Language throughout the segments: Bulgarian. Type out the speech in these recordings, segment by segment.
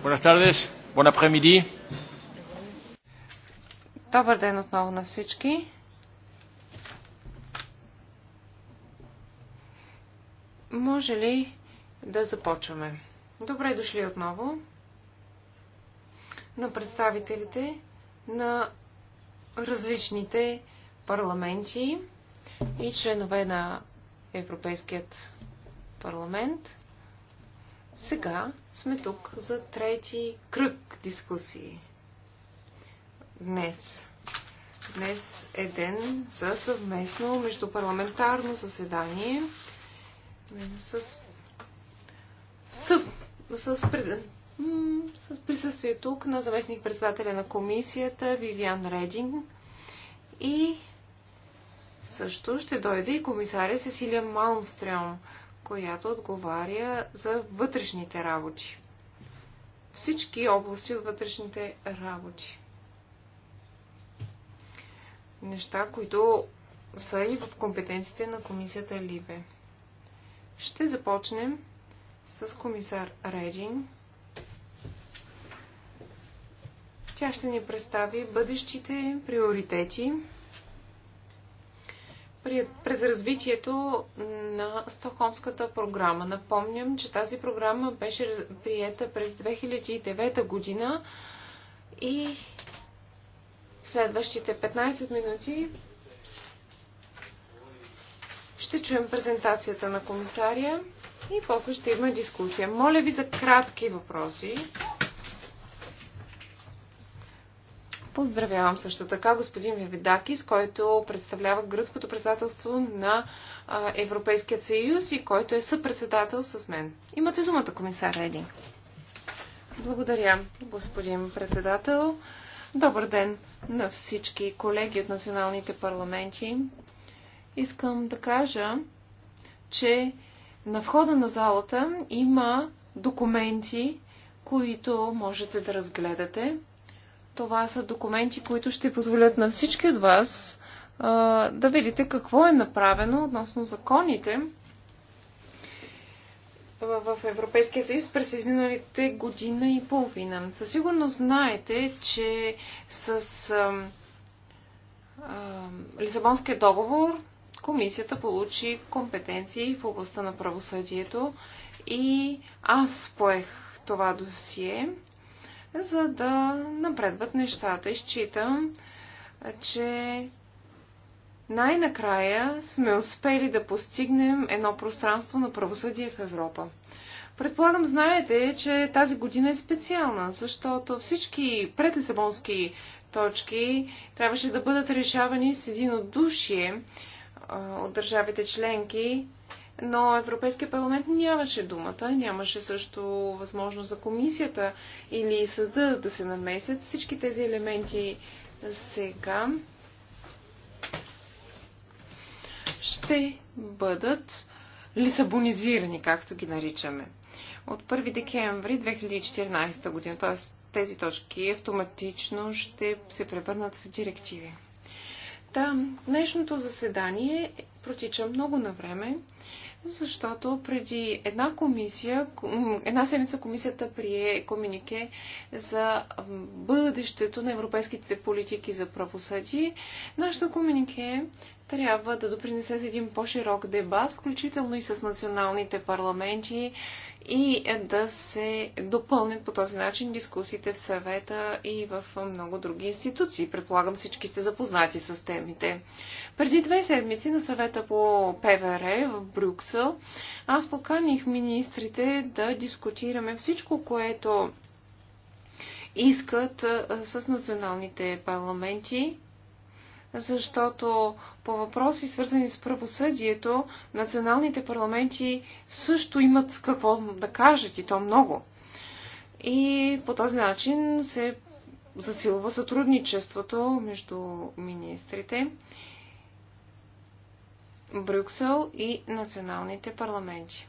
Buenas tardes, buen après-midi. Добър ден отново на всички. Може ли да започваме? Добре дошли отново на представителите на различните парламенти и членове на Европейският парламент. Сега сме тук за трети кръг дискусии. Днес. Днес е ден за съвместно междупарламентарно заседание с, с, с, с, с присъствие тук на заместник председателя на комисията Вивиан Рединг и също ще дойде и комисаря Сесилия Малмстрем, която отговаря за вътрешните работи. Всички области от вътрешните работи. Неща, които са и в компетенциите на комисията Либе. Ще започнем с комисар Редин. Тя ще ни представи бъдещите приоритети през развитието на Стокхолмската програма. Напомням, че тази програма беше приета през 2009 година и следващите 15 минути ще чуем презентацията на комисария и после ще има дискусия. Моля ви за кратки въпроси. Поздравявам също така господин Вивидакис, който представлява гръцкото председателство на Европейският съюз и който е съпредседател с мен. Имате думата, комисар Реди. Благодаря, господин председател. Добър ден на всички колеги от националните парламенти. Искам да кажа, че на входа на залата има документи, които можете да разгледате. Това са документи, които ще позволят на всички от вас а, да видите какво е направено относно законите в Европейския съюз през изминалите година и половина. Със сигурност знаете, че с а, а, Лисабонския договор комисията получи компетенции в областта на правосъдието и аз поех това досие за да напредват нещата. Изчитам, че най-накрая сме успели да постигнем едно пространство на правосъдие в Европа. Предполагам, знаете, че тази година е специална, защото всички предлисабонски точки трябваше да бъдат решавани с единодушие от държавите членки но Европейския парламент нямаше думата, нямаше също възможност за комисията или съда да се намесят. Всички тези елементи сега ще бъдат лисабонизирани, както ги наричаме. От 1 декември 2014 година, т.е. тези точки автоматично ще се превърнат в директиви. Там днешното заседание протича много на време защото преди една комисия, една седмица комисията прие комюнике за бъдещето на европейските политики за правосъдие. Нашето комюнике трябва да допринесе за един по-широк дебат, включително и с националните парламенти, и да се допълнят по този начин дискусиите в съвета и в много други институции. Предполагам всички сте запознати с темите. Преди две седмици на съвета по ПВР в Брюксел аз поканих министрите да дискутираме всичко, което искат с националните парламенти защото по въпроси, свързани с правосъдието, националните парламенти също имат какво да кажат и то много. И по този начин се засилва сътрудничеството между министрите, Брюксел и националните парламенти.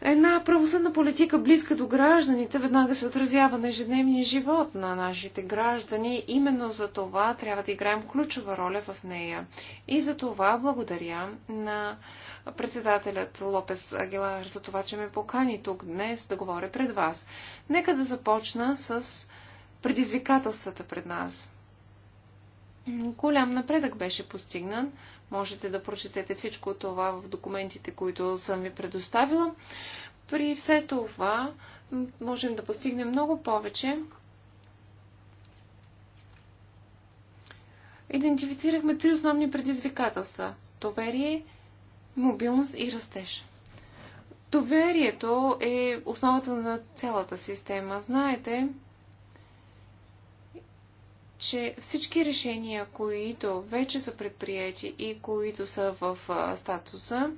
Една правосъдна политика близка до гражданите веднага се отразява на ежедневния живот на нашите граждани. Именно за това трябва да играем ключова роля в нея. И за това благодаря на председателят Лопес Агилар за това, че ме покани тук днес да говоря пред вас. Нека да започна с предизвикателствата пред нас. Голям напредък беше постигнан Можете да прочетете всичко това в документите, които съм ви предоставила. При все това можем да постигнем много повече. Идентифицирахме три основни предизвикателства – доверие, мобилност и растеж. Доверието е основата на цялата система. Знаете, че всички решения, които вече са предприяти и които са в статуса,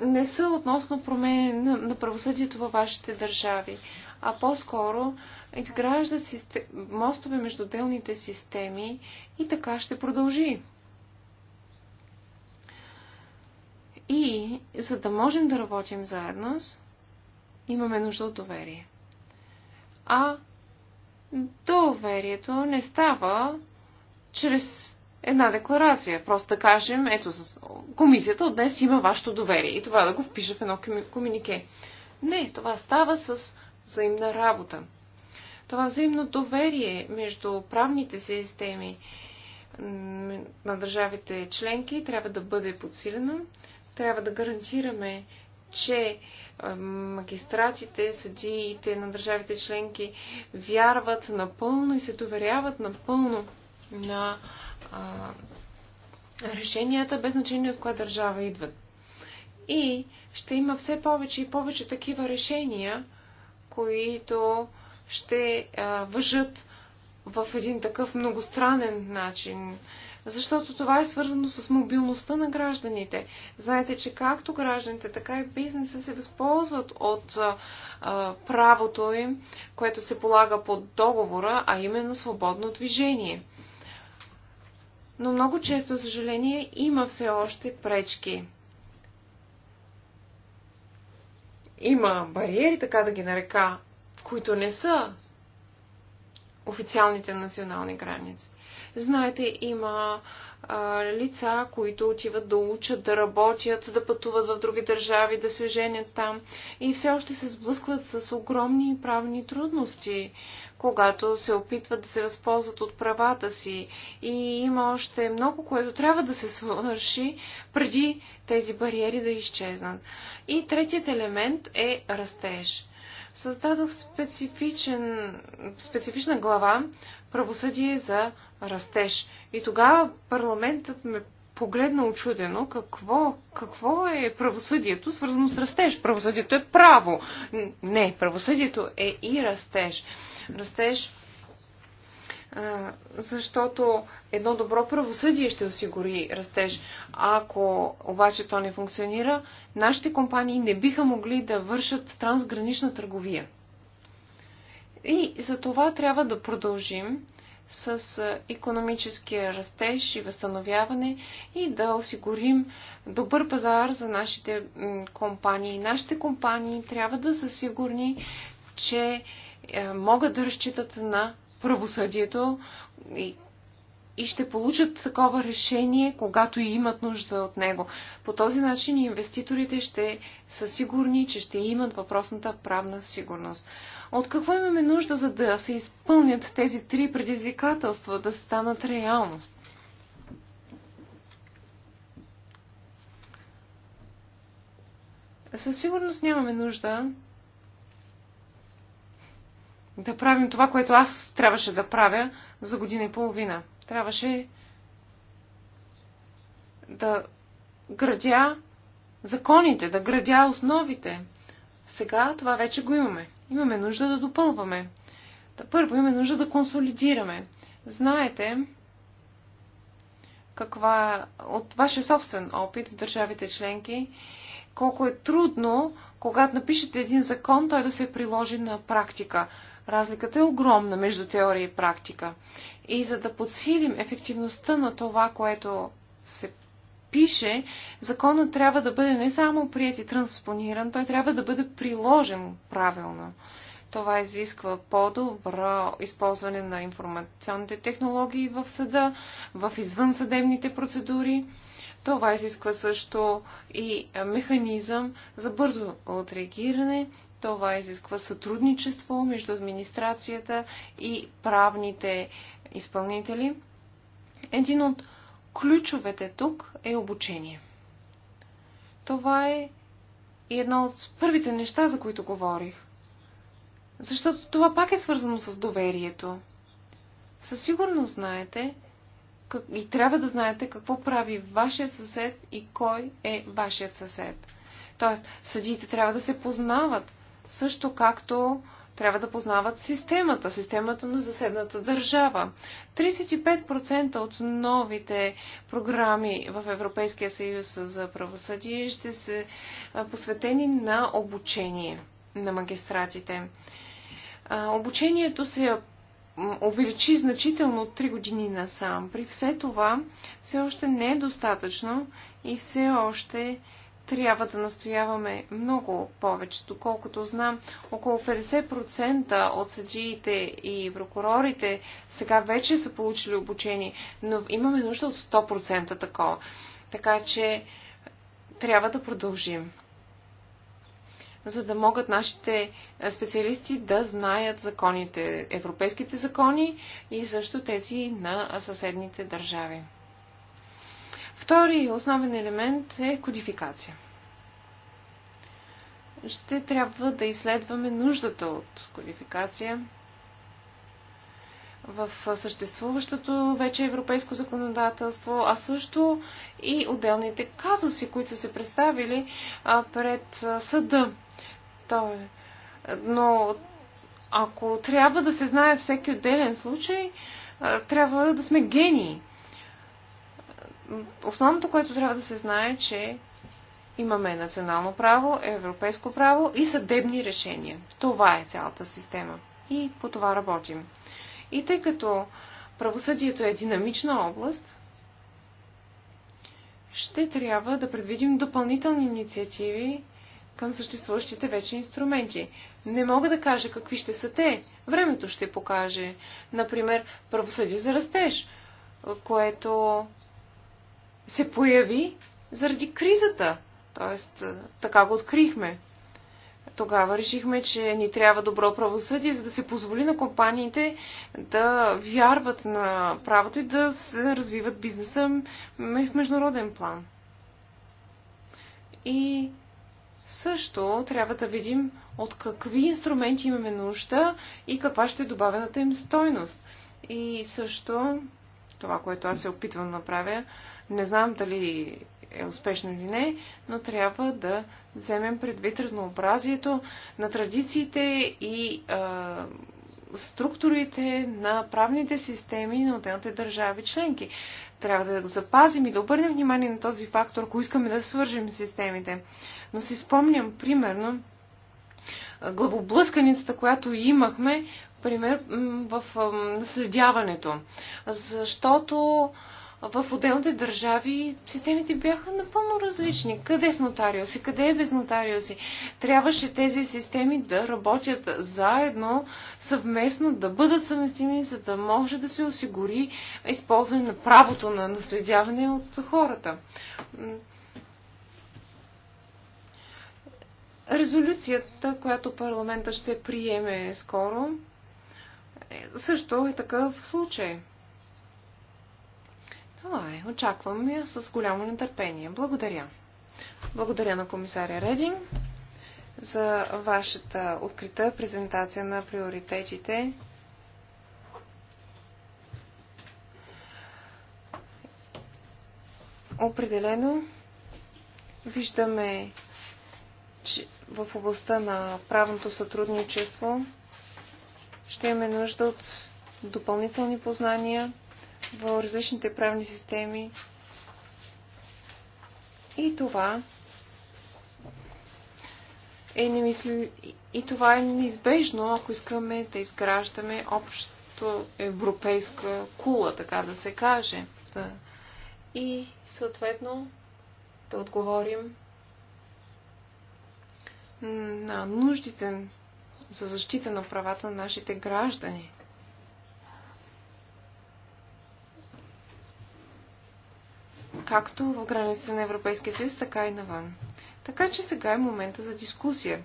не са относно промени на правосъдието във вашите държави, а по-скоро изгражда систем... мостове между делните системи и така ще продължи. И за да можем да работим заедно, имаме нужда от доверие. А доверието не става чрез една декларация. Просто да кажем, ето, комисията от днес има вашето доверие и това да го впиша в едно комунике. Не, това става с взаимна работа. Това взаимно доверие между правните системи на държавите членки трябва да бъде подсилено. Трябва да гарантираме, че магистратите, съдиите на държавите членки вярват напълно и се доверяват напълно на а, решенията, без значение от коя държава идват. И ще има все повече и повече такива решения, които ще а, въжат в един такъв многостранен начин защото това е свързано с мобилността на гражданите. Знаете, че както гражданите, така и бизнеса се възползват от а, правото им, което се полага под договора, а именно свободно движение. Но много често, за съжаление, има все още пречки. Има бариери, така да ги нарека, които не са официалните национални граници. Знаете, има лица, които отиват да учат, да работят, да пътуват в други държави, да се женят там и все още се сблъскват с огромни правни трудности, когато се опитват да се възползват от правата си. И има още много, което трябва да се свърши преди тези бариери да изчезнат. И третият елемент е растеж. Създадох специфичен, специфична глава правосъдие за растеж. И тогава парламентът ме погледна очудено какво, какво е правосъдието свързано с растеж. Правосъдието е право. Не, правосъдието е и растеж. Растеж защото едно добро правосъдие ще осигури растеж. Ако обаче то не функционира, нашите компании не биха могли да вършат трансгранична търговия. И за това трябва да продължим с економическия растеж и възстановяване и да осигурим добър пазар за нашите компании. Нашите компании трябва да са сигурни, че е, могат да разчитат на правосъдието и и ще получат такова решение, когато и имат нужда от него. По този начин инвеститорите ще са сигурни, че ще имат въпросната правна сигурност. От какво имаме нужда, за да се изпълнят тези три предизвикателства, да станат реалност? Със сигурност нямаме нужда да правим това, което аз трябваше да правя за година и половина. Трябваше да градя законите, да градя основите. Сега това вече го имаме имаме нужда да допълваме. Да Първо имаме нужда да консолидираме. Знаете каква от вашия собствен опит в държавите членки, колко е трудно, когато напишете един закон, той да се приложи на практика. Разликата е огромна между теория и практика. И за да подсилим ефективността на това, което се пише, законът трябва да бъде не само прият и транспониран, той трябва да бъде приложен правилно. Това изисква по-добро използване на информационните технологии в съда, в извънсъдебните процедури. Това изисква също и механизъм за бързо отреагиране. Това изисква сътрудничество между администрацията и правните изпълнители. Един от ключовете тук е обучение. Това е и едно от първите неща, за които говорих. Защото това пак е свързано с доверието. Със сигурност знаете как, и трябва да знаете какво прави вашият съсед и кой е вашият съсед. Тоест, съдиите трябва да се познават, също както трябва да познават системата, системата на заседната държава. 35% от новите програми в Европейския съюз за правосъдие ще са посветени на обучение на магистратите. Обучението се увеличи значително от 3 години насам. При все това все още не е достатъчно и все още трябва да настояваме много повече. Доколкото знам, около 50% от съдиите и прокурорите сега вече са получили обучение, но имаме нужда от 100% такова. Така че трябва да продължим, за да могат нашите специалисти да знаят законите, европейските закони и също тези на съседните държави. Втори основен елемент е кодификация. Ще трябва да изследваме нуждата от кодификация в съществуващото вече европейско законодателство, а също и отделните казуси, които са се представили пред съда. Е. Но ако трябва да се знае всеки отделен случай, трябва да сме гении основното, което трябва да се знае, е, че имаме национално право, европейско право и съдебни решения. Това е цялата система. И по това работим. И тъй като правосъдието е динамична област, ще трябва да предвидим допълнителни инициативи към съществуващите вече инструменти. Не мога да кажа какви ще са те. Времето ще покаже. Например, правосъдие за растеж, което се появи заради кризата. Тоест, е, така го открихме. Тогава решихме, че ни трябва добро правосъдие, за да се позволи на компаниите да вярват на правото и да се развиват бизнеса в международен план. И също трябва да видим от какви инструменти имаме нужда и каква ще е добавената им стойност. И също това, което аз се опитвам да направя, не знам дали е успешно или не, но трябва да вземем предвид разнообразието на традициите и а, структурите на правните системи на отделните държави членки. Трябва да запазим и да обърнем внимание на този фактор, ако искаме да свържем системите. Но си спомням, примерно, главоблъсканицата, която имахме, пример, в следяването. Защото в отделните държави системите бяха напълно различни. Къде с нотариуси, къде е без нотариуси. Трябваше тези системи да работят заедно, съвместно, да бъдат съвместими, за да може да се осигури използване на правото на наследяване от хората. Резолюцията, която парламента ще приеме скоро, също е такъв случай това е. Очаквам я с голямо нетърпение. Благодаря. Благодаря на комисаря Редин за вашата открита презентация на приоритетите. Определено виждаме, че в областта на правното сътрудничество ще имаме нужда от допълнителни познания, в различните правни системи. И това е немисли... и това е неизбежно, ако искаме да изграждаме общото европейска кула, така да се каже. И съответно да отговорим на нуждите за защита на правата на нашите граждани. както в границите на Европейския съюз, така и навън. Така че сега е момента за дискусия.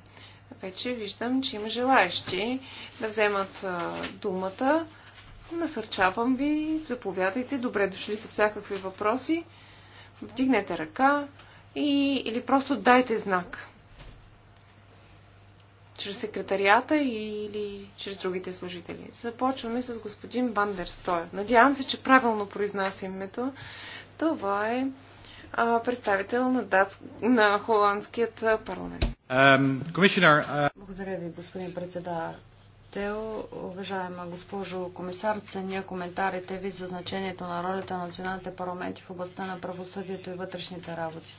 Вече виждам, че има желаящи да вземат думата. Насърчавам ви, заповядайте, добре дошли са всякакви въпроси. Вдигнете ръка и, или просто дайте знак. Чрез секретарията или чрез другите служители. Започваме с господин Бандерстоя. Надявам се, че правилно произнася името. Това е а, представител на, датс... на холандският парламент. Um, uh... Благодаря ви, господин председател. уважаема госпожо комисар, ценя коментарите ви за значението на ролята на националните парламенти в областта на правосъдието и вътрешните работи.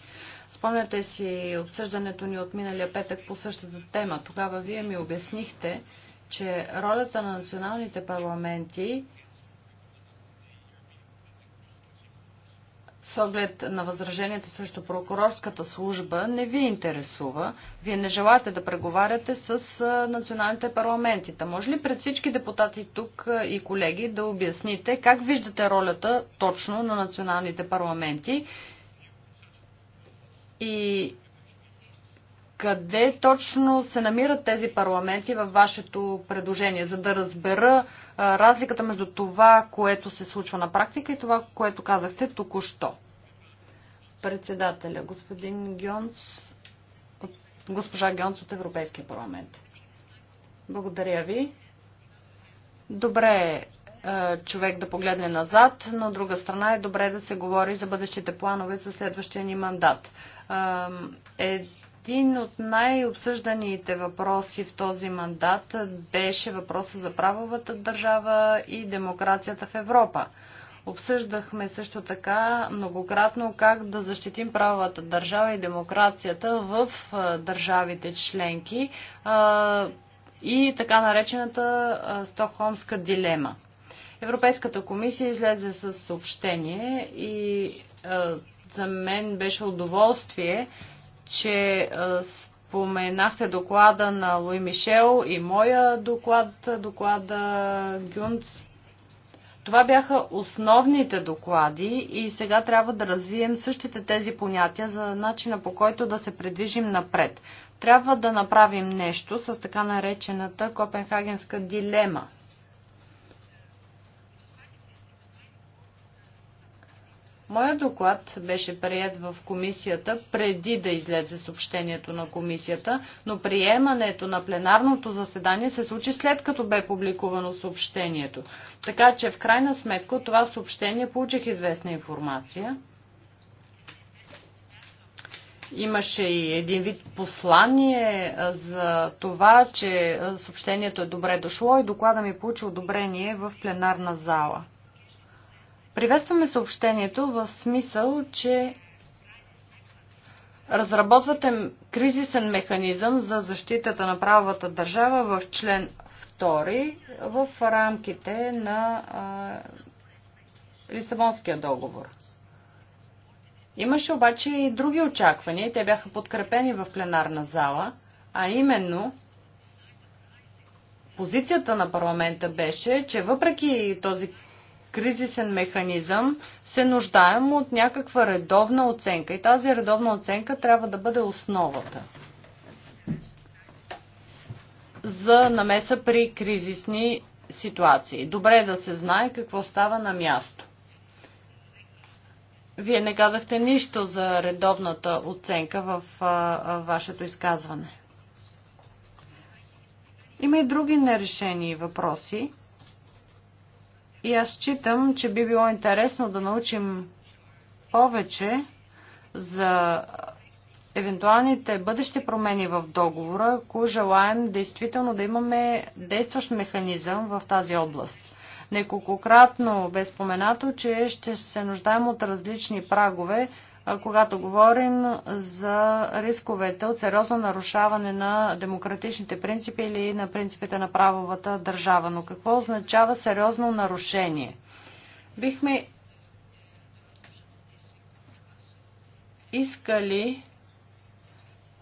Спомняте си обсъждането ни от миналия петък по същата тема. Тогава вие ми обяснихте, че ролята на националните парламенти с оглед на възраженията срещу прокурорската служба не ви интересува. Вие не желаете да преговаряте с националните парламенти. Та може ли пред всички депутати тук и колеги да обясните как виждате ролята точно на националните парламенти и къде точно се намират тези парламенти във вашето предложение, за да разбера разликата между това, което се случва на практика и това, което казахте току-що председателя, господин Гьонц, госпожа Гьонц от Европейския парламент. Благодаря ви. Добре е, е човек да погледне назад, но от друга страна е добре да се говори за бъдещите планове за следващия ни мандат. Е, един от най-обсъжданите въпроси в този мандат беше въпроса за правовата държава и демокрацията в Европа. Обсъждахме също така многократно как да защитим правовата държава и демокрацията в държавите членки и така наречената Стокхолмска дилема. Европейската комисия излезе с съобщение и за мен беше удоволствие, че споменахте доклада на Луи Мишел и моя доклад, доклада Гюнц това бяха основните доклади и сега трябва да развием същите тези понятия за начина по който да се предвижим напред. Трябва да направим нещо с така наречената Копенхагенска дилема. Моя доклад беше прият в комисията преди да излезе съобщението на комисията, но приемането на пленарното заседание се случи след като бе публикувано съобщението. Така че в крайна сметка това съобщение получих известна информация. Имаше и един вид послание за това, че съобщението е добре дошло и доклада ми получи одобрение в пленарна зала. Приветстваме съобщението в смисъл, че разработвате кризисен механизъм за защитата на правата държава в член 2 в рамките на а, Лисабонския договор. Имаше обаче и други очаквания, те бяха подкрепени в пленарна зала, а именно позицията на парламента беше, че въпреки този кризисен механизъм, се нуждаем от някаква редовна оценка. И тази редовна оценка трябва да бъде основата за намеса при кризисни ситуации. Добре е да се знае какво става на място. Вие не казахте нищо за редовната оценка в а, а, вашето изказване. Има и други нерешени въпроси. И аз читам, че би било интересно да научим повече за евентуалните бъдещи промени в договора, ако желаем действително да имаме действащ механизъм в тази област. Неколкократно бе споменато, че ще се нуждаем от различни прагове, когато говорим за рисковете от сериозно нарушаване на демократичните принципи или на принципите на правовата държава. Но какво означава сериозно нарушение? Бихме искали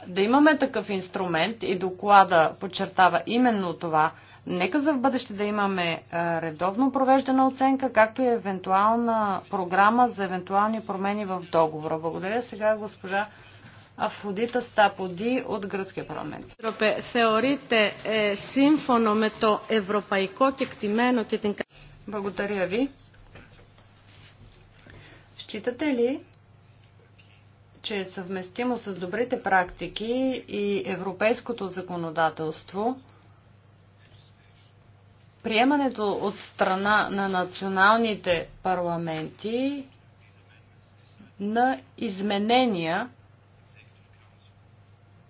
да имаме такъв инструмент и доклада подчертава именно това – Нека за в бъдеще да имаме редовно провеждана оценка, както и евентуална програма за евентуални промени в договора. Благодаря сега госпожа Αφουδίτα Стаподи от Гръцкия парламент. Е, Благодаря ви. Считате ли, че е съвместимо с добрите практики и европейското законодателство приемането от страна на националните парламенти на изменения,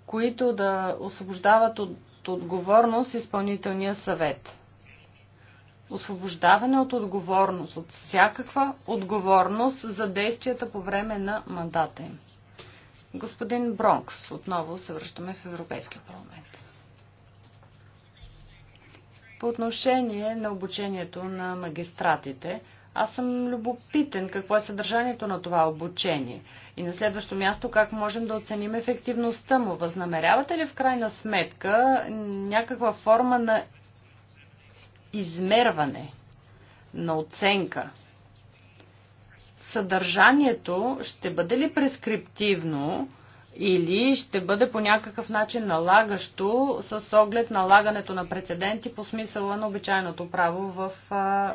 които да освобождават от отговорност изпълнителния съвет. Освобождаване от отговорност, от всякаква отговорност за действията по време на мандата им. Господин Бронкс, отново се връщаме в Европейския парламент. По отношение на обучението на магистратите, аз съм любопитен какво е съдържанието на това обучение. И на следващо място, как можем да оценим ефективността му? Възнамерявате ли в крайна сметка някаква форма на измерване, на оценка? Съдържанието ще бъде ли прескриптивно? или ще бъде по някакъв начин налагащо с оглед налагането на прецеденти по смисъла на обичайното право в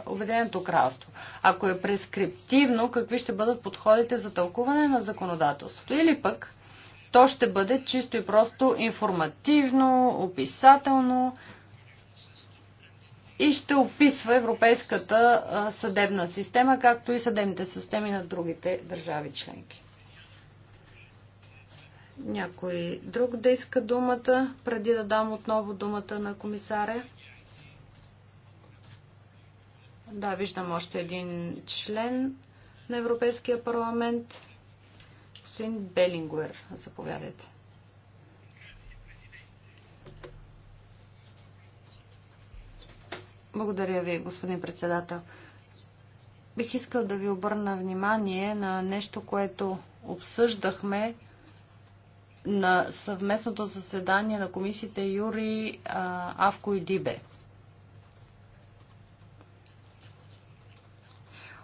Обединеното кралство. Ако е прескриптивно, какви ще бъдат подходите за тълкуване на законодателството? Или пък то ще бъде чисто и просто информативно, описателно и ще описва европейската съдебна система, както и съдебните системи на другите държави членки. Някой друг да иска думата, преди да дам отново думата на комисаря? Да, виждам още един член на Европейския парламент. Господин Белингуер, заповядайте. Благодаря ви, господин председател. Бих искал да ви обърна внимание на нещо, което обсъждахме на съвместното заседание на комисиите Юри, Авко и Дибе.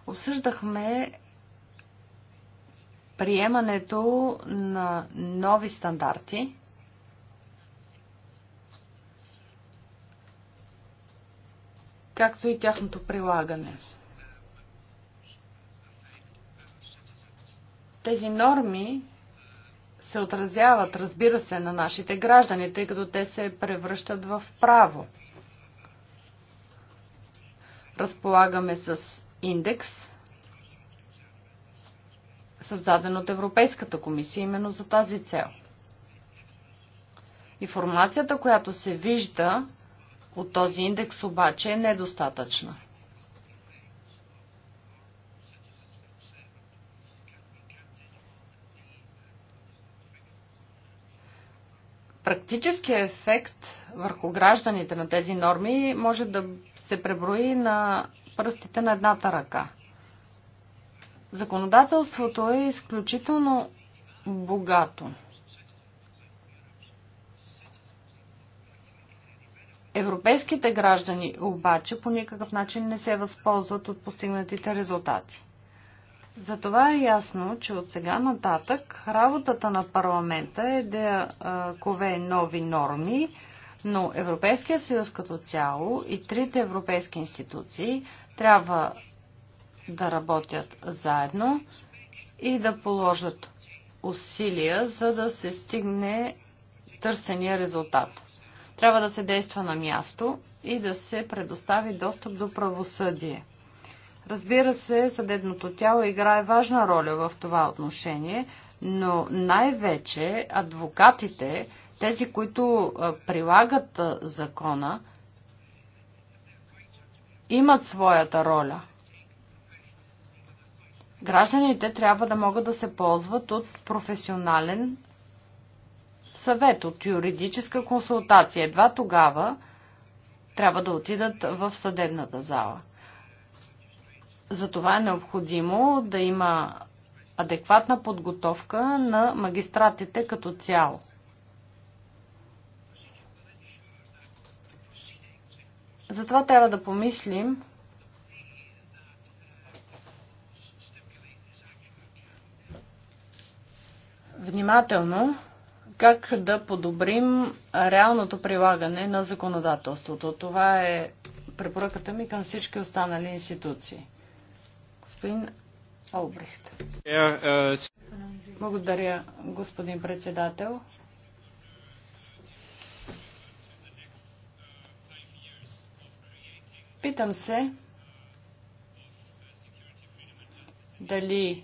Обсъждахме приемането на нови стандарти, както и тяхното прилагане. Тези норми се отразяват, разбира се, на нашите граждани, тъй като те се превръщат в право. Разполагаме с индекс, създаден от Европейската комисия именно за тази цел. Информацията, която се вижда от този индекс обаче е недостатъчна. практическия ефект върху гражданите на тези норми може да се преброи на пръстите на едната ръка. Законодателството е изключително богато. Европейските граждани обаче по никакъв начин не се възползват от постигнатите резултати. Затова е ясно, че от сега нататък работата на парламента е да кове нови норми, но Европейския съюз като цяло и трите европейски институции трябва да работят заедно и да положат усилия, за да се стигне търсения резултат. Трябва да се действа на място и да се предостави достъп до правосъдие. Разбира се, съдебното тяло играе важна роля в това отношение, но най-вече адвокатите, тези, които прилагат закона, имат своята роля. Гражданите трябва да могат да се ползват от професионален съвет, от юридическа консултация. Едва тогава трябва да отидат в съдебната зала. Затова е необходимо да има адекватна подготовка на магистратите като цяло. Затова трябва да помислим внимателно как да подобрим реалното прилагане на законодателството. Това е препоръката ми към всички останали институции господин Олбрихт. Е, е, Благодаря, господин председател. Питам се дали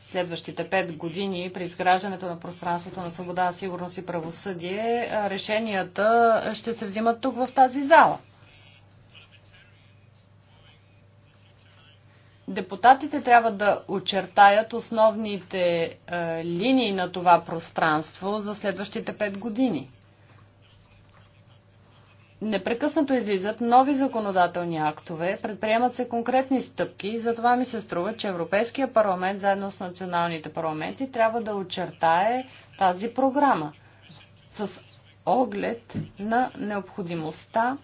следващите пет години при изграждането на пространството на свобода, сигурност и правосъдие решенията ще се взимат тук в тази зала. Депутатите трябва да очертаят основните е, линии на това пространство за следващите пет години. Непрекъснато излизат нови законодателни актове, предприемат се конкретни стъпки и затова ми се струва, че Европейския парламент заедно с националните парламенти трябва да очертае тази програма с оглед на необходимостта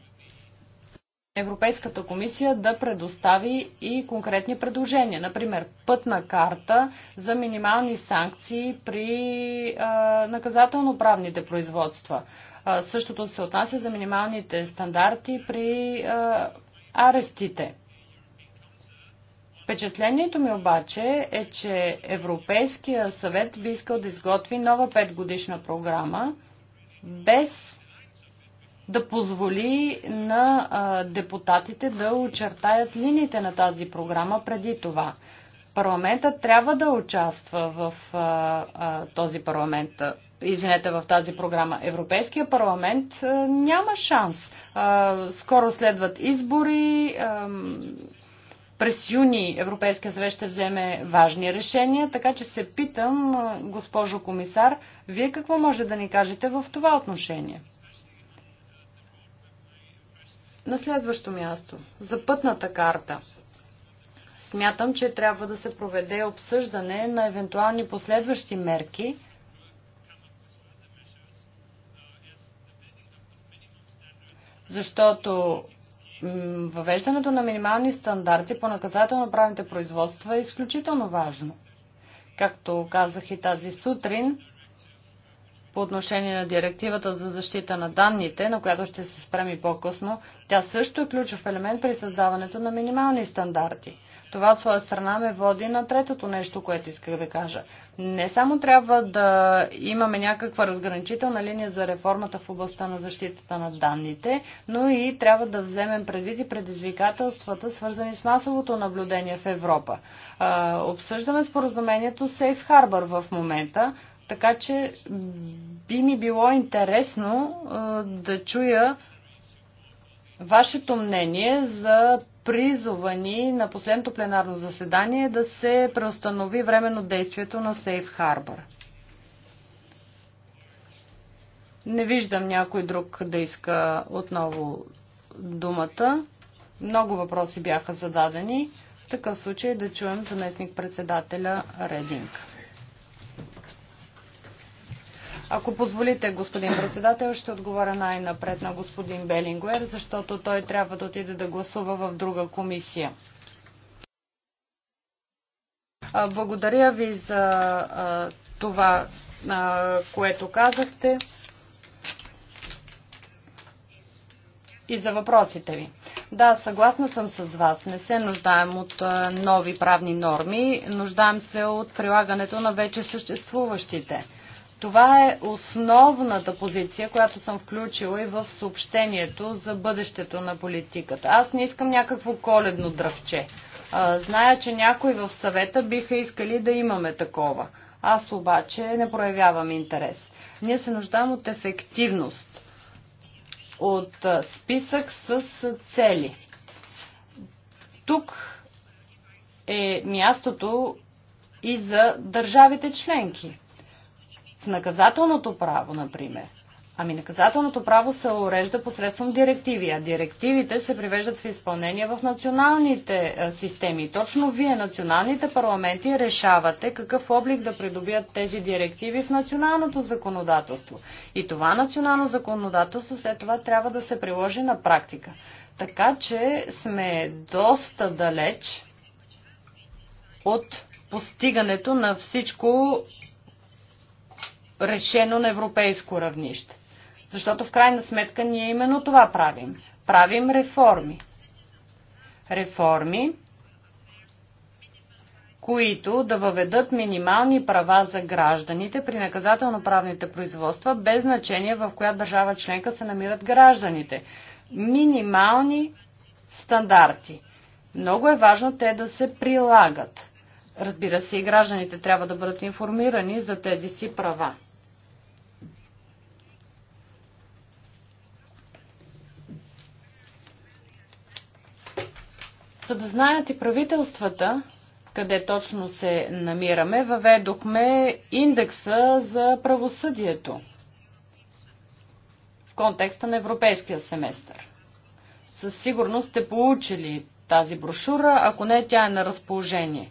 Европейската комисия да предостави и конкретни предложения. Например, пътна карта за минимални санкции при наказателно-правните производства. А, същото се отнася за минималните стандарти при а, арестите. Впечатлението ми обаче е, че Европейския съвет би искал да изготви нова петгодишна програма без да позволи на а, депутатите да очертаят линиите на тази програма преди това. Парламентът трябва да участва в а, а, този парламент. Извинете, в тази програма. Европейския парламент а, няма шанс. А, скоро следват избори. А, през юни Европейския съвет ще вземе важни решения, така че се питам, госпожо комисар, вие какво може да ни кажете в това отношение? На следващо място, за пътната карта. Смятам, че трябва да се проведе обсъждане на евентуални последващи мерки, защото въвеждането на минимални стандарти по наказателно-правните производства е изключително важно. Както казах и тази сутрин, по отношение на директивата за защита на данните, на която ще се спрем и по-късно, тя също е ключов елемент при създаването на минимални стандарти. Това от своя страна ме води на третото нещо, което исках да кажа. Не само трябва да имаме някаква разграничителна линия за реформата в областта на защитата на данните, но и трябва да вземем предвид и предизвикателствата, свързани с масовото наблюдение в Европа. обсъждаме споразумението Safe Harbor в момента. Така че би ми било интересно да чуя вашето мнение за призова ни на последното пленарно заседание да се преустанови временно действието на Сейф Харбор. Не виждам някой друг да иска отново думата. Много въпроси бяха зададени. В такъв случай да чуем заместник председателя Рединг. Ако позволите, господин председател, ще отговоря най-напред на господин Белингуер, защото той трябва да отиде да гласува в друга комисия. Благодаря ви за това, което казахте и за въпросите ви. Да, съгласна съм с вас. Не се нуждаем от нови правни норми, нуждаем се от прилагането на вече съществуващите. Това е основната позиция, която съм включила и в съобщението за бъдещето на политиката. Аз не искам някакво коледно дръвче. Зная, че някои в съвета биха искали да имаме такова. Аз обаче не проявявам интерес. Ние се нуждаем от ефективност, от списък с цели. Тук е мястото и за държавите членки. В наказателното право, например, Ами наказателното право се урежда посредством директиви, а директивите се привеждат в изпълнение в националните е, системи. Точно вие, националните парламенти, решавате какъв облик да придобият тези директиви в националното законодателство. И това национално законодателство след това трябва да се приложи на практика. Така че сме доста далеч от постигането на всичко решено на европейско равнище. Защото в крайна сметка ние именно това правим. Правим реформи. Реформи, които да въведат минимални права за гражданите при наказателно-правните производства, без значение в коя държава членка се намират гражданите. Минимални стандарти. Много е важно те да се прилагат. Разбира се, и гражданите трябва да бъдат информирани за тези си права. За да знаят и правителствата къде точно се намираме, въведохме индекса за правосъдието в контекста на европейския семестър. Със сигурност сте получили тази брошура, ако не тя е на разположение.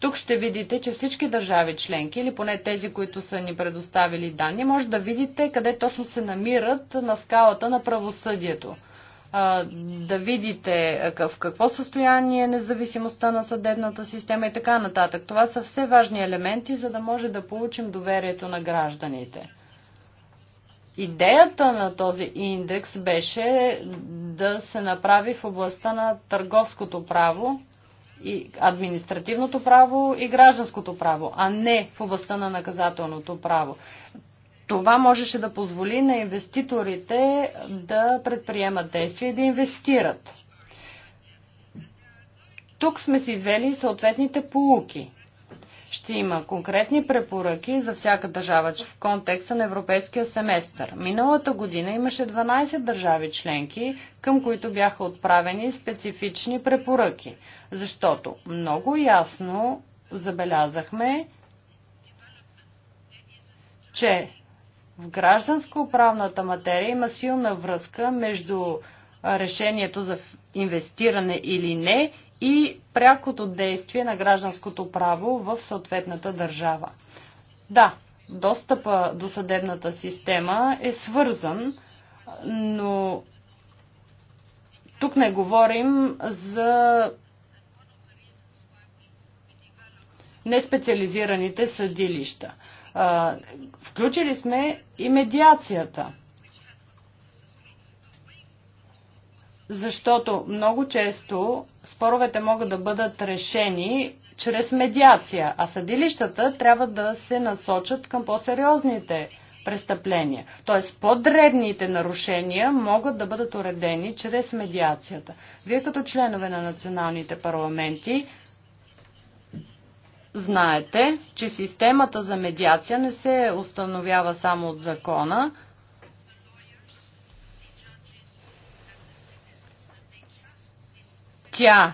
Тук ще видите, че всички държави членки, или поне тези, които са ни предоставили данни, може да видите къде точно се намират на скалата на правосъдието – да видите в какво състояние е независимостта на съдебната система и така нататък. Това са все важни елементи, за да може да получим доверието на гражданите. Идеята на този индекс беше да се направи в областта на търговското право, и административното право и гражданското право, а не в областта на наказателното право. Това можеше да позволи на инвеститорите да предприемат действия и да инвестират. Тук сме си извели съответните полуки. Ще има конкретни препоръки за всяка държава в контекста на европейския семестър. Миналата година имаше 12 държави членки, към които бяха отправени специфични препоръки, защото много ясно забелязахме, че в гражданско-правната материя има силна връзка между решението за инвестиране или не и прякото действие на гражданското право в съответната държава. Да, достъпа до съдебната система е свързан, но тук не говорим за неспециализираните съдилища. Включили сме и медиацията. Защото много често споровете могат да бъдат решени чрез медиация, а съдилищата трябва да се насочат към по-сериозните престъпления. Т.е. по-дребните нарушения могат да бъдат уредени чрез медиацията. Вие като членове на националните парламенти Знаете, че системата за медиация не се установява само от закона. Тя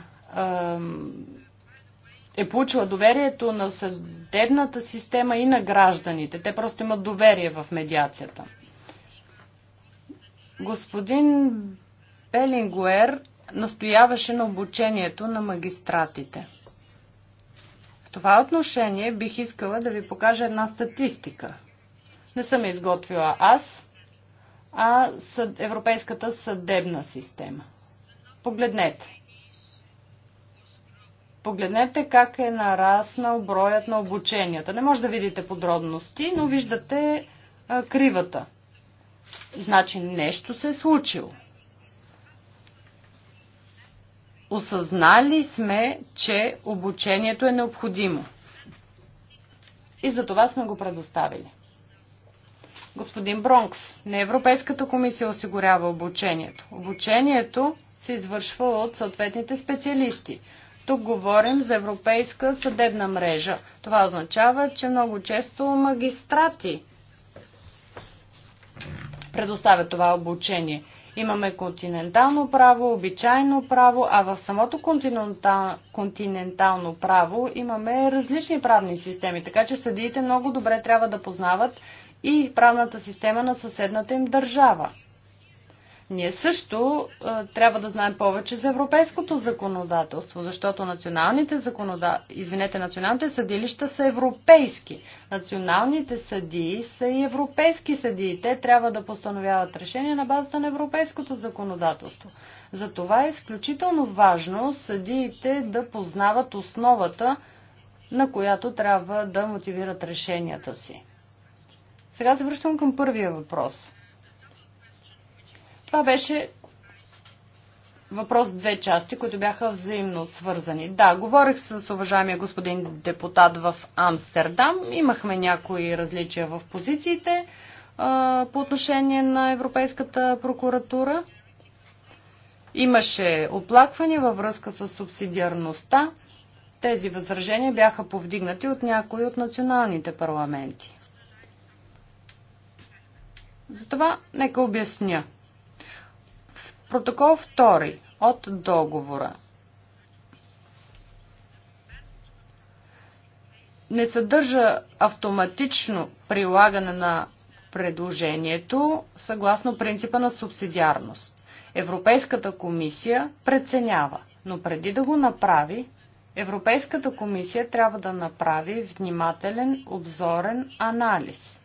е получила доверието на съдебната система и на гражданите. Те просто имат доверие в медиацията. Господин Белингуер настояваше на обучението на магистратите това отношение бих искала да ви покажа една статистика. Не съм изготвила аз, а съд, Европейската съдебна система. Погледнете. Погледнете как е нараснал броят на обученията. Не може да видите подробности, но виждате а, кривата. Значи нещо се е случило осъзнали сме, че обучението е необходимо. И за това сме го предоставили. Господин Бронкс, не Европейската комисия осигурява обучението. Обучението се извършва от съответните специалисти. Тук говорим за европейска съдебна мрежа. Това означава, че много често магистрати предоставят това обучение. Имаме континентално право, обичайно право, а в самото континентално право имаме различни правни системи, така че съдиите много добре трябва да познават и правната система на съседната им държава. Ние също трябва да знаем повече за европейското законодателство, защото националните, законода... Извинете, националните съдилища са европейски. Националните съдии са и европейски съдии. Те трябва да постановяват решения на базата на европейското законодателство. Затова е изключително важно съдиите да познават основата, на която трябва да мотивират решенията си. Сега се връщам към първия въпрос. Това беше въпрос две части, които бяха взаимно свързани. Да, говорих с уважаемия господин депутат в Амстердам. Имахме някои различия в позициите а, по отношение на Европейската прокуратура. Имаше оплакване във връзка с субсидиарността. Тези възражения бяха повдигнати от някои от националните парламенти. Затова нека обясня. Протокол 2 от договора не съдържа автоматично прилагане на предложението съгласно принципа на субсидиарност. Европейската комисия преценява, но преди да го направи, Европейската комисия трябва да направи внимателен обзорен анализ.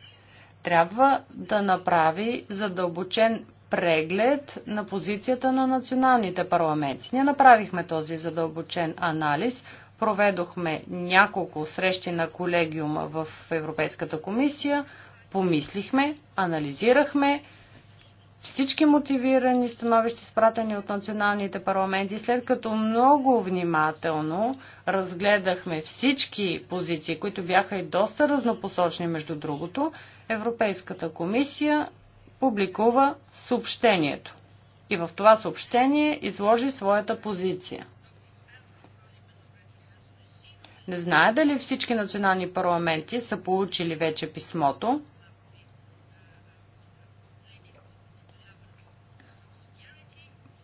Трябва да направи задълбочен преглед на позицията на националните парламенти. Ние направихме този задълбочен анализ, проведохме няколко срещи на колегиума в Европейската комисия, помислихме, анализирахме всички мотивирани становища, спратени от националните парламенти, след като много внимателно разгледахме всички позиции, които бяха и доста разнопосочни, между другото, Европейската комисия публикува съобщението и в това съобщение изложи своята позиция. Не знае дали всички национални парламенти са получили вече писмото.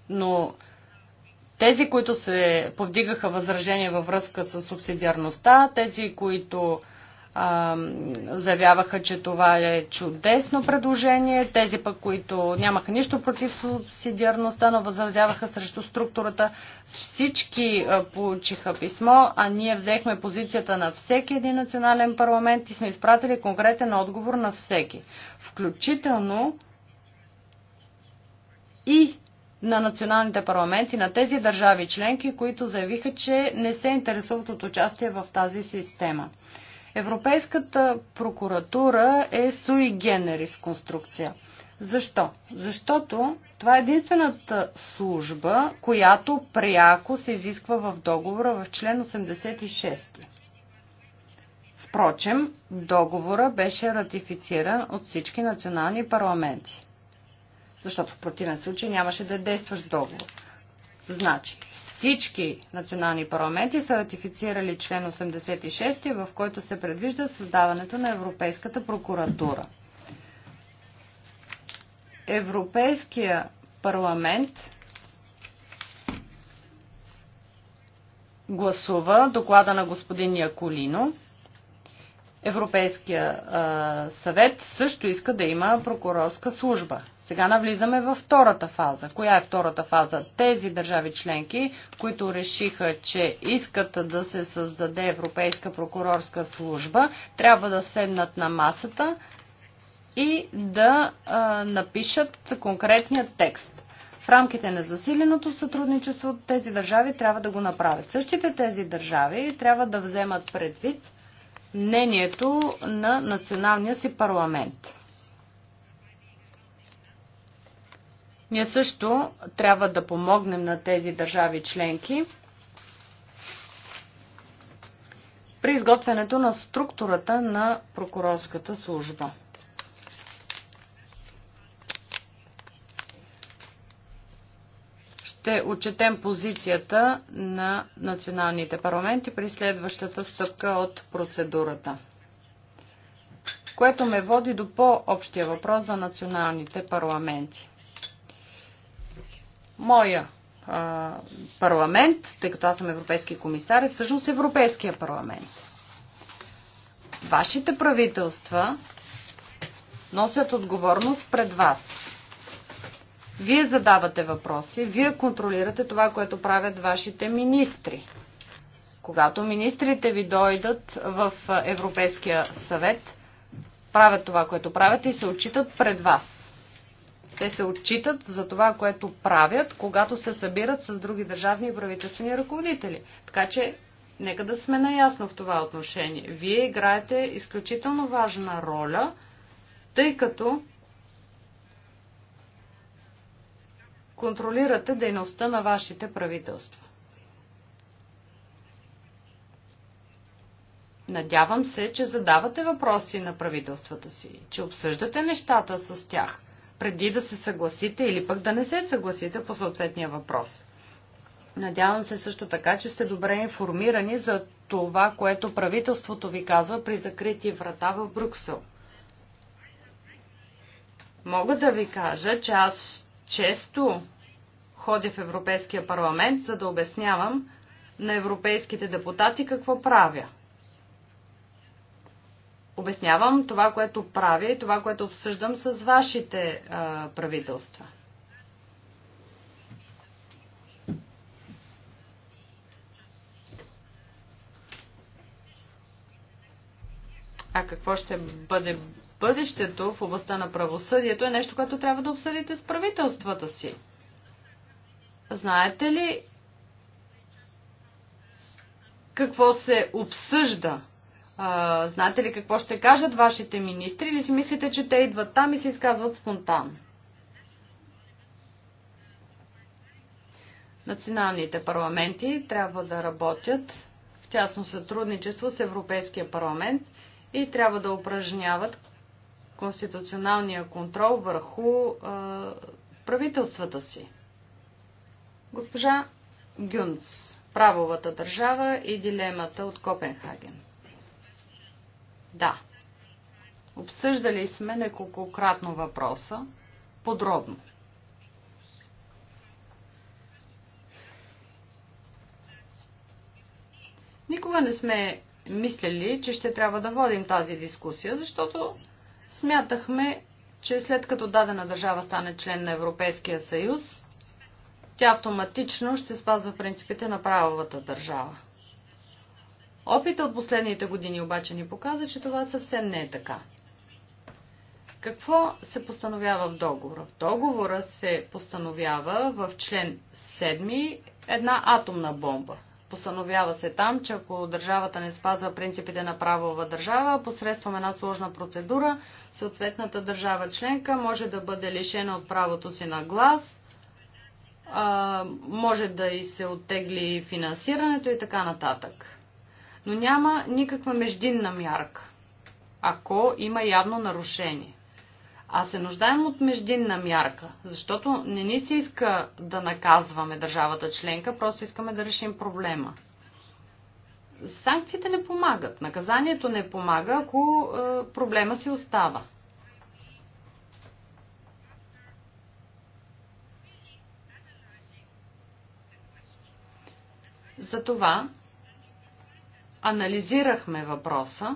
Но тези, които се повдигаха възражения във връзка с субсидиарността, тези, които а, заявяваха, че това е чудесно предложение. Тези пък, които нямаха нищо против субсидиарността, но възразяваха срещу структурата, всички а, получиха писмо, а ние взехме позицията на всеки един национален парламент и сме изпратили конкретен отговор на всеки. Включително и на националните парламенти, на тези държави членки, които заявиха, че не се интересуват от участие в тази система. Европейската прокуратура е суи генерис конструкция. Защо? Защото това е единствената служба, която пряко се изисква в договора в член 86. Впрочем, договора беше ратифициран от всички национални парламенти. Защото в противен случай нямаше да е действащ договор. Значи, всички национални парламенти са ратифицирали член 86, в който се предвижда създаването на Европейската прокуратура. Европейския парламент гласува доклада на господин Яколино. Европейския а, съвет също иска да има прокурорска служба. Сега навлизаме във втората фаза. Коя е втората фаза? Тези държави членки, които решиха, че искат да се създаде Европейска прокурорска служба, трябва да седнат на масата и да а, напишат конкретния текст. В рамките на засиленото сътрудничество тези държави трябва да го направят. Същите тези държави трябва да вземат предвид мнението на националния си парламент. Ние също трябва да помогнем на тези държави членки при изготвянето на структурата на прокурорската служба. ще отчетем позицията на националните парламенти при следващата стъпка от процедурата. Което ме води до по-общия въпрос за националните парламенти моя а, парламент, тъй като аз съм европейски комисар, е всъщност Европейския парламент. Вашите правителства носят отговорност пред вас. Вие задавате въпроси, вие контролирате това, което правят вашите министри. Когато министрите ви дойдат в Европейския съвет, правят това, което правят и се отчитат пред вас. Те се отчитат за това, което правят, когато се събират с други държавни и правителствени ръководители. Така че, нека да сме наясно в това отношение. Вие играете изключително важна роля, тъй като контролирате дейността на вашите правителства. Надявам се, че задавате въпроси на правителствата си, че обсъждате нещата с тях преди да се съгласите или пък да не се съгласите по съответния въпрос. Надявам се също така, че сте добре информирани за това, което правителството ви казва при закрити врата в Брюксел. Мога да ви кажа, че аз често ходя в Европейския парламент, за да обяснявам на европейските депутати какво правя – обяснявам това, което правя и това, което обсъждам с вашите а, правителства. А какво ще бъде бъдещето в областта на правосъдието е нещо, което трябва да обсъдите с правителствата си. Знаете ли какво се обсъжда а, знаете ли какво ще кажат вашите министри или си мислите, че те идват там и се изказват спонтанно? Националните парламенти трябва да работят в тясно сътрудничество с Европейския парламент и трябва да упражняват конституционалния контрол върху а, правителствата си. Госпожа Гюнц, правовата държава и дилемата от Копенхаген. Да. Обсъждали сме неколкократно въпроса, подробно. Никога не сме мислили, че ще трябва да водим тази дискусия, защото смятахме, че след като дадена държава стане член на Европейския съюз, тя автоматично ще спазва принципите на правовата държава. Опита от последните години обаче ни показа, че това съвсем не е така. Какво се постановява в договора? В договора се постановява в член 7 една атомна бомба. Постановява се там, че ако държавата не спазва принципите на правова държава, посредством една сложна процедура, съответната държава членка може да бъде лишена от правото си на глас, може да и се оттегли финансирането и така нататък но няма никаква междинна мярка, ако има явно нарушение. А се нуждаем от междинна мярка, защото не ни се иска да наказваме държавата членка, просто искаме да решим проблема. Санкциите не помагат, наказанието не помага, ако е, проблема си остава. Затова анализирахме въпроса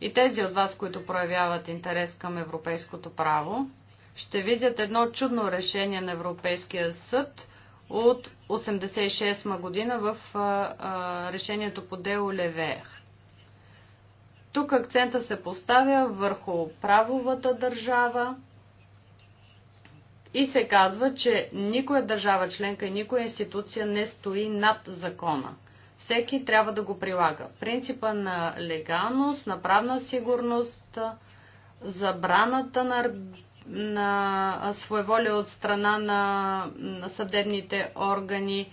и тези от вас, които проявяват интерес към европейското право, ще видят едно чудно решение на Европейския съд от 86 година в а, а, решението по дело Левер. Тук акцента се поставя върху правовата държава и се казва, че никоя държава членка и никоя институция не стои над закона всеки трябва да го прилага. Принципа на легалност, на правна сигурност, забраната на, на своеволие от страна на, на съдебните органи,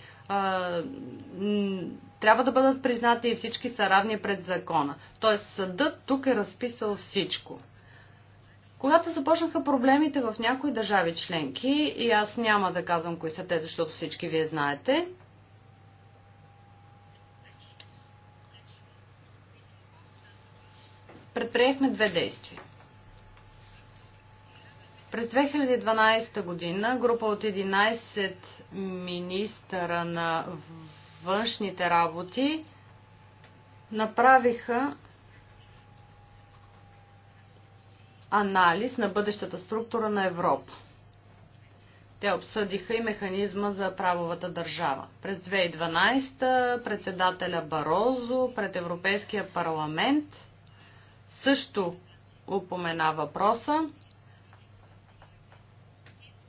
трябва да бъдат признати и всички са равни пред закона. Тоест съдът тук е разписал всичко. Когато започнаха проблемите в някои държави членки, и аз няма да казвам кои са те, защото всички вие знаете, предприехме две действия. През 2012 година група от 11 министъра на външните работи направиха анализ на бъдещата структура на Европа. Те обсъдиха и механизма за правовата държава. През 2012 председателя Барозо пред Европейския парламент – също упомена въпроса.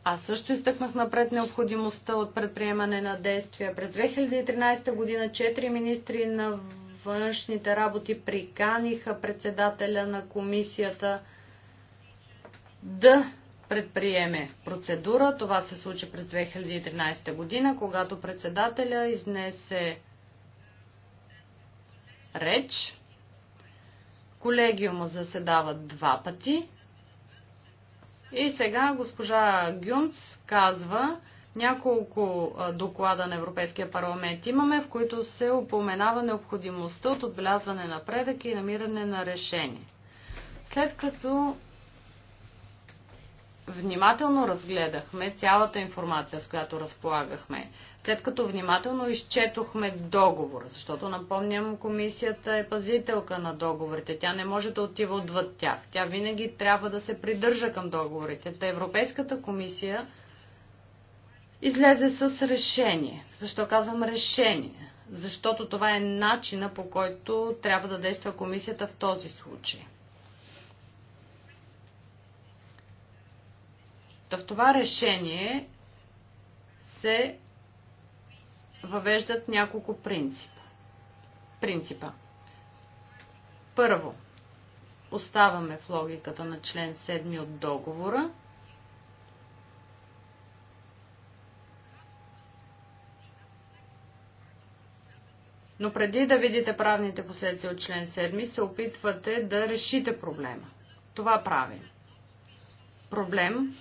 Аз също изтъкнах напред необходимостта от предприемане на действия. През 2013 година четири министри на външните работи приканиха председателя на комисията да предприеме процедура. Това се случи през 2013 година, когато председателя изнесе реч, Колегиума заседава два пъти. И сега госпожа Гюнц казва, няколко доклада на Европейския парламент имаме, в които се упоменава необходимостта от отбелязване на предък и намиране на решение. След като внимателно разгледахме цялата информация, с която разполагахме, след като внимателно изчетохме договора, защото напомням, комисията е пазителка на договорите, тя не може да отива отвъд тях, тя винаги трябва да се придържа към договорите. Та Европейската комисия излезе с решение. Защо казвам решение? Защото това е начина по който трябва да действа комисията в този случай. Та в това решение се въвеждат няколко принципа. Принципа. Първо, оставаме в логиката на член 7 от договора. Но преди да видите правните последствия от член 7, се опитвате да решите проблема. Това правим. Проблем,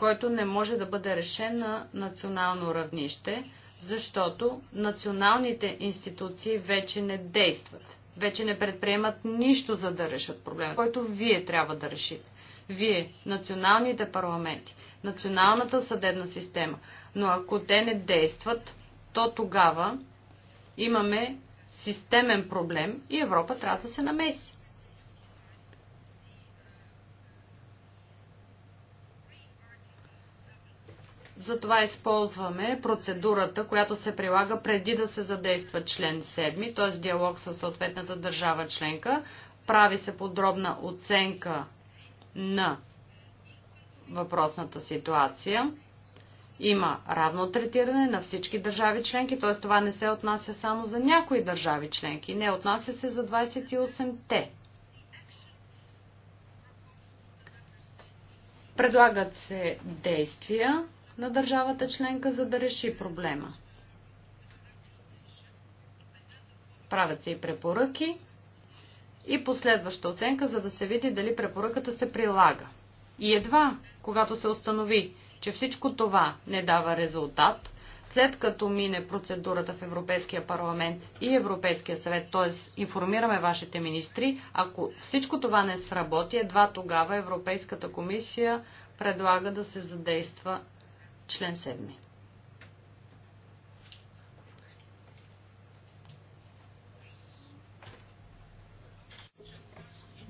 който не може да бъде решен на национално равнище, защото националните институции вече не действат, вече не предприемат нищо за да решат проблема, който вие трябва да решите. Вие, националните парламенти, националната съдебна система. Но ако те не действат, то тогава имаме системен проблем и Европа трябва да се намеси. Затова използваме процедурата, която се прилага преди да се задейства член 7, т.е. диалог с съответната държава членка. Прави се подробна оценка на въпросната ситуация. Има равно третиране на всички държави членки, т.е. това не се отнася само за някои държави членки, не отнася се за 28-те. Предлагат се действия, на държавата членка, за да реши проблема. Правят се и препоръки и последваща оценка, за да се види дали препоръката се прилага. И едва, когато се установи, че всичко това не дава резултат, след като мине процедурата в Европейския парламент и Европейския съвет, т.е. информираме вашите министри, ако всичко това не сработи, едва тогава Европейската комисия предлага да се задейства Член 7.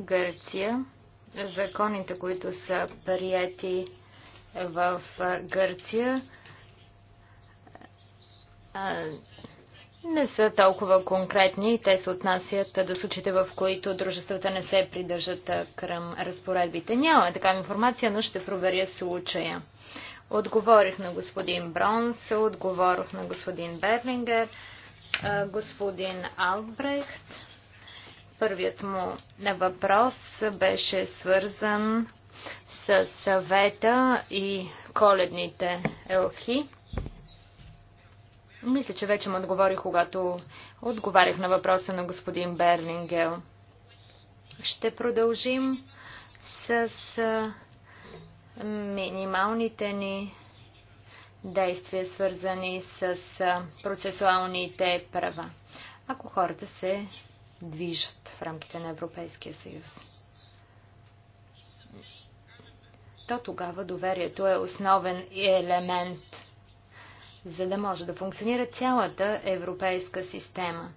Гърция. Законите, които са прияти в Гърция, не са толкова конкретни те се отнасят до случаите, в които дружествата не се придържат към разпоредбите. Няма такава информация, но ще проверя случая. Отговорих на господин Бронс, отговорих на господин Берлингер, господин Албрехт. Първият му въпрос беше свързан с съвета и коледните елхи. Мисля, че вече му отговорих, когато отговарях на въпроса на господин Берлингел. Ще продължим с минималните ни действия, свързани с процесуалните права, ако хората се движат в рамките на Европейския съюз. То тогава доверието е основен елемент, за да може да функционира цялата европейска система.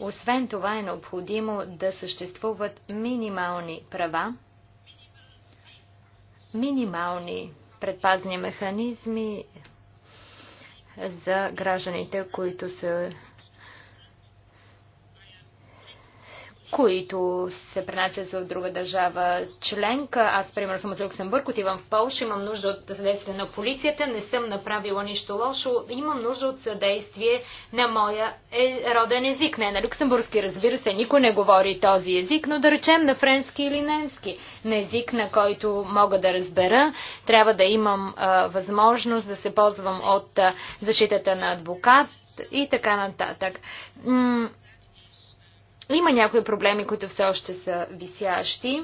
Освен това е необходимо да съществуват минимални права, минимални предпазни механизми за гражданите, които се които се пренасят за друга държава членка. Аз, примерно, съм от Люксембург, отивам в Польша, имам нужда от съдействие на полицията, не съм направила нищо лошо, имам нужда от съдействие на моя е, роден език. Не на люксембургски, разбира се, никой не говори този език, но да речем на френски или немски, на език, на който мога да разбера. Трябва да имам а, възможност да се ползвам от а, защитата на адвокат и така нататък. Има някои проблеми, които все още са висящи.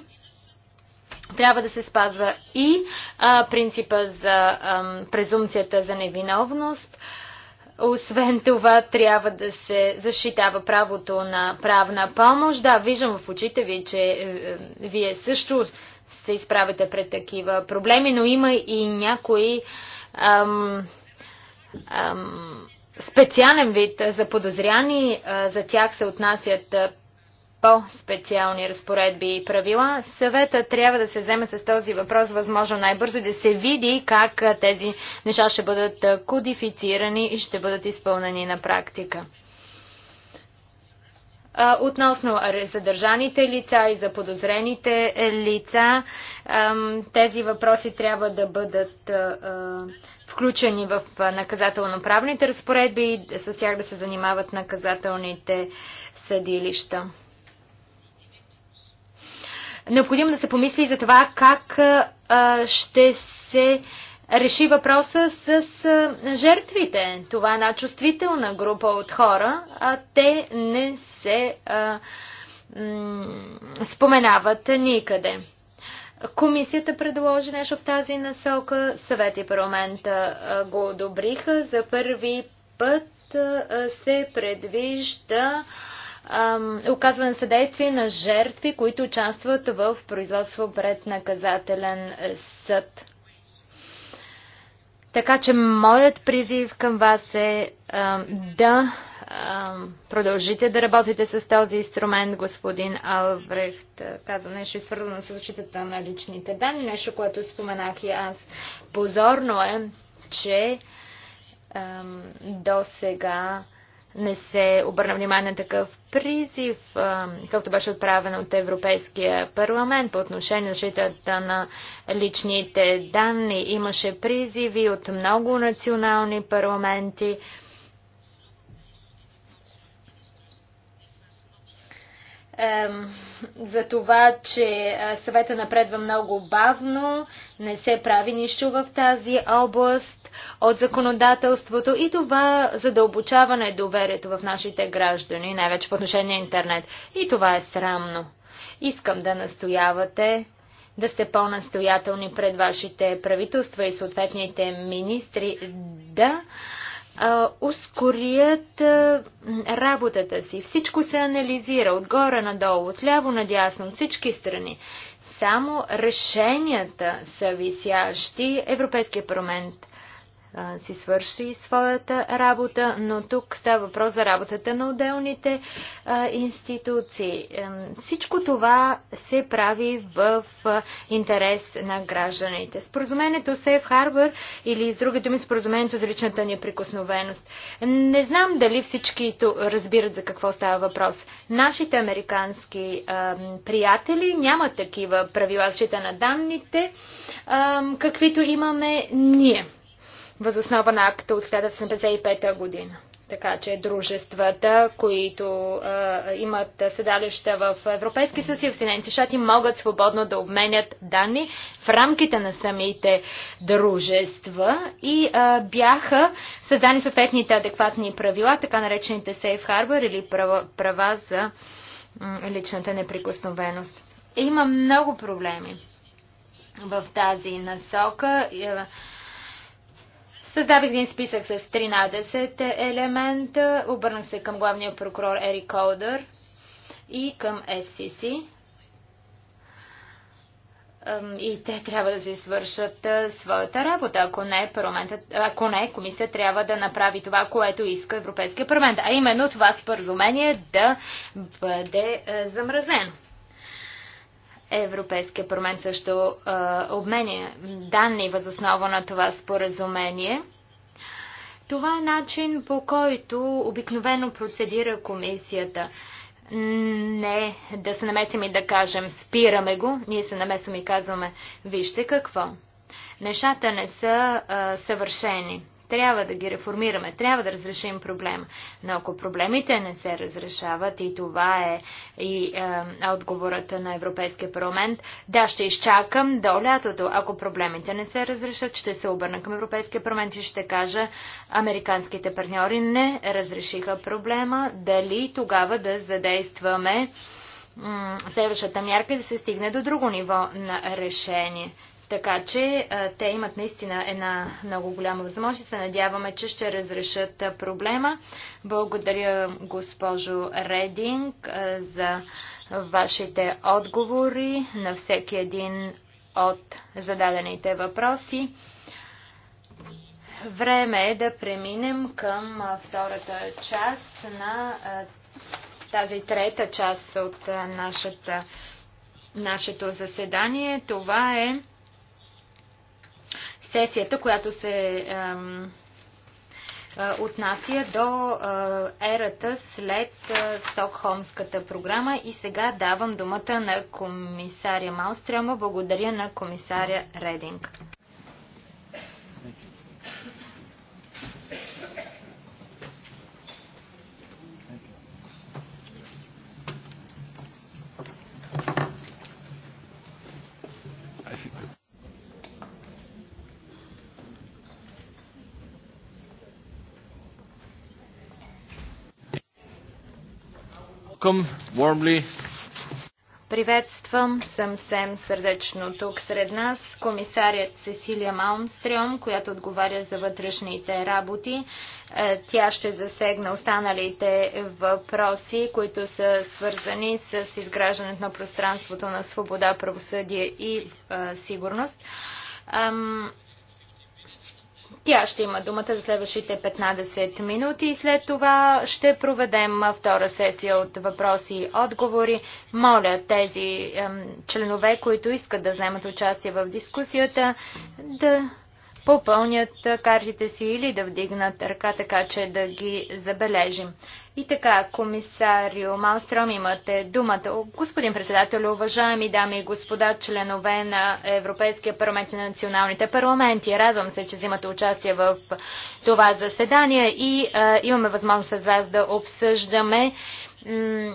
Трябва да се спазва и а, принципа за а, презумцията за невиновност. Освен това, трябва да се защитава правото на правна помощ. Да, виждам в очите ви, че а, е, е, вие също се изправите пред такива проблеми, но има и някои ам, ам, специален вид за подозряни, за тях се отнасят по-специални разпоредби и правила. Съвета трябва да се вземе с този въпрос възможно най-бързо да се види как тези неща ще бъдат кодифицирани и ще бъдат изпълнени на практика. Относно задържаните лица и заподозрените лица, тези въпроси трябва да бъдат включени в наказателно-правните разпоредби и с тях да се занимават наказателните съдилища. Необходимо да се помисли за това как ще се реши въпроса с жертвите. Това е една чувствителна група от хора, а те не се споменават никъде. Комисията предложи нещо в тази насока, съвет и парламента го одобриха. За първи път се предвижда оказване на съдействие на жертви, които участват в производство пред наказателен е, съд. Така че моят призив към вас е да продължите да работите с този инструмент. Господин Албрехт каза нещо е свързано с защитата на личните данни, нещо, което споменах и аз. Позорно е, че до сега не се обърна внимание на такъв призив, какъвто беше отправен от Европейския парламент по отношение на защитата на личните данни. Имаше призиви от много национални парламенти. за това, че съвета напредва много бавно, не се прави нищо в тази област от законодателството и това задълбочава недоверието в нашите граждани, най-вече по отношение на интернет. И това е срамно. Искам да настоявате да сте по-настоятелни пред вашите правителства и съответните министри да а, ускорят а, работата си. Всичко се анализира отгоре надолу, отляво надясно, от всички страни. Само решенията са висящи. Европейския парламент си свърши своята работа, но тук става въпрос за работата на отделните институции. Всичко това се прави в интерес на гражданите. Споразумението Сейф Харбър или с други думи споразумението за личната неприкосновеност. Не знам дали всички разбират за какво става въпрос. Нашите американски приятели нямат такива правила защита на данните, каквито имаме ние възоснова на акта от 1975 година. Така че дружествата, които а, имат седалища в Европейски съюз и в Съединените щати, могат свободно да обменят данни в рамките на самите дружества и а, бяха създани съответните адекватни правила, така наречените Safe Harbor или права, права за личната неприкосновеност. Има много проблеми в тази насока. Създавих един списък с 13 елемента, обърнах се към главния прокурор Ери Колдър и към FCC. И те трябва да се свършат своята работа. Ако не, парламентът, ако не, комисия трябва да направи това, което иска Европейския парламент. А именно това споразумение да бъде замразено. Европейския парламент също обменя данни възоснова на това споразумение. Това е начин по който обикновено процедира комисията. Не да се намесим и да кажем спираме го, ние се намесим и казваме вижте какво. Нещата не са а, съвършени. Трябва да ги реформираме, трябва да разрешим проблема. Но ако проблемите не се разрешават и това е и е, отговорът на Европейския парламент, да, ще изчакам до лятото. Ако проблемите не се разрешат, ще се обърна към Европейския парламент и ще кажа, американските партньори не разрешиха проблема, дали тогава да задействаме следващата мярка и да се стигне до друго ниво на решение. Така че те имат наистина една много голяма възможност. Се надяваме, че ще разрешат проблема. Благодаря, госпожо Рединг, за вашите отговори на всеки един от зададените въпроси. Време е да преминем към втората част на тази трета част от нашата, нашето заседание. Това е сесията, която се отнася до ерата след Стокхолмската програма. И сега давам думата на комисаря Малстрема. Благодаря на комисаря Рединг. welcome warmly. Приветствам съвсем сърдечно тук сред нас комисарят Сесилия Малмстрем, която отговаря за вътрешните работи. Е, тя ще засегна останалите въпроси, които са свързани с изграждането на пространството на свобода, правосъдие и е, сигурност. Тя ще има думата за следващите 15 минути и след това ще проведем втора сесия от въпроси и отговори. Моля тези ем, членове, които искат да вземат участие в дискусията, да попълнят картите си или да вдигнат ръка, така че да ги забележим. И така, комисарио Малстром, имате думата. Господин председател, уважаеми дами и господа, членове на Европейския парламент и на националните парламенти, радвам се, че взимате участие в това заседание и а, имаме възможност с вас да обсъждаме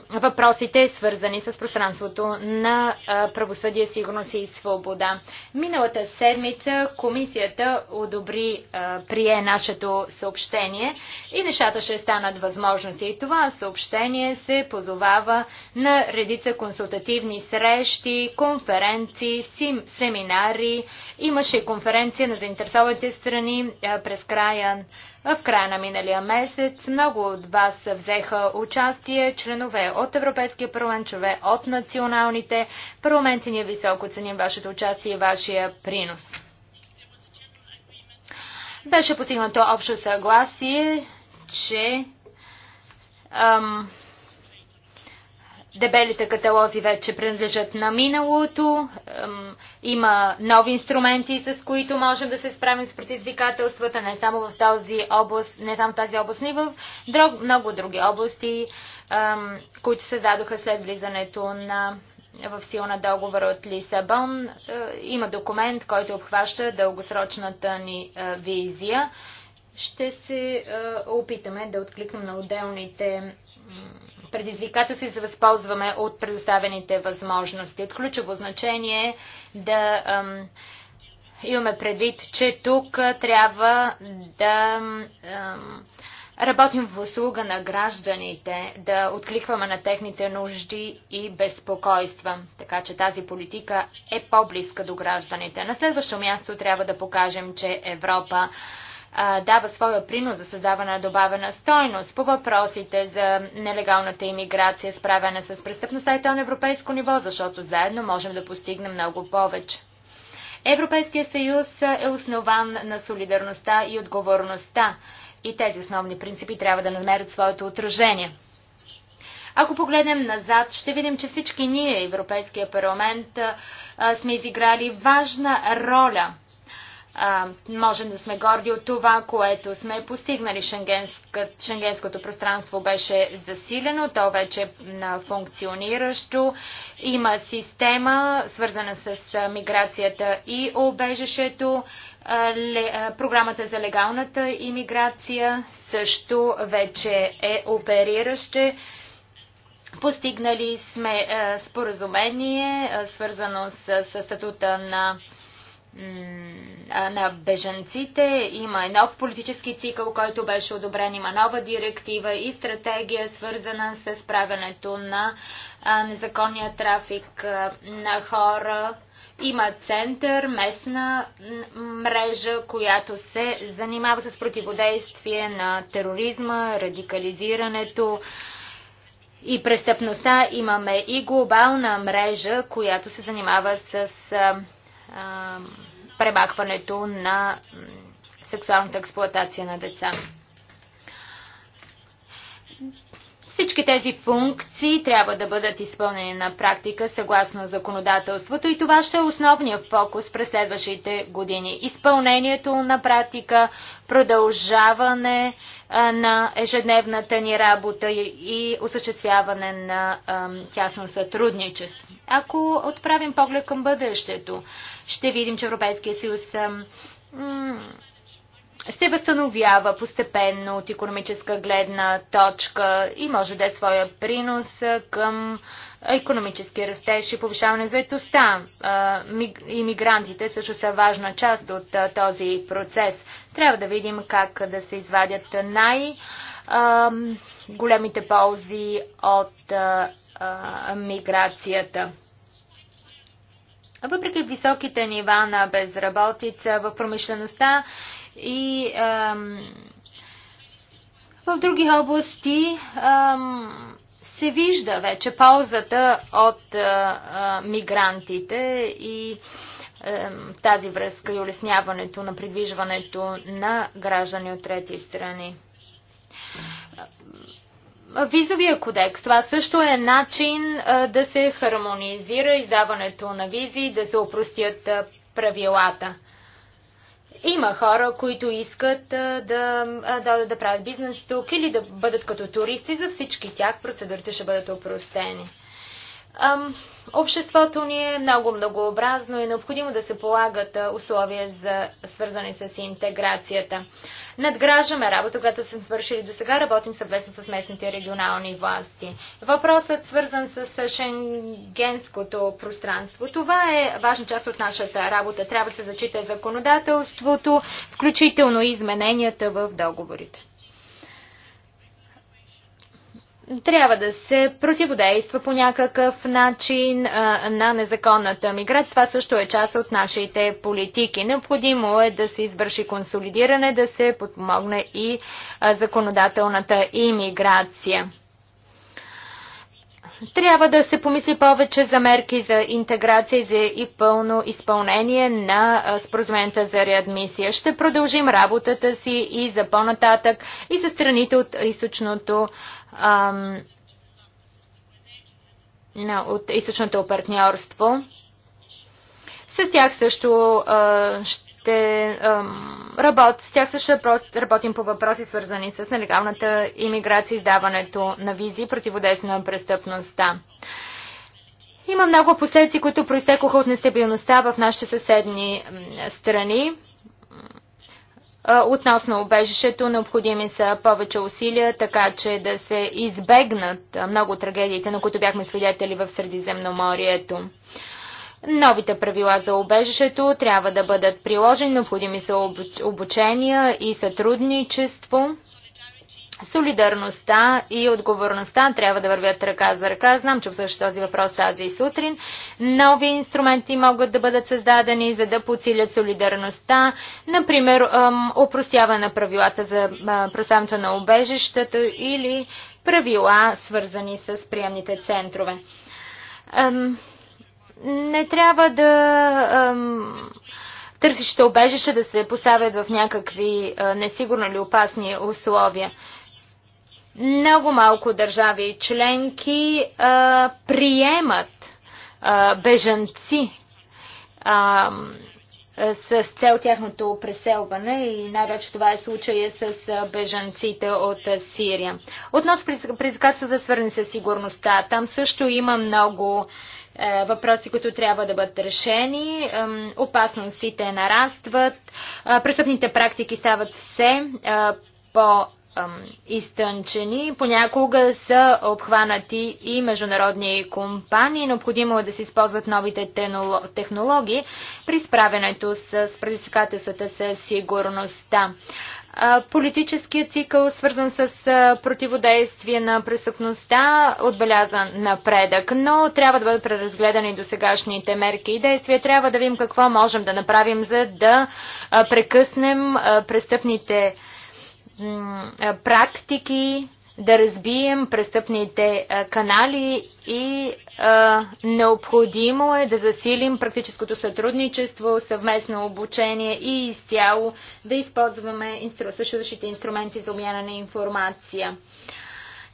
въпросите, свързани с пространството на правосъдие, сигурност и свобода. Миналата седмица комисията одобри, прие нашето съобщение и нещата ще станат възможности. И това съобщение се позовава на редица консултативни срещи, конференции, семинари. Имаше и конференция на заинтересованите страни през края в края на миналия месец много от вас взеха участие членове от Европейския парламент, членове от националните парламенти. Ние високо ценим вашето участие и вашия принос. Беше постигнато общо съгласие, че ам, Дебелите каталози вече принадлежат на миналото. Има нови инструменти, с които можем да се справим с предизвикателствата, не само в тази област, не само в тази област, но и в друг, много други области, които се дадоха след влизането на в сила на договора от Лисабон. Е, има документ, който обхваща дългосрочната ни е, визия. Ще се е, опитаме да откликнем на отделните предизвикателство и се възползваме от предоставените възможности. От ключово значение е да ам, имаме предвид, че тук трябва да ам, работим в услуга на гражданите, да откликваме на техните нужди и безпокойства. Така че тази политика е по-близка до гражданите. На следващо място трябва да покажем, че Европа дава своя принос за създаване на добавена стойност по въпросите за нелегалната иммиграция, справяне с престъпността и то на европейско ниво, защото заедно можем да постигнем много повече. Европейския съюз е основан на солидарността и отговорността и тези основни принципи трябва да намерят своето отражение. Ако погледнем назад, ще видим, че всички ние, Европейския парламент, сме изиграли важна роля – можем да сме горди от това, което сме постигнали. Шенгенското пространство беше засилено, то вече е функциониращо. Има система, свързана с миграцията и обежището. Програмата за легалната иммиграция също вече е оперираща. Постигнали сме споразумение, свързано с статута на на бежанците. Има и нов политически цикъл, който беше одобрен. Има нова директива и стратегия, свързана с правенето на незаконния трафик на хора. Има център, местна мрежа, която се занимава с противодействие на тероризма, радикализирането и престъпността. Имаме и глобална мрежа, която се занимава с премахването на сексуалната експлоатация на деца. Всички тези функции трябва да бъдат изпълнени на практика съгласно законодателството и това ще е основния фокус през следващите години. Изпълнението на практика, продължаване на ежедневната ни работа и осъществяване на тясно сътрудничество. Ако отправим поглед към бъдещето, ще видим, че Европейския съюз се възстановява постепенно от економическа гледна точка и може да е своя принос към економически растеж и повишаване на заетостта. Имигрантите също са важна част от този процес. Трябва да видим как да се извадят най-големите ползи от миграцията. Въпреки високите нива на безработица в промишлеността и ам, в други области ам, се вижда вече ползата от а, мигрантите и ам, тази връзка и улесняването на придвижването на граждани от трети страни. Визовия кодекс. Това също е начин а, да се хармонизира издаването на визи, да се опростят правилата. Има хора, които искат да, да да правят бизнес тук или да бъдат като туристи. За всички тях процедурите ще бъдат опростени обществото ни е много многообразно и необходимо да се полагат условия за свързани с интеграцията. Надграждаме работа, която сме свършили до сега, работим съвместно с местните регионални власти. Въпросът свързан с шенгенското пространство. Това е важна част от нашата работа. Трябва да се зачита законодателството, включително и измененията в договорите трябва да се противодейства по някакъв начин а, на незаконната миграция. Това също е част от нашите политики. Необходимо е да се извърши консолидиране, да се подпомогне и а, законодателната имиграция. Трябва да се помисли повече за мерки за интеграция и за и пълно изпълнение на споразумента за реадмисия. Ще продължим работата си и за по-нататък и за страните от източното ам, от източното партньорство. С тях също а, ще а, работ, с тях също работим по въпроси, свързани с нелегалната иммиграция, издаването на визи, противодействие на престъпността. Има много последици, които проистекоха от нестабилността в нашите съседни страни. Относно обежището необходими са повече усилия, така че да се избегнат много трагедиите, на които бяхме свидетели в Средиземноморието. Новите правила за обежището трябва да бъдат приложени, необходими са обучения и сътрудничество. Солидарността и отговорността трябва да вървят ръка за ръка. Знам, че обсъжда този въпрос тази сутрин. Нови инструменти могат да бъдат създадени, за да подсилят солидарността. Например, опростяване на правилата за пространството на обежищата или правила, свързани с приемните центрове. Не трябва да търсещите обежище да се поставят в някакви несигурни или опасни условия. Много малко държави и членки а, приемат а, бежанци а, с цел тяхното преселване и най-вече това е случая с бежанците от Сирия. Относно предизвикателствата, свързани с сигурността, там също има много въпроси, които трябва да бъдат решени. Опасностите нарастват, престъпните практики стават все по изтънчени. Понякога са обхванати и международни компании. Необходимо е да се използват новите технологии при справянето с предизвикателствата с сигурността. Политическият цикъл, свързан с противодействие на престъпността, отбелязан напредък, но трябва да бъдат преразгледани до сегашните мерки и действия. Трябва да видим какво можем да направим, за да прекъснем престъпните практики, да разбием престъпните канали и а, необходимо е да засилим практическото сътрудничество, съвместно обучение и изцяло да използваме инстру... съществуващите инструменти за обмяна на информация.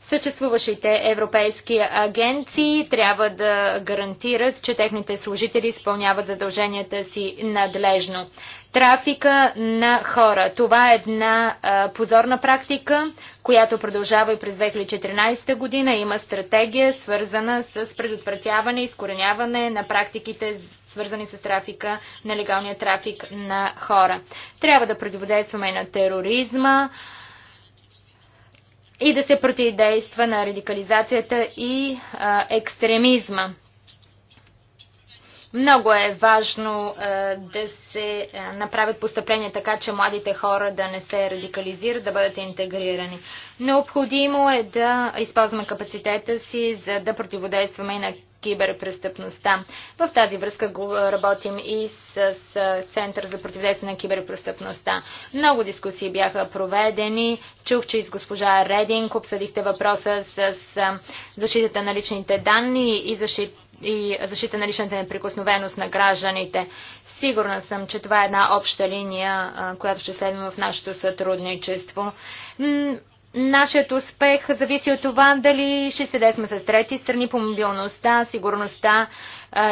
Съществуващите европейски агенции трябва да гарантират, че техните служители изпълняват задълженията си надлежно. Трафика на хора. Това е една а, позорна практика, която продължава и през 2014 година. Има стратегия, свързана с предотвратяване и изкореняване на практиките, свързани с трафика, нелегалния трафик на хора. Трябва да противодействаме на тероризма и да се противодейства на радикализацията и а, екстремизма. Много е важно е, да се е, направят постъпления така, че младите хора да не се радикализират, да бъдат интегрирани. Необходимо е да използваме капацитета си, за да противодействаме и на киберпрестъпността. В тази връзка го работим и с, е, Център за противодействие на киберпрестъпността. Много дискусии бяха проведени. Чух, че с госпожа Рединг обсъдихте въпроса с защитата на личните данни и защита и защита на личната неприкосновеност на гражданите. Сигурна съм, че това е една обща линия, която ще следва в нашето сътрудничество. Нашият успех зависи от това дали ще се десме с трети страни по мобилността, сигурността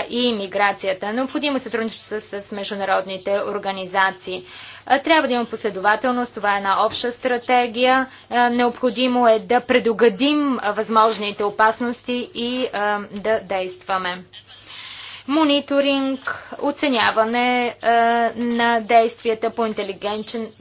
и иммиграцията. Необходимо е сътрудничество с международните организации. Е, трябва да има последователност, това е една обща стратегия. Е, необходимо е да предугадим е, възможните опасности и да действаме мониторинг, оценяване е, на действията по,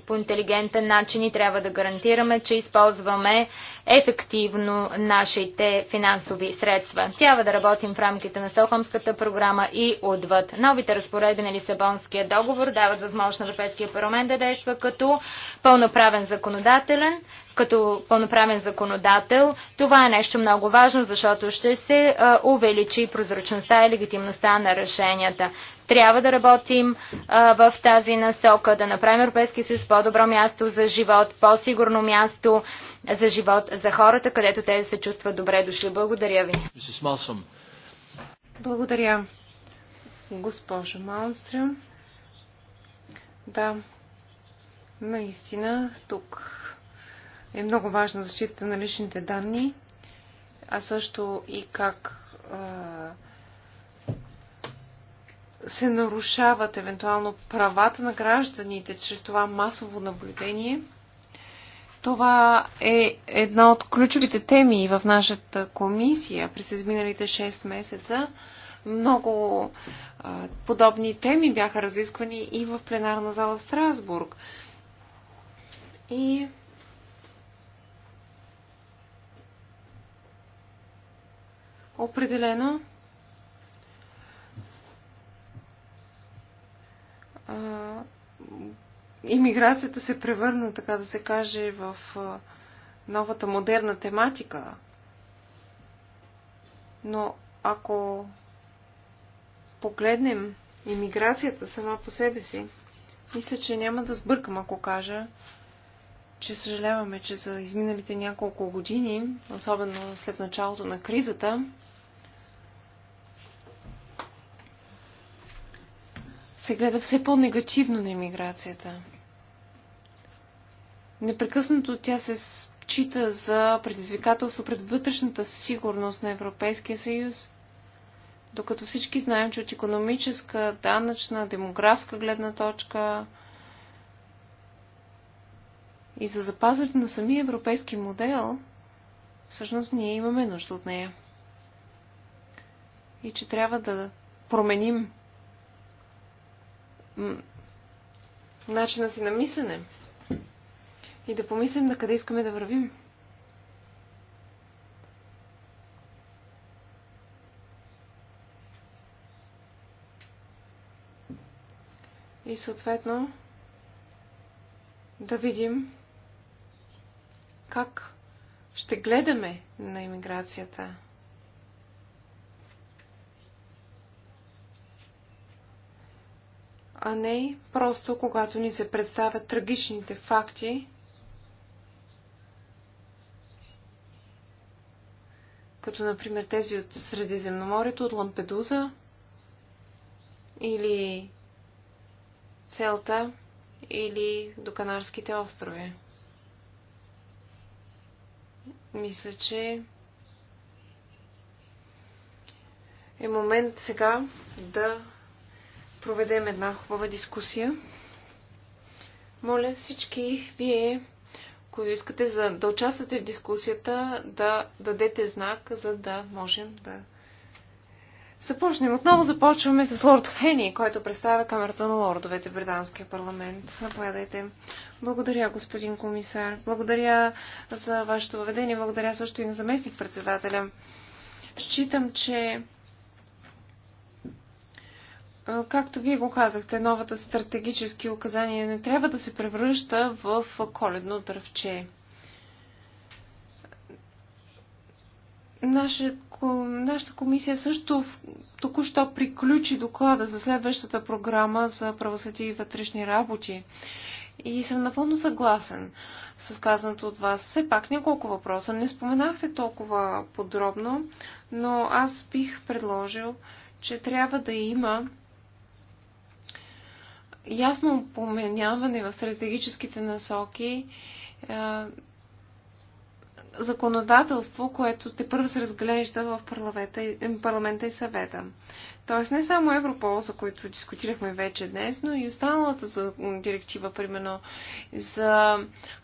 по интелигентен начин и трябва да гарантираме, че използваме ефективно нашите финансови средства. Трябва да работим в рамките на Стокхолмската програма и отвъд. Новите разпоредби на Лисабонския договор дават възможност на Европейския парламент да действа като пълноправен законодателен като пълноправен законодател. Това е нещо много важно, защото ще се увеличи прозрачността и легитимността на решенията. Трябва да работим в тази насока, да направим Европейския съюз по-добро място за живот, по-сигурно място за живот за хората, където те се чувстват добре дошли. Благодаря ви. Благодаря, госпожо Малмстрем. Да, наистина тук е много важна защита на личните данни, а също и как се нарушават евентуално правата на гражданите чрез това масово наблюдение. Това е една от ключовите теми в нашата комисия през изминалите 6 месеца. Много а, подобни теми бяха разисквани и в пленарна зала в Страсбург. И определено имиграцията се превърна, така да се каже, в новата модерна тематика. Но ако погледнем имиграцията сама по себе си, мисля, че няма да сбъркам, ако кажа, че съжаляваме, че за изминалите няколко години, особено след началото на кризата, се гледа все по-негативно на иммиграцията. Непрекъснато тя се счита за предизвикателство пред вътрешната сигурност на Европейския съюз. Докато всички знаем, че от економическа, данъчна, демографска гледна точка и за запазването на самия европейски модел, всъщност ние имаме нужда от нея. И че трябва да променим начина си на мислене и да помислим на къде искаме да вървим. И съответно да видим как ще гледаме на иммиграцията. а не просто когато ни се представят трагичните факти, като например тези от Средиземноморието, от Лампедуза или Целта или до Канарските острови. Мисля, че е момент сега да проведем една хубава дискусия. Моля всички вие, които искате за, да участвате в дискусията, да дадете знак, за да можем да започнем. Отново започваме с Лорд Хени, който представя Камерата на лордовете в Британския парламент. Заповядайте. Благодаря, господин комисар. Благодаря за вашето въведение. Благодаря също и на заместник председателя. Считам, че е, както вие го казахте, новата стратегически указания не трябва да се превръща в коледно дървче. Нашата комисия също току-що приключи доклада за следващата програма за правосъдие и вътрешни работи. И съм напълно съгласен с казаното от вас. Все пак няколко въпроса. Не споменахте толкова подробно, но аз бих предложил, че трябва да има ясно поменяване в стратегическите насоки е, законодателство, което те първо се разглежда в парламента, парламента и съвета. Тоест не само Европол, за който дискутирахме вече днес, но и останалата за, директива, примерно за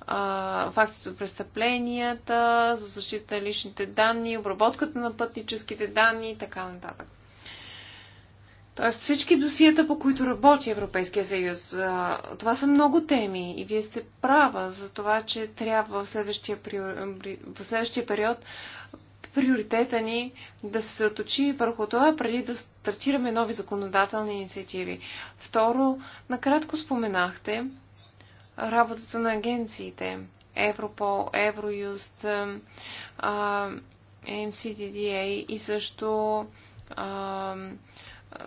а, фактите от престъпленията, за защита на личните данни, обработката на пътническите данни и така нататък. Тоест всички досията, по които работи Европейския съюз, това са много теми и вие сте права за това, че трябва в следващия, в следващия период приоритета ни да се съоточи върху това, преди да стартираме нови законодателни инициативи. Второ, накратко споменахте работата на агенциите. Европол, Евроюст, MCDDA и също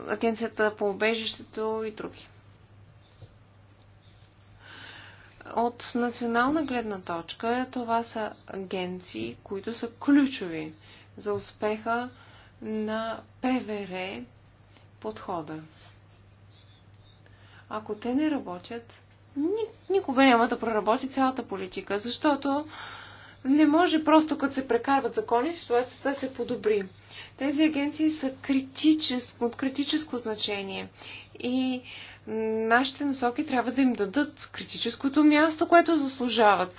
Агенцията по убежището и други. От национална гледна точка това са агенции, които са ключови за успеха на ПВР подхода. Ако те не работят, никога няма да проработи цялата политика, защото не може просто като се прекарват закони, ситуацията да се подобри. Тези агенции са критическо, от критическо значение и нашите насоки трябва да им дадат критическото място, което заслужават.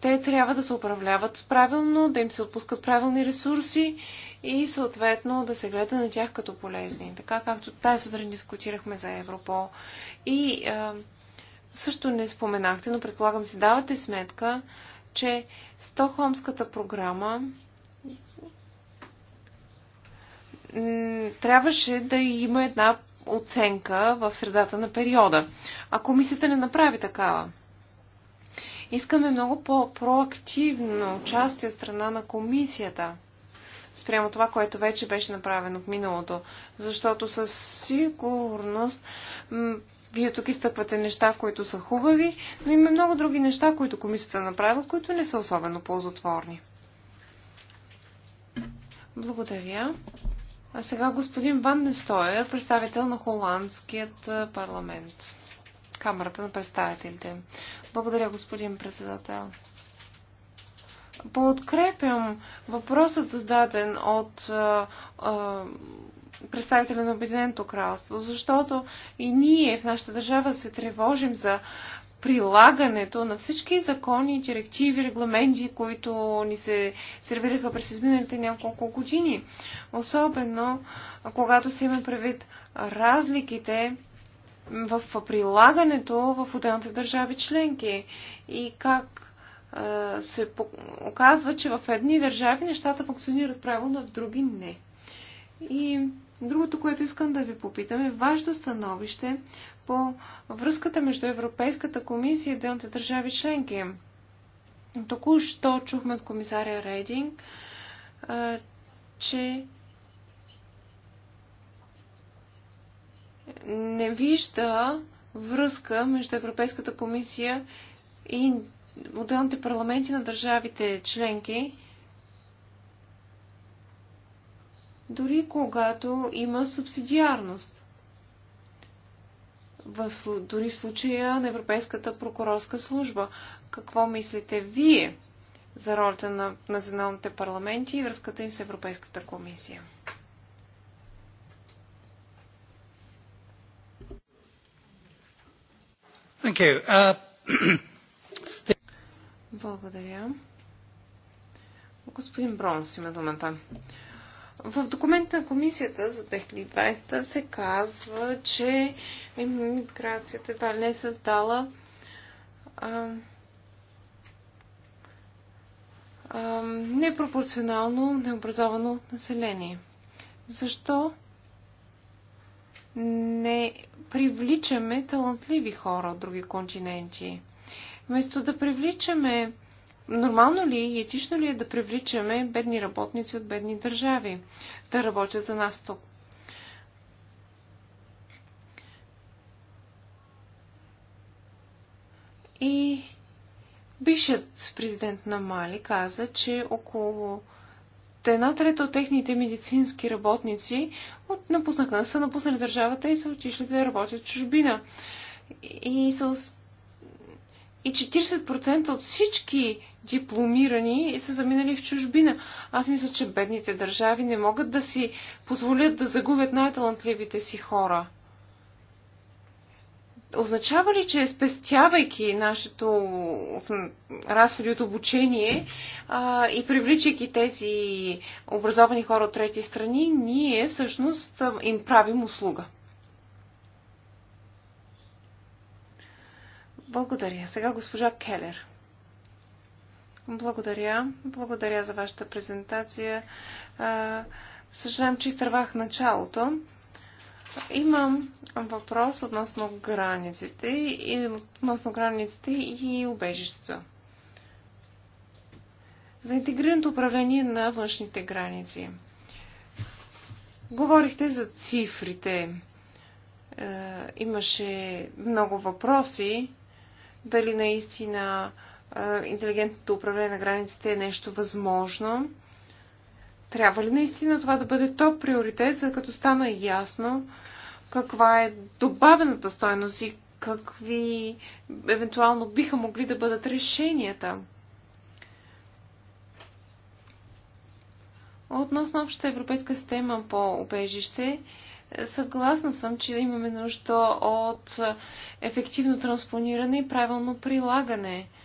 Те трябва да се управляват правилно, да им се отпускат правилни ресурси и съответно да се гледа на тях като полезни. Така както тази сутрин дискутирахме за Европол. И а, също не споменахте, но предполагам си давате сметка, че Стокхолмската програма трябваше да има една оценка в средата на периода. А комисията не направи такава. Искаме много по-проактивно участие от страна на комисията спрямо това, което вече беше направено в миналото. Защото със сигурност вие тук изтъквате неща, които са хубави, но има много други неща, които комисията направила, които не са особено ползотворни. Благодаря. А сега господин Ван Нестоя, представител на Холандският парламент. Камерата на представителите. Благодаря, господин председател. Подкрепям въпросът зададен от а, а, представители на Обединеното кралство, защото и ние в нашата държава се тревожим за прилагането на всички закони, директиви, регламенти, които ни се сервираха през изминалите няколко години. Особено когато се има предвид разликите в прилагането в отделните държави членки и как се оказва, че в едни държави нещата функционират правилно, а в други не. И другото, което искам да ви попитам е вашето становище по връзката между Европейската комисия и отделните държави членки. Току-що чухме от комисаря Рейдинг, че не вижда връзка между Европейската комисия и отделните парламенти на държавите членки дори когато има субсидиарност. В, дори в случая на Европейската прокурорска служба. Какво мислите вие за ролята на националните парламенти и връзката им с Европейската комисия? Uh... Благодаря. Господин Бронс има думата. В документа на комисията за 2020 се казва, че миграцията едва не е създала а, а, непропорционално необразовано население. Защо не привличаме талантливи хора от други континенти? Вместо да привличаме Нормално ли и етично ли е да привличаме бедни работници от бедни държави да работят за нас тук? И бившият президент на Мали каза, че около една трета от техните медицински работници от напуснаха, са напуснали държавата и са отишли да работят в чужбина. И, и, и 40% от всички дипломирани и са заминали в чужбина. Аз мисля, че бедните държави не могат да си позволят да загубят най-талантливите си хора. Означава ли, че спестявайки нашето разходи от обучение а, и привличайки тези образовани хора от трети страни, ние всъщност им правим услуга? Благодаря. Сега госпожа Келер. Благодаря. Благодаря за вашата презентация. Съжалявам, че изтървах началото. Имам въпрос относно границите и относно границите и убежището. За интегрираното управление на външните граници. Говорихте за цифрите. Е, имаше много въпроси. Дали наистина интелигентното управление на границите е нещо възможно. Трябва ли наистина това да бъде топ приоритет, за като стана ясно каква е добавената стойност и какви евентуално биха могли да бъдат решенията? Относно общата европейска система по обежище, съгласна съм, че имаме нужда от ефективно транспониране и правилно прилагане –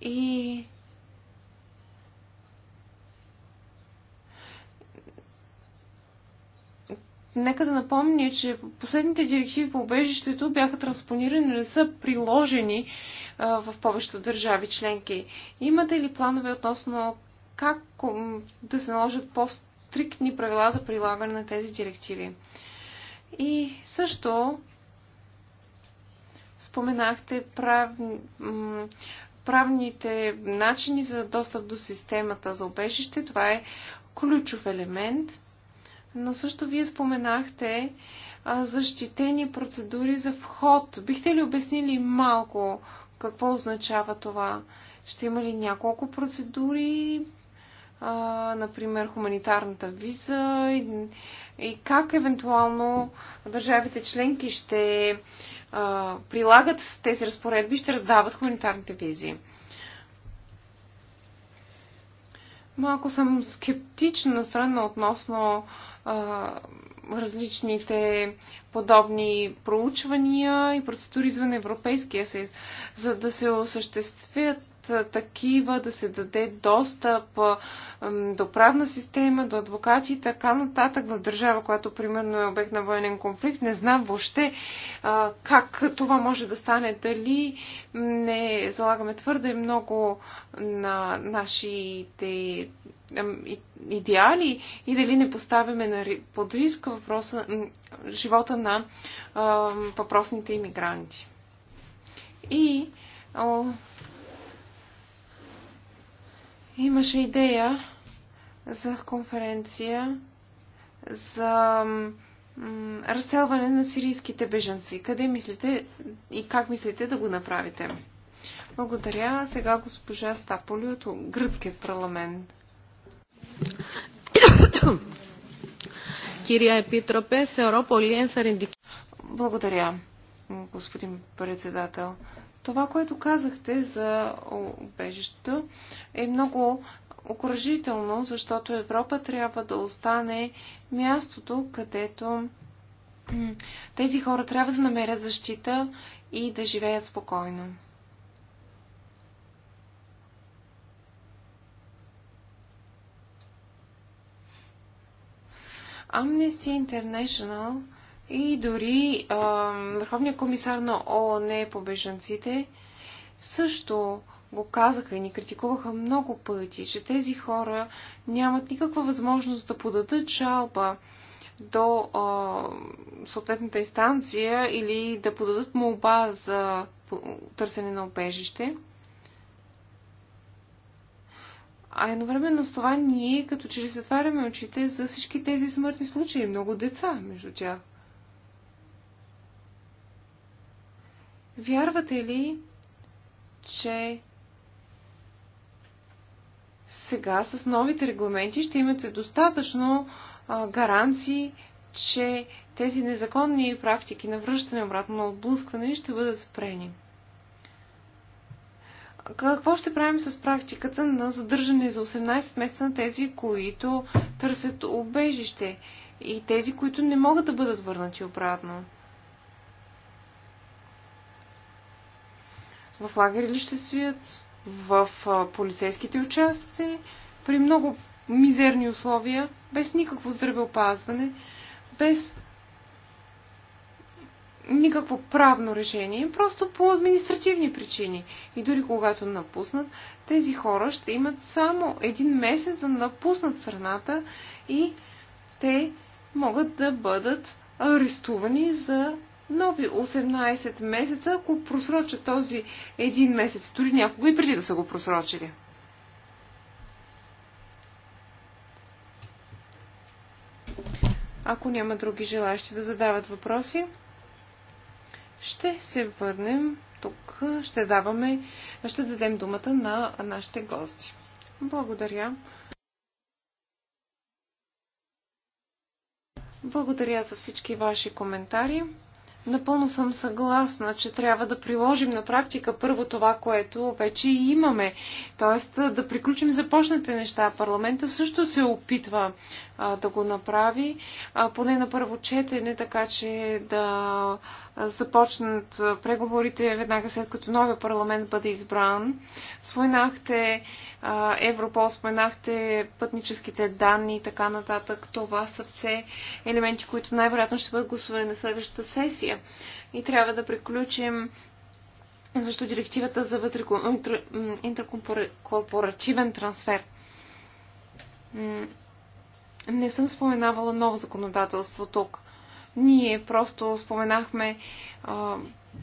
и Нека да напомня, че последните директиви по убежището бяха транспонирани, но не са приложени в повечето държави членки. Имате ли планове относно как да се наложат по-стриктни правила за прилагане на тези директиви? И също споменахте прав правните начини за достъп до системата за обежище. Това е ключов елемент. Но също вие споменахте защитени процедури за вход. Бихте ли обяснили малко какво означава това? Ще има ли няколко процедури? а, например, хуманитарната виза и, и как евентуално държавите членки ще прилагат тези разпоредби, ще раздават хуманитарните визи. Малко съм скептично настроена относно а, различните подобни проучвания и процедури извън Европейския съюз, за да се осъществят такива, да се даде достъп до правна система, до адвокати и така нататък в държава, която примерно е обект на военен конфликт. Не знам въобще а, как това може да стане. Дали не залагаме твърде много на нашите идеали и дали не поставяме под риск въпроса, живота на а, въпросните иммигранти. И Имаше идея за конференция за разселване на сирийските бежанци. Къде мислите и как мислите да го направите? Благодаря. Сега госпожа Стаполи от Гръцкият парламент. Кирия Епитропе, θεωρώ πολύ Сарендики. Благодаря, господин председател. Това, което казахте за убежището, е много окоръжително, защото Европа трябва да остане мястото, където тези хора трябва да намерят защита и да живеят спокойно. Amnesty International и дори а, Върховният комисар на ООН по бежанците също го казаха и ни критикуваха много пъти, че тези хора нямат никаква възможност да подадат жалба до а, съответната инстанция или да подадат молба за търсене на обежище. А едновременно с това ние като че ли затваряме очите за всички тези смъртни случаи, много деца между тях. Вярвате ли, че сега с новите регламенти ще имате достатъчно а, гаранции, че тези незаконни практики на връщане обратно на облъскване ще бъдат спрени? Какво ще правим с практиката на задържане за 18 месеца на тези, които търсят убежище и тези, които не могат да бъдат върнати обратно? в лагери ли ще стоят, в полицейските участъци, при много мизерни условия, без никакво здравеопазване, без никакво правно решение, просто по административни причини. И дори когато напуснат, тези хора ще имат само един месец да напуснат страната и те могат да бъдат арестувани за нови 18 месеца, ако просроча този един месец, дори някога и преди да са го просрочили. Ако няма други желащи да задават въпроси, ще се върнем тук. Ще даваме, ще дадем думата на нашите гости. Благодаря. Благодаря за всички ваши коментари. Напълно съм съгласна, че трябва да приложим на практика първо това, което вече имаме. Тоест да приключим започнете неща. Парламента също се опитва а, да го направи, а, поне на първо четене, така че да започнат преговорите веднага след като новия парламент бъде избран. Споменахте Европол, споменахте пътническите данни и така нататък. Това са все елементи, които най-вероятно ще бъдат гласувани на следващата сесия. И трябва да приключим защо директивата за вътрекорпоративен трансфер. Не съм споменавала ново законодателство тук. Ние просто споменахме а,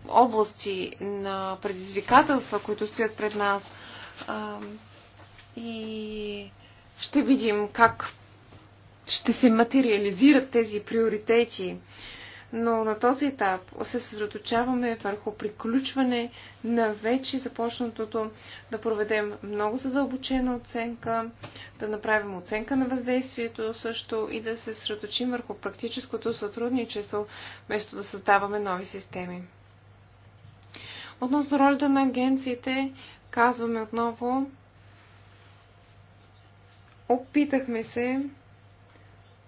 области на предизвикателства, които стоят пред нас. А, и ще видим как ще се материализират тези приоритети но на този етап се съсредоточаваме върху приключване на вече започнатото, да проведем много задълбочена оценка, да направим оценка на въздействието също и да се съсредоточим върху практическото сътрудничество, вместо да създаваме нови системи. Относно ролята на агенциите, казваме отново, опитахме се,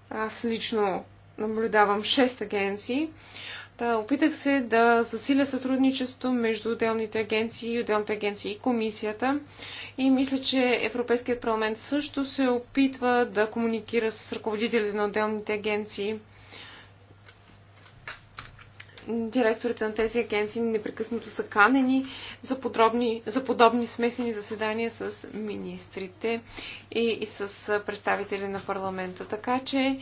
аз лично наблюдавам 6 агенции. Та, опитах се да засиля сътрудничеството между отделните агенции, отделните агенции и комисията. И мисля, че Европейският парламент също се опитва да комуникира с ръководителите на отделните агенции. Директорите на тези агенции непрекъснато са канени за, подробни, за подобни смесени заседания с министрите и, и с представители на парламента. Така че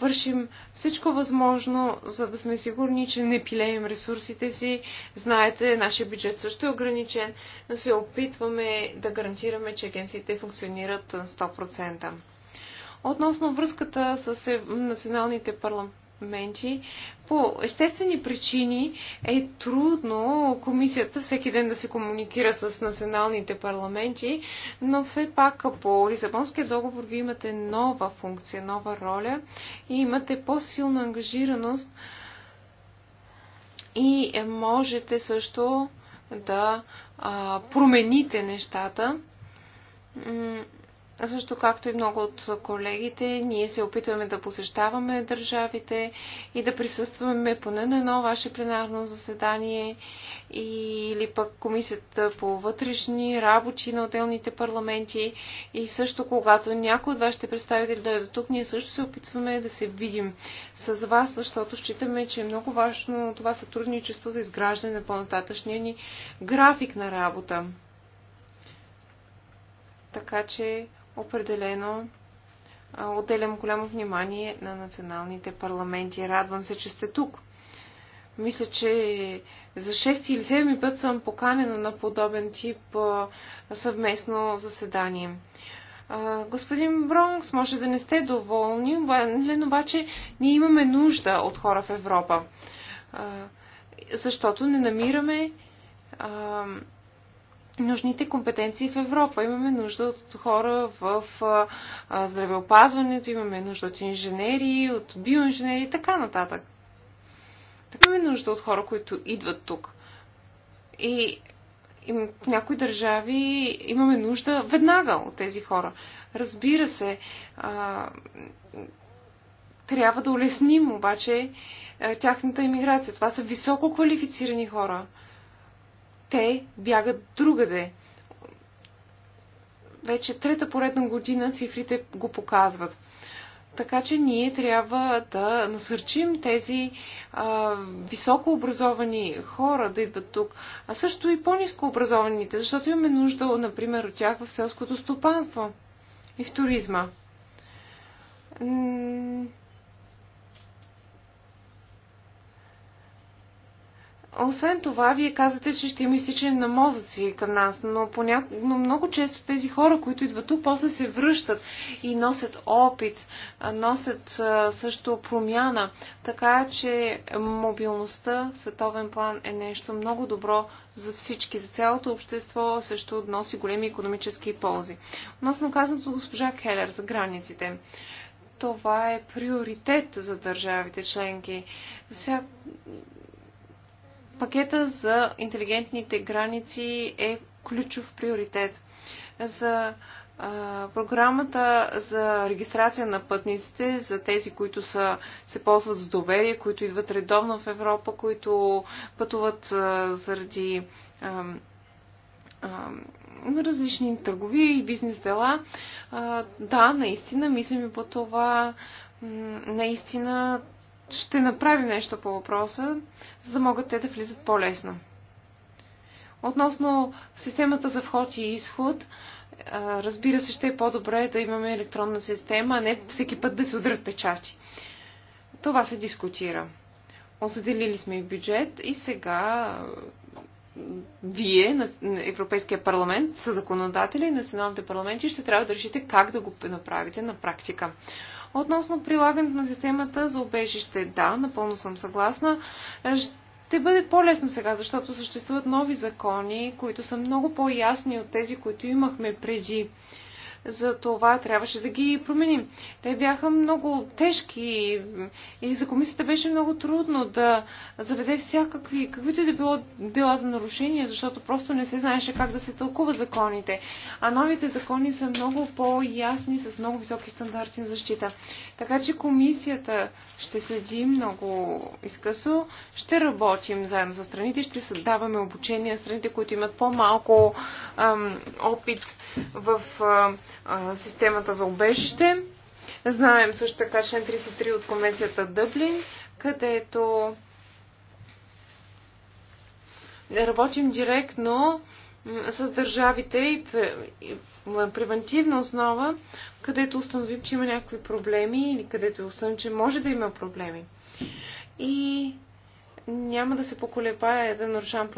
вършим всичко възможно, за да сме сигурни, че не пилеем ресурсите си. Знаете, нашия бюджет също е ограничен, но се опитваме да гарантираме, че агенциите функционират 100%. Относно връзката с националните парламенти, моменти по естествени причини е трудно комисията всеки ден да се комуникира с националните парламенти, но все пак по Лисабонския договор ви имате нова функция, нова роля и имате по-силна ангажираност и можете също да промените нещата също както и много от колегите, ние се опитваме да посещаваме държавите и да присъстваме поне на едно ваше пленарно заседание или пък комисията по вътрешни работи на отделните парламенти. И също когато някой от вашите представители дойде до тук, ние също се опитваме да се видим с вас, защото считаме, че е много важно това сътрудничество за изграждане на по-нататъчния ни график на работа. Така че определено отделям голямо внимание на националните парламенти. Радвам се, че сте тук. Мисля, че за 6 или 7 път съм поканена на подобен тип съвместно заседание. Господин Бронкс, може да не сте доволни, обаче ние имаме нужда от хора в Европа, защото не намираме нужните компетенции в Европа. Имаме нужда от хора в здравеопазването, имаме нужда от инженери, от биоинженери и така нататък. Така имаме нужда от хора, които идват тук. И им, в някои държави имаме нужда веднага от тези хора. Разбира се, а, трябва да улесним обаче а, тяхната иммиграция. Това са високо квалифицирани хора те бягат другаде. Вече трета поредна година цифрите го показват. Така че ние трябва да насърчим тези а, високо образовани хора да идват тук, а също и по-низко образованите, защото имаме нужда, например, от тях в селското стопанство и в туризма. Освен това, вие казвате, че ще има изсичане на мозъци към нас, но, поняко... но много често тези хора, които идват тук, после се връщат и носят опит, носят също промяна. Така че мобилността в световен план е нещо много добро за всички, за цялото общество, също носи големи економически ползи. Относно казаното госпожа Келер за границите това е приоритет за държавите членки. Сега, Пакета за интелигентните граници е ключов приоритет. За а, програмата за регистрация на пътниците, за тези, които са, се ползват с доверие, които идват редовно в Европа, които пътуват а, заради а, различни търгови и бизнес дела. да, наистина мислим и по това. Наистина ще направим нещо по въпроса, за да могат те да влизат по-лесно. Относно системата за вход и изход, разбира се, ще е по-добре да имаме електронна система, а не всеки път да се удрят печати. Това се дискутира. Осъделили сме и бюджет и сега вие, Европейския парламент, са законодатели, националните парламенти, ще трябва да решите как да го направите на практика. Относно прилагането на системата за убежище, да, напълно съм съгласна. Ще бъде по-лесно сега, защото съществуват нови закони, които са много по-ясни от тези, които имахме преди за това трябваше да ги променим. Те бяха много тежки и за комисията беше много трудно да заведе всякакви, каквито и да било дела за нарушения, защото просто не се знаеше как да се тълкуват законите. А новите закони са много по-ясни, с много високи стандарти на защита. Така че комисията ще следим много изкъсо, ще работим заедно с страните, ще създаваме обучение на страните, които имат по-малко опит в а, а, системата за обежище. Знаем също така член 33 от конвенцията Дъблин, където работим директно с държавите и превентивна основа където установим, че има някакви проблеми или където е установим, че може да има проблеми. И няма да се поколебая да, нарушам,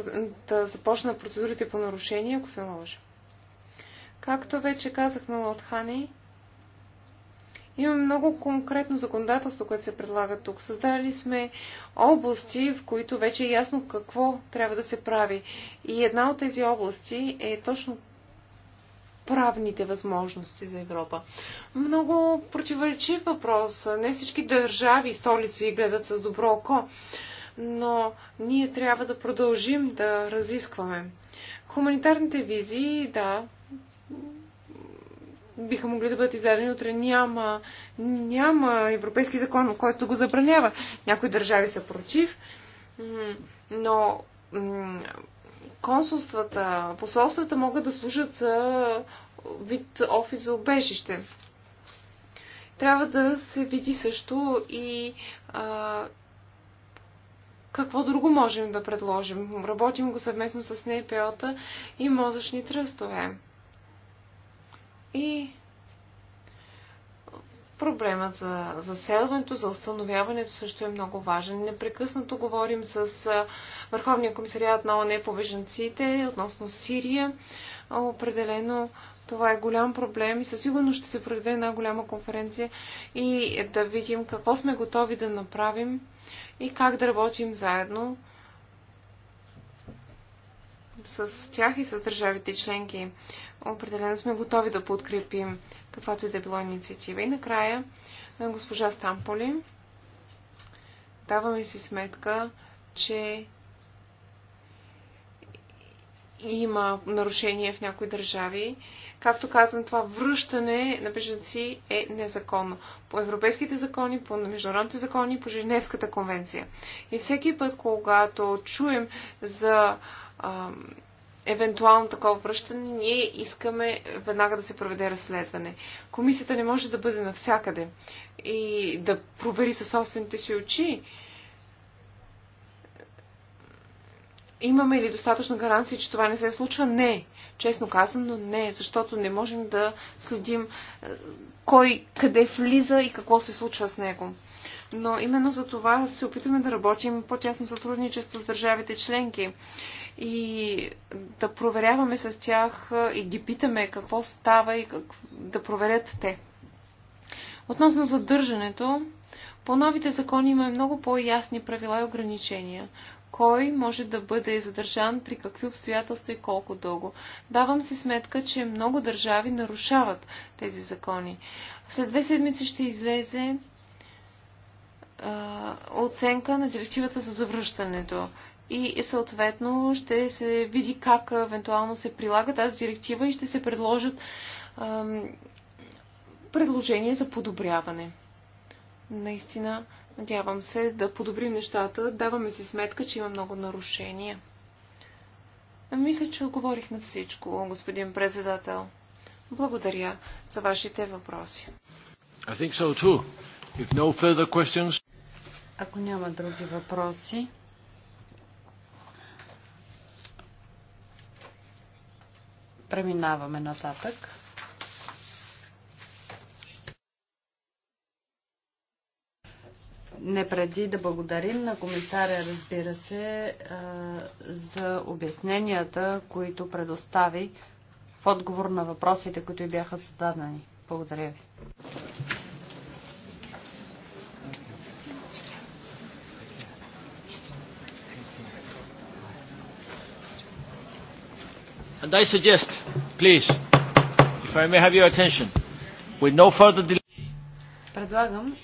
да започна процедурите по нарушение, ако се наложи. Както вече казах на Лотхани, има много конкретно законодателство, което се предлага тук. Създали сме области, в които вече е ясно какво трябва да се прави. И една от тези области е точно правните възможности за Европа. Много противоречив въпрос. Не всички държави и столици гледат с добро око, но ние трябва да продължим да разискваме. Хуманитарните визии, да, биха могли да бъдат издадени утре. Няма, няма европейски закон, който го забранява. Някои държави са против, но консулствата, посолствата могат да служат за вид офис за обежище. Трябва да се види също и а, какво друго можем да предложим. Работим го съвместно с НПО-та и мозъчни тръстове. И Проблемът за заселването, за установяването също е много важен. Непрекъснато говорим с Върховния комисариат на ОНЕ по беженците относно Сирия. Определено това е голям проблем и със сигурност ще се проведе една голяма конференция и да видим какво сме готови да направим и как да работим заедно с тях и с държавите членки. Определено сме готови да подкрепим каквато и да е било инициатива. И накрая на госпожа Стамполи даваме си сметка, че има нарушения в някои държави. Както казвам, това връщане на беженци е незаконно. По европейските закони, по международните закони, по Женевската конвенция. И всеки път, когато чуем за ам, евентуално такова връщане, ние искаме веднага да се проведе разследване. Комисията не може да бъде навсякъде и да провери със собствените си очи. Имаме ли достатъчно гаранции, че това не се случва? Не. Честно казано, не, защото не можем да следим е, кой къде влиза и какво се случва с него но именно за това се опитваме да работим по-тясно сътрудничество с държавите членки и да проверяваме с тях и ги питаме какво става и как, да проверят те. Относно задържането, по новите закони има много по-ясни правила и ограничения. Кой може да бъде задържан, при какви обстоятелства и колко дълго. Давам си сметка, че много държави нарушават тези закони. След две седмици ще излезе оценка на директивата за завръщането. И съответно ще се види как евентуално се прилага тази директива и ще се предложат предложения за подобряване. Наистина, надявам се да подобрим нещата. Даваме си сметка, че има много нарушения. Мисля, че отговорих на всичко, господин председател. Благодаря за вашите въпроси. I think so too. If no further questions, ако няма други въпроси, преминаваме нататък. Не преди да благодарим на комисаря, разбира се, за обясненията, които предостави в отговор на въпросите, които бяха зададени. Благодаря ви. And I suggest, please, if I may have your attention, with no further delay. Предлагам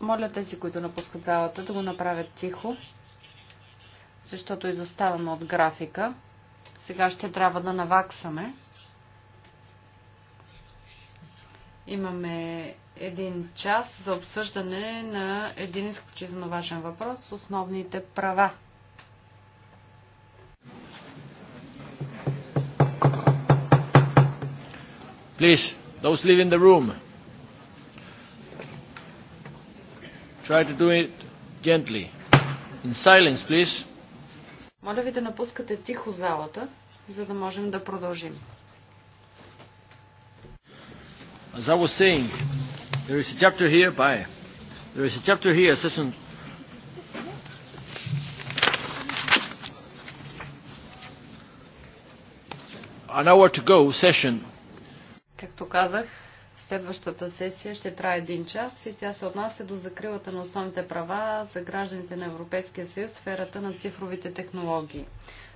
моля тези, които напускат залата, да го направят тихо, защото изоставаме от графика. Сега ще трябва да наваксаме. Имаме един час за обсъждане на един изключително важен въпрос – основните права Please, those leaving the room, try to do it gently. In silence, please. Моля ви да напускате тихо залата, за да можем да продължим. As I was saying, there is a chapter here by there is a chapter here, session an hour to go session Както казах, следващата сесия ще трае един час и тя се отнася до закрилата на основните права за гражданите на Европейския съюз в сферата на цифровите технологии.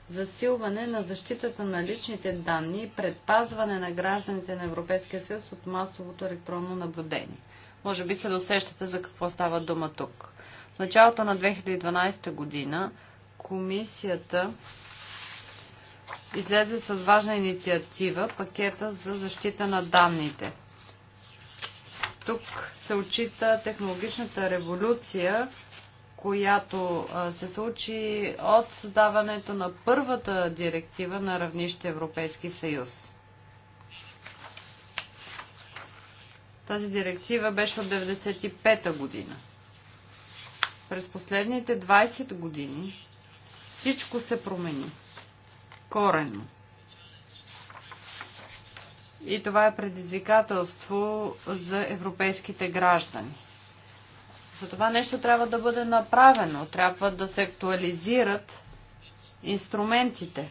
Засилване на защитата на личните данни и предпазване на гражданите на Европейския съюз от масовото електронно наблюдение. Може би се досещате за какво става дума тук. В началото на 2012 година комисията излезе с важна инициатива пакета за защита на данните. Тук се отчита технологичната революция, която се случи от създаването на първата директива на равнище Европейски съюз. Тази директива беше от 1995-та година. През последните 20 години всичко се промени коренно. И това е предизвикателство за европейските граждани. За това нещо трябва да бъде направено. Трябва да се актуализират инструментите.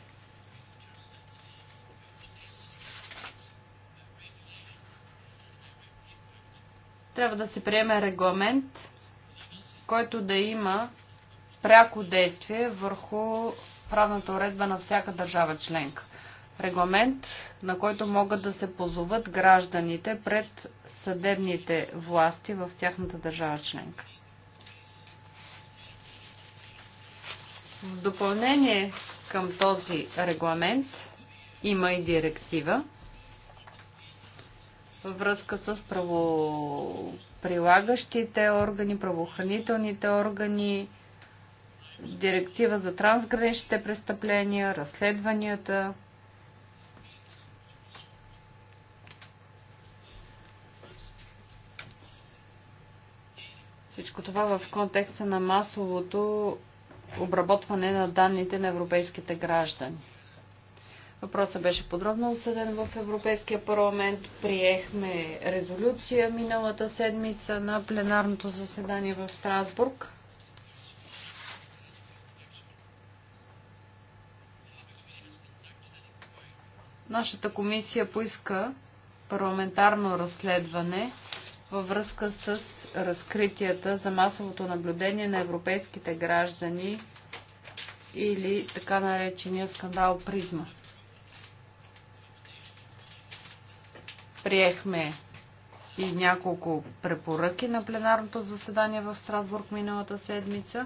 Трябва да се приеме регламент, който да има пряко действие върху правната уредба на всяка държава членка. Регламент, на който могат да се позоват гражданите пред съдебните власти в тяхната държава членка. В допълнение към този регламент има и директива във връзка с правоприлагащите органи, правоохранителните органи, директива за трансграничните престъпления, разследванията. Всичко това в контекста на масовото обработване на данните на европейските граждани. Въпросът беше подробно осъден в Европейския парламент. Приехме резолюция миналата седмица на пленарното заседание в Страсбург. Нашата комисия поиска парламентарно разследване във връзка с разкритията за масовото наблюдение на европейските граждани или така наречения скандал Призма. Приехме и няколко препоръки на пленарното заседание в Страсбург миналата седмица.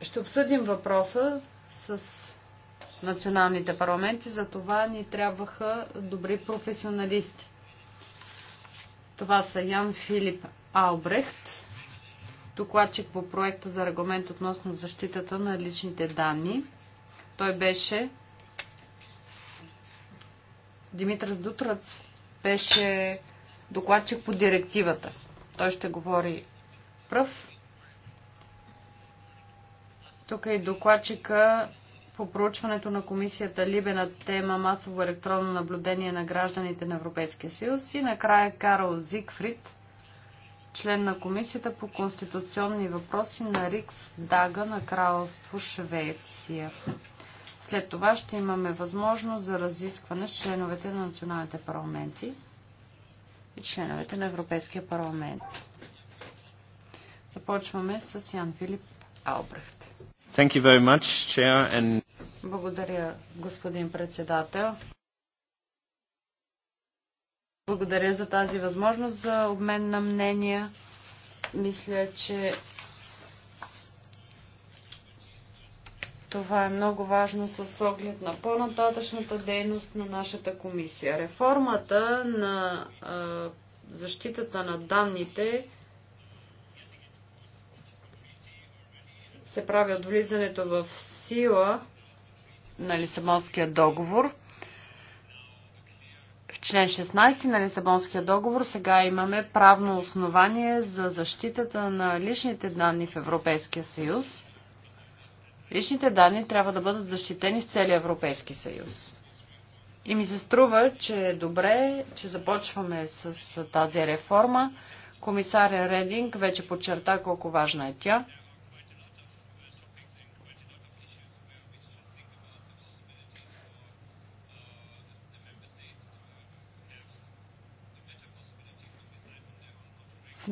Ще обсъдим въпроса с националните парламенти, за това ни трябваха добри професионалисти. Това са Ян Филип Албрехт, докладчик по проекта за регламент относно защитата на личните данни. Той беше Димитър Дутрац беше докладчик по директивата. Той ще говори пръв. Тук е и докладчика по проучването на комисията Либе на тема масово електронно наблюдение на гражданите на Европейския съюз и накрая Карл Зигфрид, член на комисията по конституционни въпроси на Рикс Дага на Кралство Швеция. След това ще имаме възможност за разискване с членовете на националните парламенти и членовете на Европейския парламент. Започваме с Ян Филип Албрехт. Much, chair, and... Благодаря, господин председател. Благодаря за тази възможност за обмен на мнения. Мисля, че това е много важно с оглед на по-нататъчната дейност на нашата комисия. Реформата на а, защитата на данните се прави от влизането в сила на Лисабонския договор. В член 16 на Лисабонския договор сега имаме правно основание за защитата на личните данни в Европейския съюз. Личните данни трябва да бъдат защитени в целия Европейски съюз. И ми се струва, че е добре, че започваме с тази реформа. Комисаря Рединг вече подчерта колко важна е тя.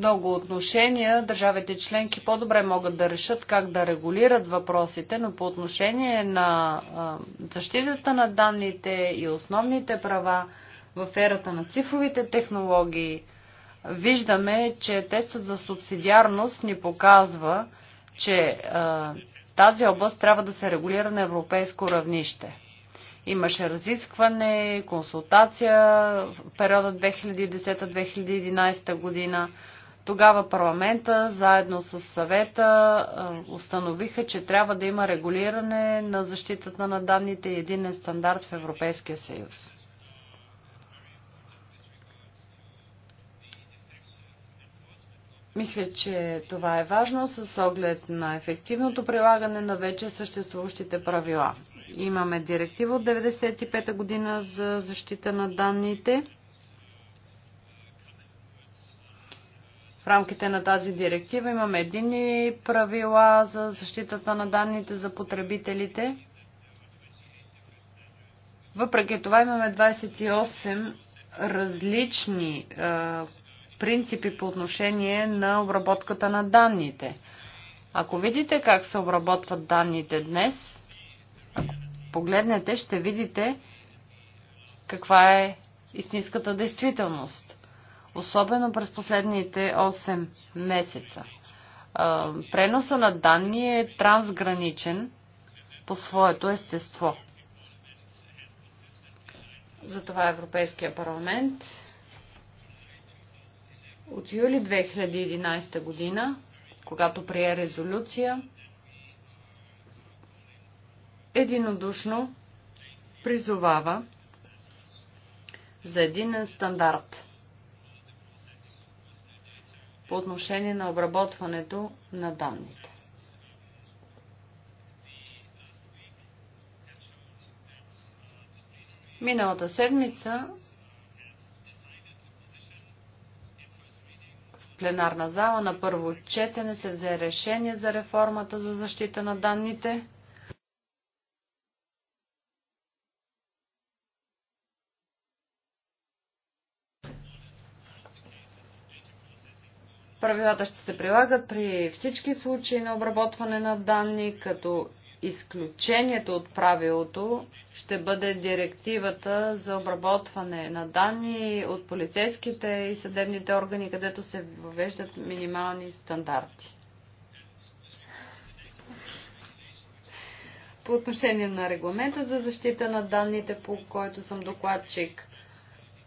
много отношения държавите членки по-добре могат да решат как да регулират въпросите, но по отношение на защитата на данните и основните права в ерата на цифровите технологии, виждаме, че тестът за субсидиарност ни показва, че тази област трябва да се регулира на европейско равнище. Имаше разискване, консултация в периода 2010-2011 година. Тогава парламента, заедно с съвета, установиха, че трябва да има регулиране на защитата на данните и единен стандарт в Европейския съюз. Мисля, че това е важно с оглед на ефективното прилагане на вече съществуващите правила. Имаме директива от 1995 година за защита на данните. рамките на тази директива имаме единни правила за защитата на данните за потребителите. Въпреки това имаме 28 различни е, принципи по отношение на обработката на данните. Ако видите как се обработват данните днес, ако погледнете, ще видите каква е истинската действителност особено през последните 8 месеца. Преноса на данни е трансграничен по своето естество. Затова Европейския парламент от юли 2011 година, когато прие резолюция, единодушно призовава за един стандарт – по отношение на обработването на данните. Миналата седмица в пленарна зала на първо четене се взе решение за реформата за защита на данните – Правилата ще се прилагат при всички случаи на обработване на данни, като изключението от правилото ще бъде директивата за обработване на данни от полицейските и съдебните органи, където се въвеждат минимални стандарти. По отношение на регламента за защита на данните, по който съм докладчик,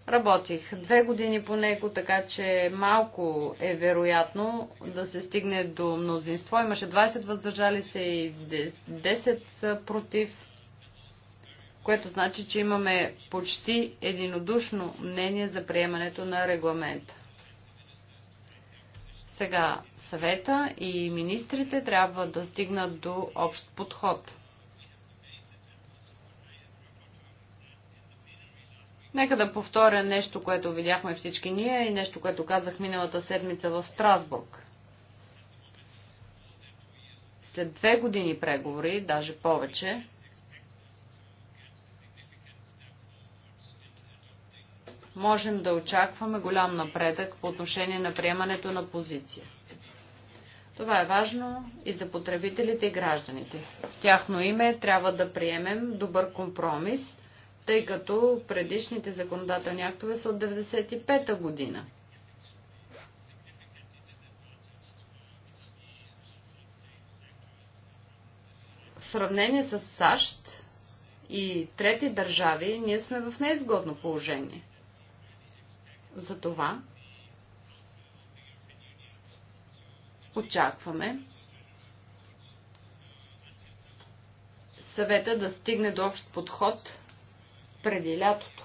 Работих две години по него, така че малко е вероятно да се стигне до мнозинство. Имаше 20 въздържали се и 10 против, което значи, че имаме почти единодушно мнение за приемането на регламента. Сега съвета и министрите трябва да стигнат до общ подход – Нека да повторя нещо, което видяхме всички ние и нещо, което казах миналата седмица в Страсбург. След две години преговори, даже повече, можем да очакваме голям напредък по отношение на приемането на позиция. Това е важно и за потребителите и гражданите. В тяхно име трябва да приемем добър компромис – тъй като предишните законодателни актове са от 1995 година. В сравнение с САЩ и трети държави, ние сме в неизгодно положение. Затова очакваме съвета да стигне до общ подход преди лятото.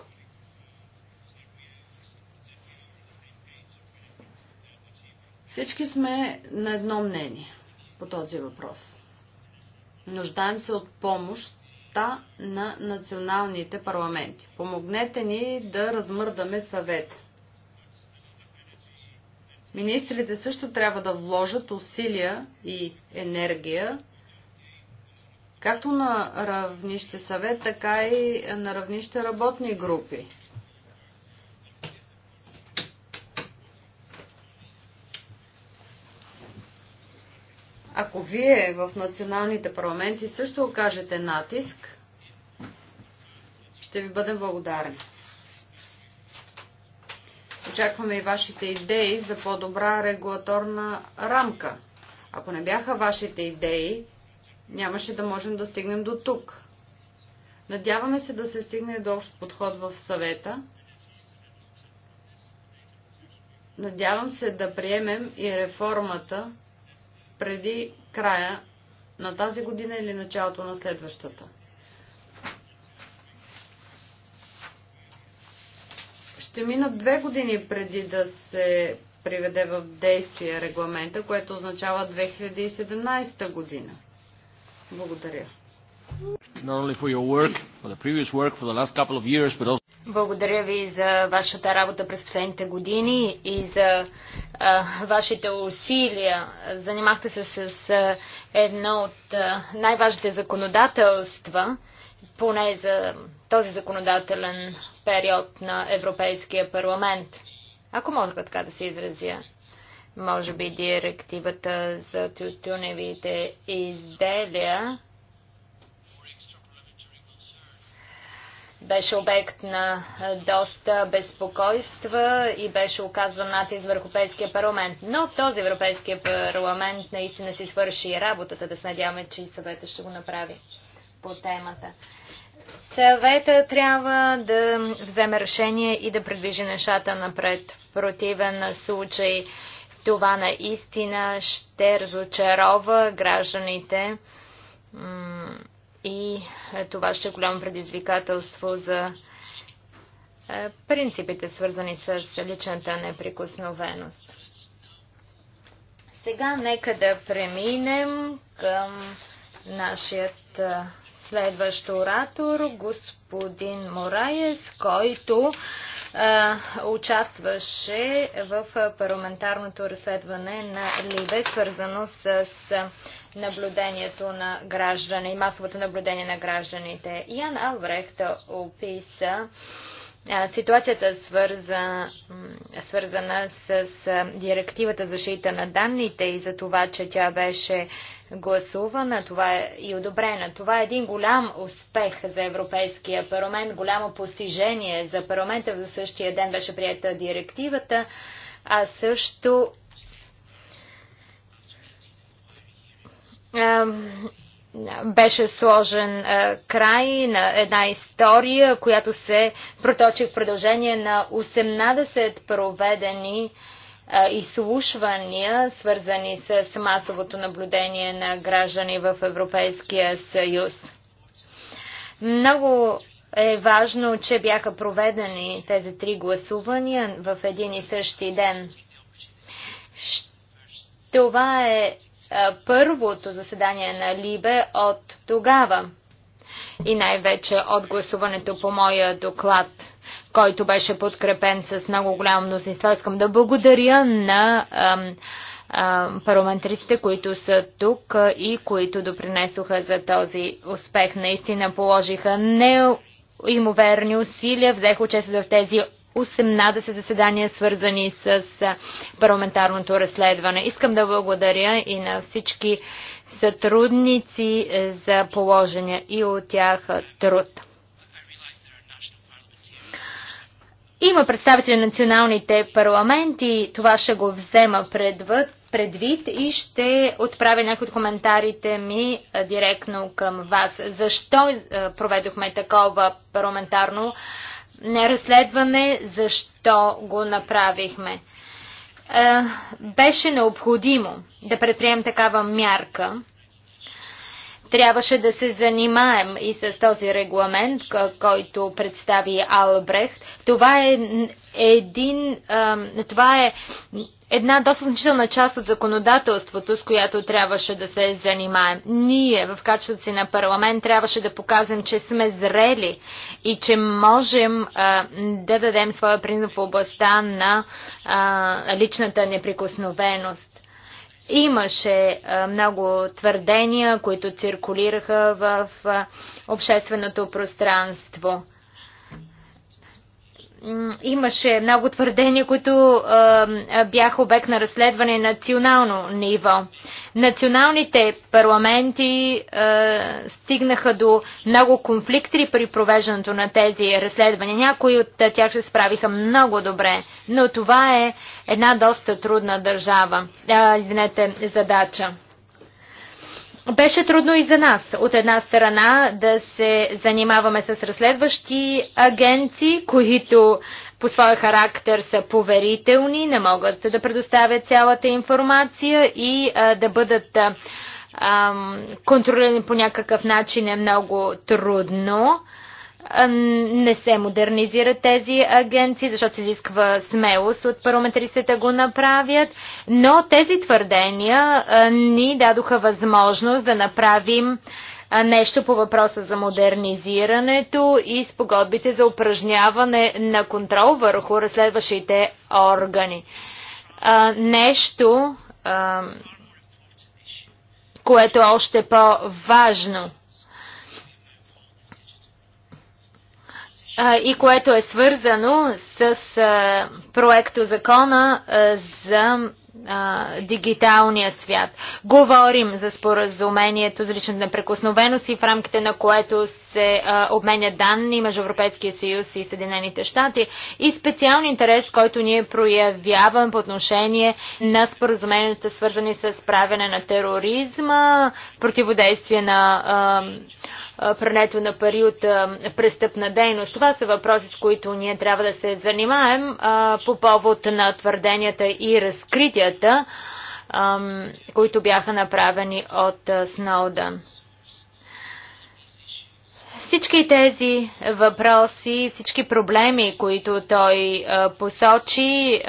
Всички сме на едно мнение по този въпрос. Нуждаем се от помощта на националните парламенти. Помогнете ни да размърдаме съвет. Министрите също трябва да вложат усилия и енергия както на равнище съвет, така и на равнище работни групи. Ако вие в националните парламенти също окажете натиск, ще ви бъдем благодарни. Очакваме и вашите идеи за по-добра регулаторна рамка. Ако не бяха вашите идеи, нямаше да можем да стигнем до тук. Надяваме се да се стигне до общ подход в съвета. Надявам се да приемем и реформата преди края на тази година или началото на следващата. Ще минат две години преди да се приведе в действие регламента, което означава 2017 година. Благодаря. Благодаря ви за вашата работа през последните години и за а, вашите усилия. Занимахте се с, с едно от най-важните законодателства, поне за този законодателен период на Европейския парламент. Ако мога така да се изразя. Може би директивата за тютюневите изделия беше обект на доста безпокойства и беше оказван натиск в Европейския парламент. Но този Европейския парламент наистина си свърши работата. Да се надяваме, че и съвета ще го направи по темата. Съвета трябва да вземе решение и да предвижи нещата напред. В противен случай това наистина ще разочарова гражданите и е, това ще е голямо предизвикателство за е, принципите, свързани с личната неприкосновеност. Сега нека да преминем към нашият е, следващ оратор, господин Мораес, който участваше в парламентарното разследване на Либе, свързано с наблюдението на граждани, масовото наблюдение на гражданите. Ян Албрехт описа ситуацията свърза, свързана с директивата за защита на данните и за това, че тя беше гласувана това е и одобрена. Това е един голям успех за Европейския парламент, голямо постижение за парламента. За същия ден беше прията директивата, а също беше сложен край на една история, която се проточи в продължение на 18 проведени изслушвания, свързани с масовото наблюдение на граждани в Европейския съюз. Много е важно, че бяха проведени тези три гласувания в един и същи ден. Това е първото заседание на Либе от тогава и най-вече от гласуването по моя доклад който беше подкрепен с много голямо мнозинство. Искам да благодаря на парламентаристите, които са тук и които допринесоха за този успех. Наистина положиха неимоверни усилия, взеха участие в тези 18 заседания, свързани с парламентарното разследване. Искам да благодаря и на всички сътрудници е, за положения и от тях е, труд. Има представители на националните парламенти, това ще го взема предвид, предвид и ще отправя някои от коментарите ми директно към вас. Защо е, проведохме такова парламентарно неразследване? Защо го направихме? Е, беше необходимо да предприемем такава мярка, Трябваше да се занимаем и с този регламент, който представи Албрехт. Това е, един, това е една доста значителна част от законодателството, с която трябваше да се занимаем. Ние в качеството си на парламент трябваше да покажем, че сме зрели и че можем а, да дадем своя принцип в областта на а, личната неприкосновеност. Имаше много твърдения, които циркулираха в общественото пространство имаше много твърдения, които бяха обект на разследване на национално ниво. Националните парламенти стигнаха до много конфликти при провеждането на тези разследвания. Някои от тях се справиха много добре, но това е една доста трудна държава, е, извинете, задача. Беше трудно и за нас, от една страна, да се занимаваме с разследващи агенции, които по своя характер са поверителни, не могат да предоставят цялата информация и а, да бъдат а, контролирани по някакъв начин е много трудно не се модернизират тези агенции, защото се изисква смелост от парламентаристите го направят, но тези твърдения ни дадоха възможност да направим нещо по въпроса за модернизирането и спогодбите за упражняване на контрол върху разследващите органи. Нещо, което е още по-важно и което е свързано с проекто закона за дигиталния свят. Говорим за споразумението за личната непрекосновеност и в рамките на което се обменят данни между Европейския съюз и Съединените щати и специален интерес, който ние проявяваме по отношение на споразуменията свързани с правене на тероризма, противодействие на а, прането на пари от престъпна дейност. Това са въпроси, с които ние трябва да се занимаем по повод на твърденията и разкритията, които бяха направени от Сноудън. Всички тези въпроси, всички проблеми, които той посочи,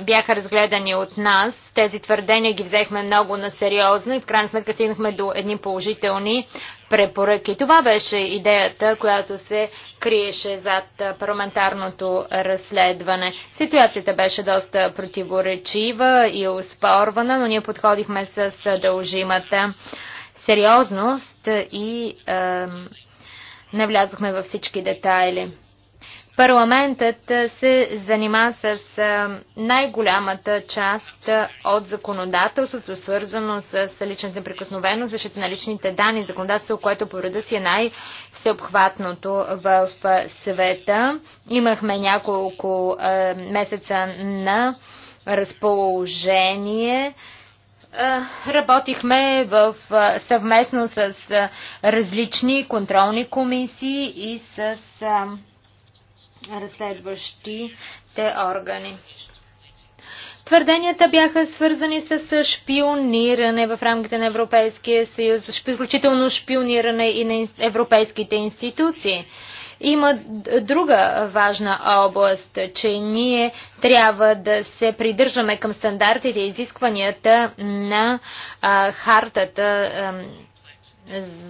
бяха разгледани от нас. Тези твърдения ги взехме много на сериозно и в крайна сметка стигнахме до едни положителни препоръки. Това беше идеята, която се криеше зад парламентарното разследване. Ситуацията беше доста противоречива и успорвана, но ние подходихме с дължимата сериозност и е, не влязохме във всички детайли. Парламентът се занима с най-голямата част от законодателството, свързано с личната неприкосновеност, защита на личните данни, законодателство, което по рода си е най-всеобхватното в света. Имахме няколко месеца на разположение Работихме в, съвместно с различни контролни комисии и с разследващите органи. Твърденията бяха свързани с шпиониране в рамките на Европейския съюз, включително шпиониране и на европейските институции. Има друга важна област, че ние трябва да се придържаме към стандартите и изискванията на хартата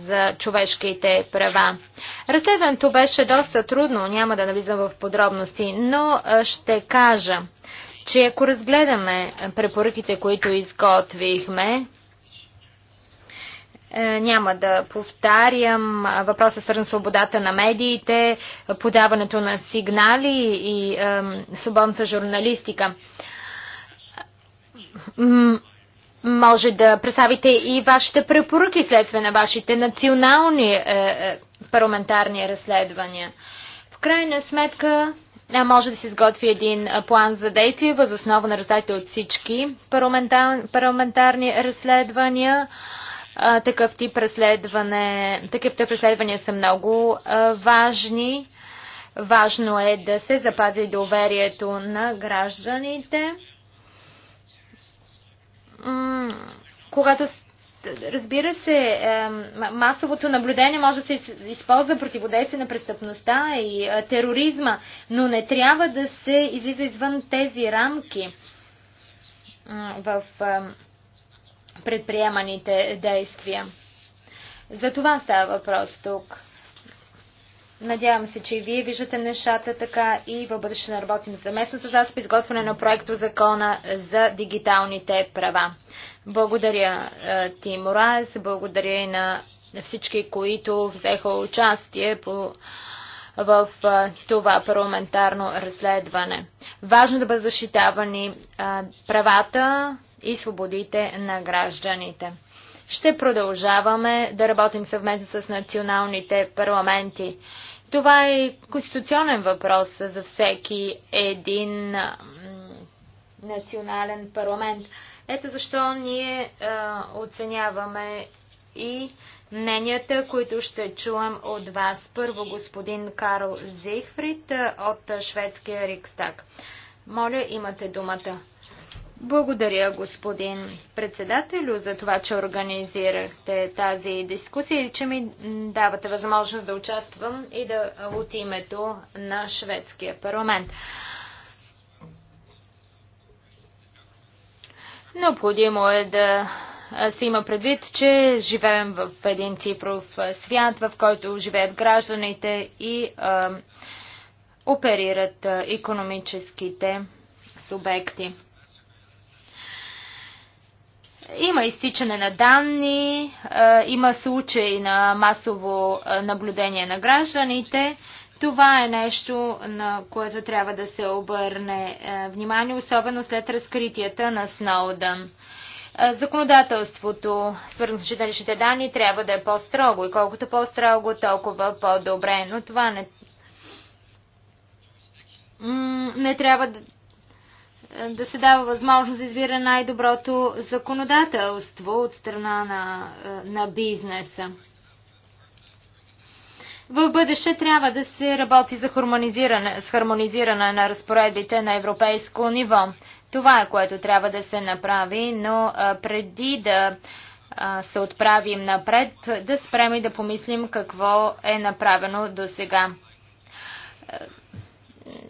за човешките права. Разследването беше доста трудно, няма да навлизам в подробности, но ще кажа, че ако разгледаме препоръките, които изготвихме, е, няма да повтарям въпроса свързан свободата на медиите, подаването на сигнали и свободната журналистика. Може да представите и вашите препоръки следствие на вашите национални е, е, парламентарни разследвания. В крайна сметка може да се изготви един план за действие възоснова на резултатите от всички парламентарни разследвания такъв тип преследване, такъв тип преследвания са много важни. Важно е да се запази доверието на гражданите. когато разбира се, масовото наблюдение може да се използва противодействие на престъпността и тероризма, но не трябва да се излиза извън тези рамки в предприеманите действия. За това става въпрос тук. Надявам се, че и вие виждате нещата така и във бъдеще на работим заместно с вас по изготвяне на проекто закона за дигиталните права. Благодаря е, ти, Мораз, благодаря и на всички, които взеха участие по, в е, това парламентарно разследване. Важно е да бъдат защитавани правата и свободите на гражданите. Ще продължаваме да работим съвместно с националните парламенти. Това е конституционен въпрос за всеки един национален парламент. Ето защо ние а, оценяваме и мненията, които ще чуем от вас. Първо господин Карл Зихфрид от шведския Рикстаг. Моля, имате думата. Благодаря, господин председателю, за това, че организирахте тази дискусия и че ми давате възможност да участвам и да от името на шведския парламент. Необходимо е да се има предвид, че живеем в един цифров свят, в който живеят гражданите и а, оперират економическите субекти. Има изтичане на данни, е, има случаи на масово е, наблюдение на гражданите. Това е нещо, на което трябва да се обърне е, внимание, особено след разкритията на Сноудън. Законодателството, свързано с читалищите данни, трябва да е по-строго и колкото по-строго, толкова по-добре. Но това не, не трябва да да се дава възможност да избира най-доброто законодателство от страна на, е, на бизнеса. В бъдеще трябва да се работи за хармонизиране, с хармонизиране на разпоредбите на европейско ниво. Това е което трябва да се направи, но е, преди да е, се отправим напред, да спрем и да помислим какво е направено до сега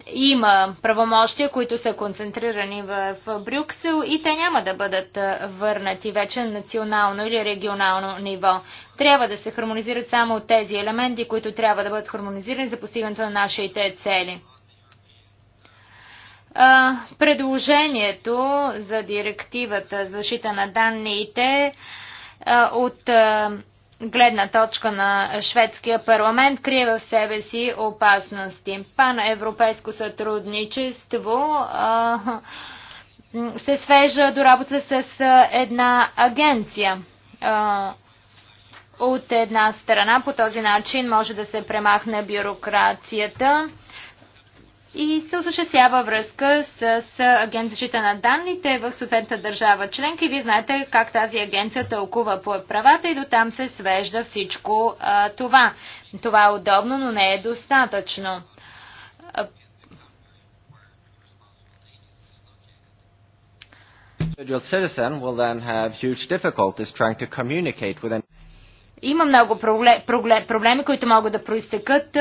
има правомощия, които са концентрирани в Брюксел и те няма да бъдат върнати вече на национално или регионално ниво. Трябва да се хармонизират само тези елементи, които трябва да бъдат хармонизирани за постигането на нашите цели. Предложението за директивата за защита на данните от гледна точка на шведския парламент крие в себе си опасности. европейско сътрудничество а, се свежа до работа с една агенция. А, от една страна по този начин може да се премахне бюрокрацията и се осъществява връзка с, с агент защита на данните в съответната държава членка и вие знаете как тази агенция тълкува по правата и до там се свежда всичко а, това. Това е удобно, но не е достатъчно. citizen will then have huge difficulties trying to communicate with an има много проблеми, които могат да проистекат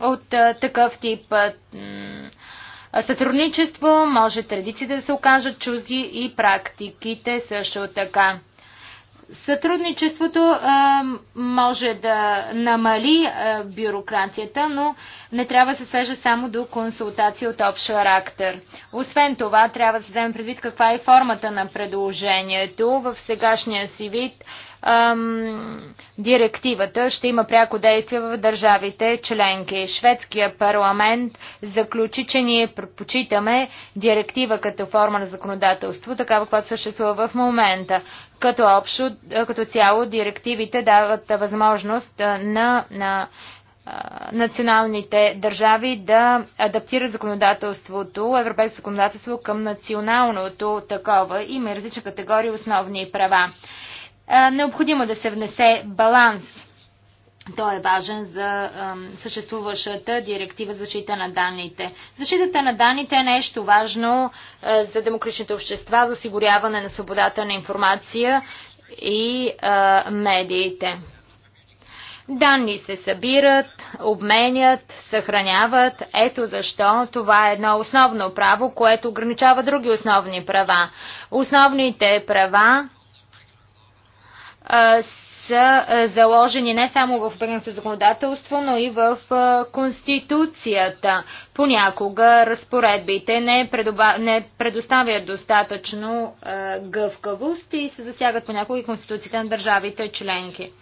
от такъв тип сътрудничество. Може традициите да се окажат чужди и практиките също така. Сътрудничеството може да намали бюрокрацията, но не трябва да се свежа само до консултации от общ характер. Освен това, трябва да се вземе предвид каква е формата на предложението. В сегашния си вид ам, директивата ще има пряко действие в държавите членки. Шведския парламент заключи, че ние предпочитаме директива като форма на законодателство, такава, която съществува в момента. Като, общо, като цяло директивите дават възможност на, на националните държави да адаптират законодателството, европейско законодателство към националното такова. Има различни категории основни права. Е, необходимо да се внесе баланс. Той е важен за съществуващата директива за защита на данните. Защитата на данните е нещо важно е, за демократичните общества, за осигуряване на свободата на информация и медиите. Данни се събират, обменят, съхраняват. Ето защо това е едно основно право, което ограничава други основни права. Основните права са заложени не само в българското законодателство, но и в Конституцията. Понякога разпоредбите не, предоба... не предоставят достатъчно гъвкавост и се засягат понякога и Конституцията на държавите членки.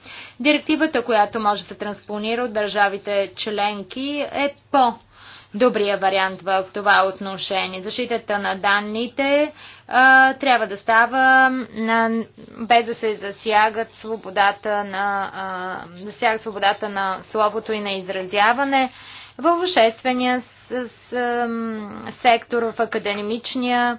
Директивата, която може да се транспонира от държавите членки е по- добрия вариант в това отношение. Защитата на данните а, трябва да става на, без да се засягат свободата на, а, засяга свободата на словото и на изразяване в обществения с, с, сектор, в академичния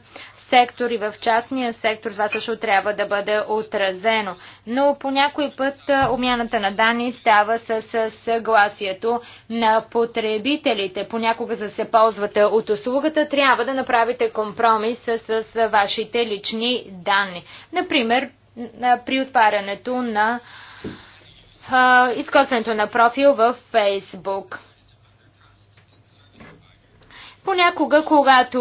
сектор и в частния сектор това също трябва да бъде отразено. Но по някой път умяната на данни става с съгласието на потребителите. Понякога за да се ползвате от услугата трябва да направите компромис с вашите лични данни. Например, при отварянето на изкосването на профил в Фейсбук. Понякога, когато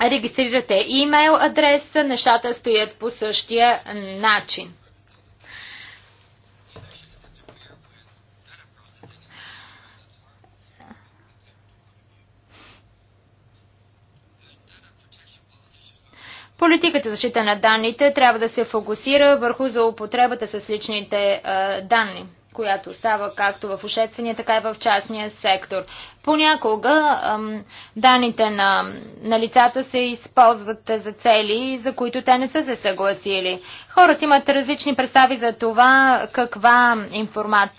регистрирате имейл адрес, нещата стоят по същия начин. Политиката за защита на данните трябва да се фокусира върху злоупотребата с личните данни която става както в ушествения, така и в частния сектор. Понякога данните на, на лицата се използват за цели, за които те не са се съгласили. Хората имат различни представи за това каква информация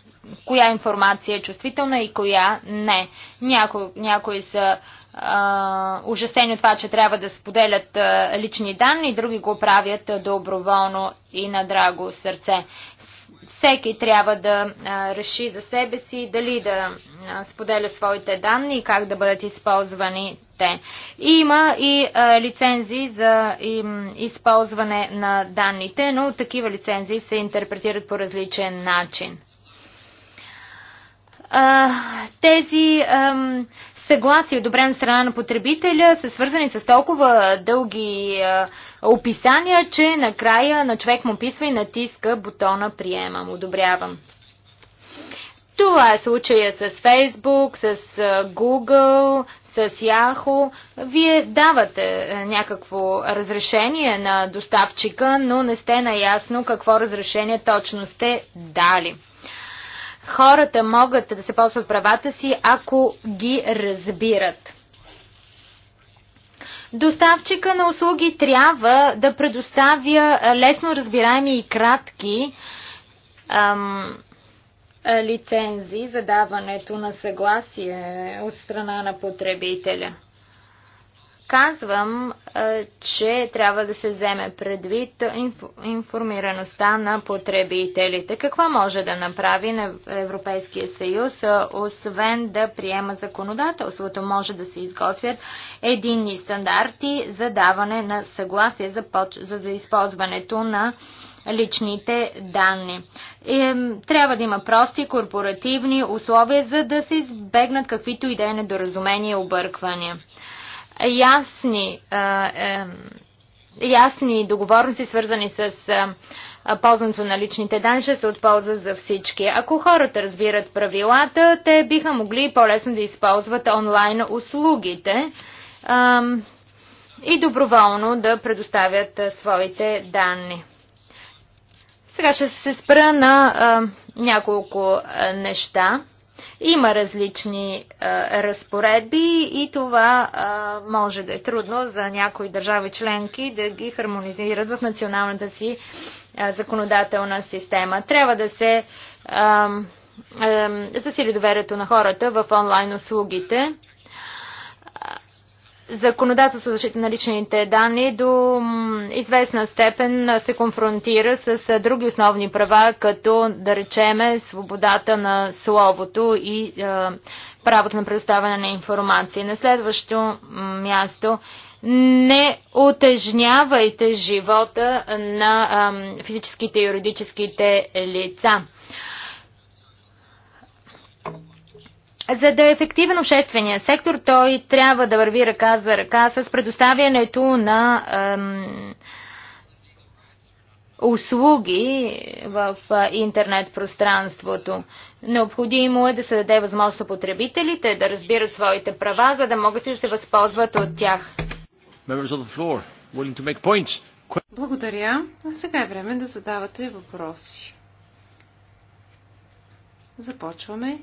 коя информация е чувствителна и коя не. Няко, някои са а, ужасени от това, че трябва да споделят а, лични данни, други го правят а, доброволно и на драго сърце всеки трябва да реши за себе си дали да споделя своите данни и как да бъдат използвани те. Има и лицензи лицензии за използване на данните, но такива лицензии се интерпретират по различен начин. тези съгласи, одобрени страна на потребителя, са свързани с толкова дълги а, описания, че накрая на човек му писва и натиска бутона приемам, одобрявам. Това е случая с Facebook, с Google, с Yahoo. Вие давате някакво разрешение на доставчика, но не сте наясно какво разрешение точно сте дали. Хората могат да се ползват правата си, ако ги разбират. Доставчика на услуги трябва да предоставя лесно разбираеми и кратки ам, лицензии за даването на съгласие от страна на потребителя казвам, е, че трябва да се вземе предвид информираността на потребителите. Какво може да направи на Европейския съюз, е, освен да приема законодателството? Може да се изготвят единни стандарти за даване на съгласие за, поч... за, за използването на личните данни. И, е, трябва да има прости корпоративни условия, за да се избегнат каквито и да е недоразумения и обърквания ясни, е, ясни договорности, свързани с ползването на личните данни, ще се от за всички. Ако хората разбират правилата, те биха могли по-лесно да използват онлайн услугите и доброволно да предоставят своите данни. Сега ще се спра на а, няколко а, неща. Има различни а, е, разпоредби и това а, е, може да е трудно за някои държави членки да ги хармонизират в националната си а, е, законодателна система. Трябва да се а, а, засили доверието на хората в онлайн услугите законодателство за защита на личните данни до известна степен се конфронтира с други основни права, като да речеме свободата на словото и е, правото на предоставяне на информация. На следващо място не отежнявайте живота на е, физическите и юридическите лица. За да е ефективен обществения сектор, той трябва да върви ръка за ръка с предоставянето на ем, услуги в интернет пространството. Необходимо е да се даде възможност потребителите да разбират своите права, за да могат и да се възползват от тях. Благодаря. А сега е време да задавате въпроси. Започваме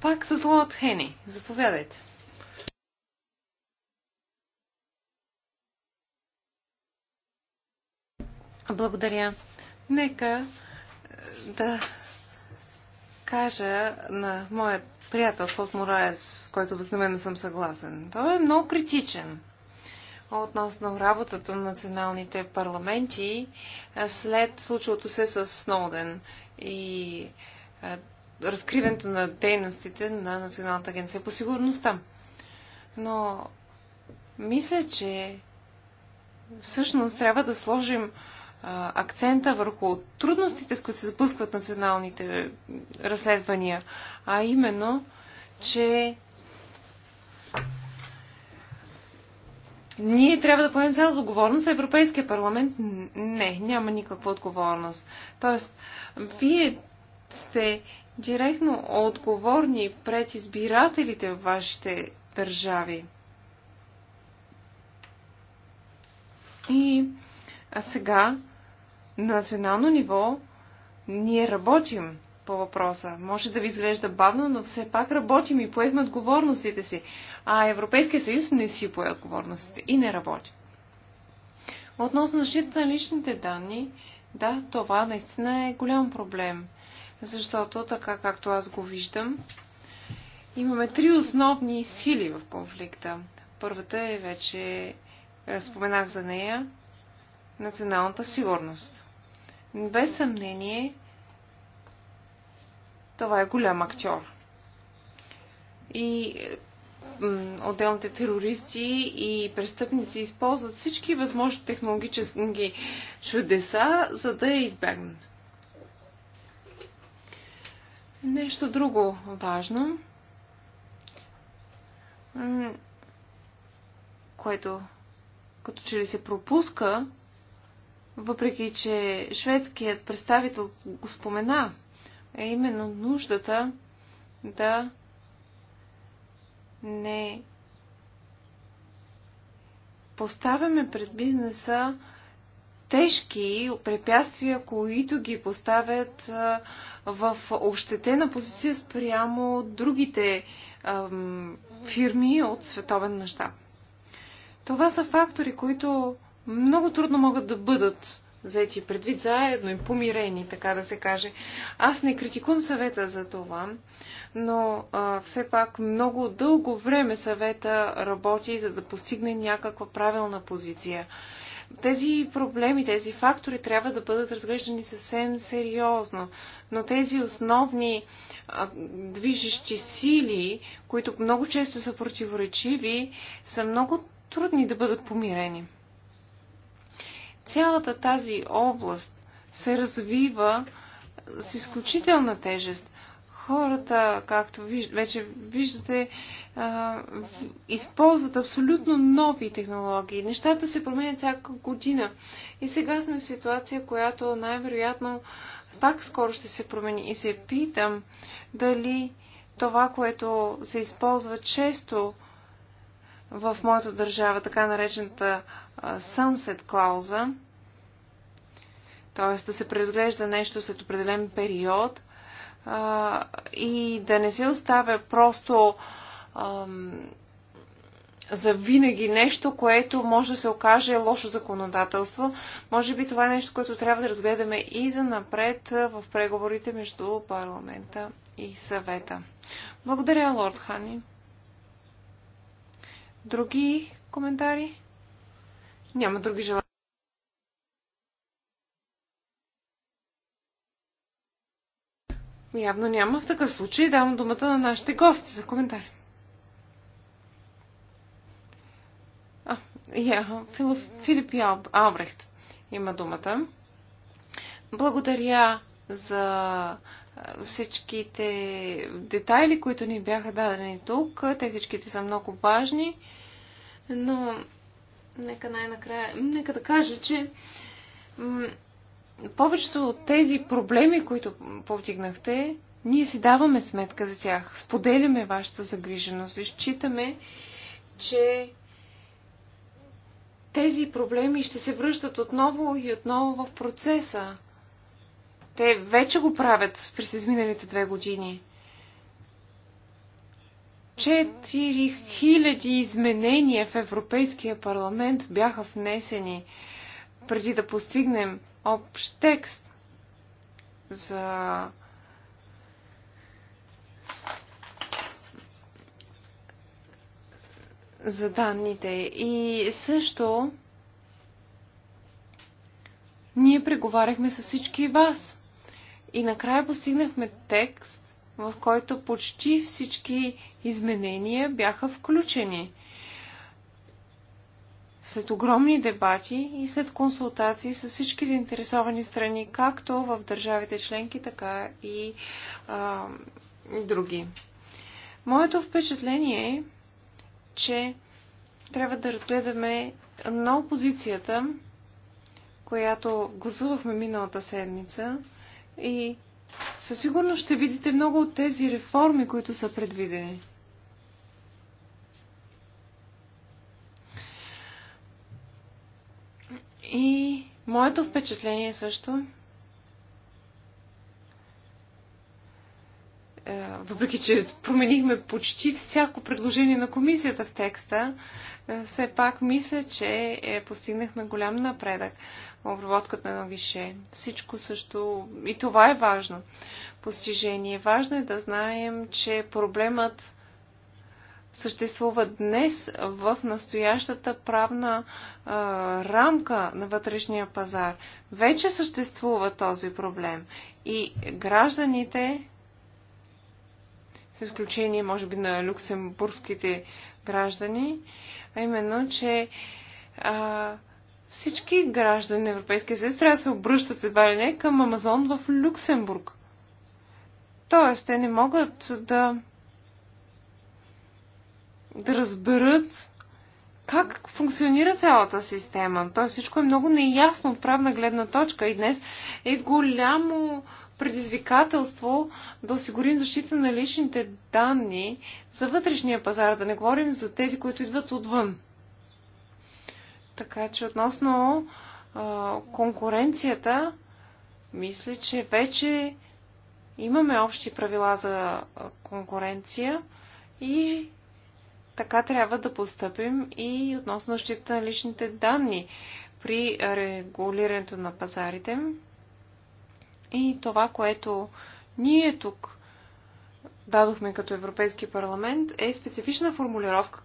пак с Лоуд Хени. Заповядайте. Благодаря. Нека е, да кажа на моят приятел Фот Мораес, с който обикновено съм съгласен. Той е много критичен относно работата на националните парламенти е, след случилото се с Сноуден. И е, разкриването на дейностите на Националната агенция по сигурността. Но мисля, че всъщност трябва да сложим а, акцента върху трудностите, с които се сблъскват националните разследвания, а именно, че ние трябва да поемем цялата отговорност, а Европейския парламент не, няма никаква отговорност. Тоест, вие сте директно отговорни пред избирателите в вашите държави. И а сега на национално ниво ние работим по въпроса. Може да ви изглежда бавно, но все пак работим и поехме отговорностите си. А Европейския съюз не си пое отговорностите и не работи. Относно защита на личните данни, да, това наистина е голям проблем защото така както аз го виждам, имаме три основни сили в конфликта. Първата е вече, е, споменах за нея, националната сигурност. Без съмнение, това е голям актьор. И е, отделните терористи и престъпници използват всички възможни технологически чудеса, за да я избегнат. Нещо друго важно, което като че ли се пропуска, въпреки че шведският представител го спомена, е именно нуждата да не поставяме пред бизнеса тежки препятствия, които ги поставят в общетена позиция спрямо другите фирми от световен мащаб. Това са фактори, които много трудно могат да бъдат взети предвид заедно и помирени, така да се каже. Аз не критикувам съвета за това, но а, все пак много дълго време съвета работи, за да постигне някаква правилна позиция. Тези проблеми, тези фактори трябва да бъдат разглеждани съвсем сериозно, но тези основни а, движещи сили, които много често са противоречиви, са много трудни да бъдат помирени. Цялата тази област се развива с изключителна тежест хората, както вече виждате, използват абсолютно нови технологии. Нещата се променят всяка година. И сега сме в ситуация, която най-вероятно пак скоро ще се промени. И се питам дали това, което се използва често в моята държава, така наречената Sunset клауза, т.е. да се преразглежда нещо след определен период, а, и да не се оставя просто ам, за винаги нещо, което може да се окаже лошо законодателство. Може би това е нещо, което трябва да разгледаме и за напред в преговорите между парламента и съвета. Благодаря, Лорд Хани. Други коментари? Няма други желания. Явно няма. В такъв случай давам думата на нашите гости за коментари. А, я, Филип, Филип Алб, Албрехт има думата. Благодаря за всичките детайли, които ни бяха дадени тук. Те всичките са много важни, но нека най-накрая, нека да кажа, че повечето от тези проблеми, които повдигнахте, ние си даваме сметка за тях, споделяме вашата загриженост и считаме, че тези проблеми ще се връщат отново и отново в процеса. Те вече го правят през изминалите две години. Четири хиляди изменения в Европейския парламент бяха внесени преди да постигнем общ текст за за данните. И също ние преговаряхме с всички вас. И накрая постигнахме текст, в който почти всички изменения бяха включени – след огромни дебати и след консултации с всички заинтересовани страни, както в държавите членки, така и а, други. Моето впечатление е, че трябва да разгледаме на опозицията, която гласувахме миналата седмица и със сигурност ще видите много от тези реформи, които са предвидени. И моето впечатление също, е, въпреки че променихме почти всяко предложение на комисията в текста, е, все пак мисля, че е, постигнахме голям напредък. Обработката на гише. Всичко също. И това е важно. Постижение. Важно е да знаем, че проблемът съществува днес в настоящата правна а, рамка на вътрешния пазар. Вече съществува този проблем и гражданите, с изключение може би на люксембургските граждани, а именно, че а, всички граждани на Европейския съюз трябва да се обръщат едва ли не към Амазон в Люксембург. Тоест, те не могат да да разберат как функционира цялата система. Тоест всичко е много неясно от правна гледна точка и днес е голямо предизвикателство да осигурим защита на личните данни за вътрешния пазар, да не говорим за тези, които идват отвън. Така че относно а, конкуренцията, мисля, че вече имаме общи правила за конкуренция и така трябва да постъпим и относно защита на личните данни при регулирането на пазарите. И това, което ние тук дадохме като Европейски парламент, е специфична формулировка,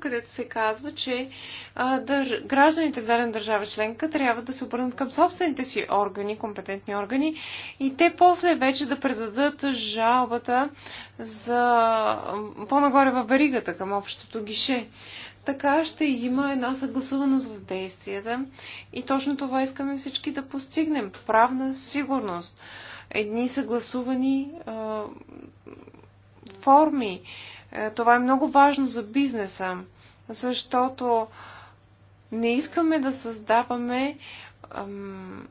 където се казва, че а, дър... гражданите в дадена държава членка трябва да се обърнат към собствените си органи, компетентни органи, и те после вече да предадат жалбата за по-нагоре във веригата към общото гише. Така ще има една съгласуваност в действията и точно това искаме всички да постигнем правна сигурност едни съгласувани а, Форми, е, Това е много важно за бизнеса, защото не искаме да създаваме ам,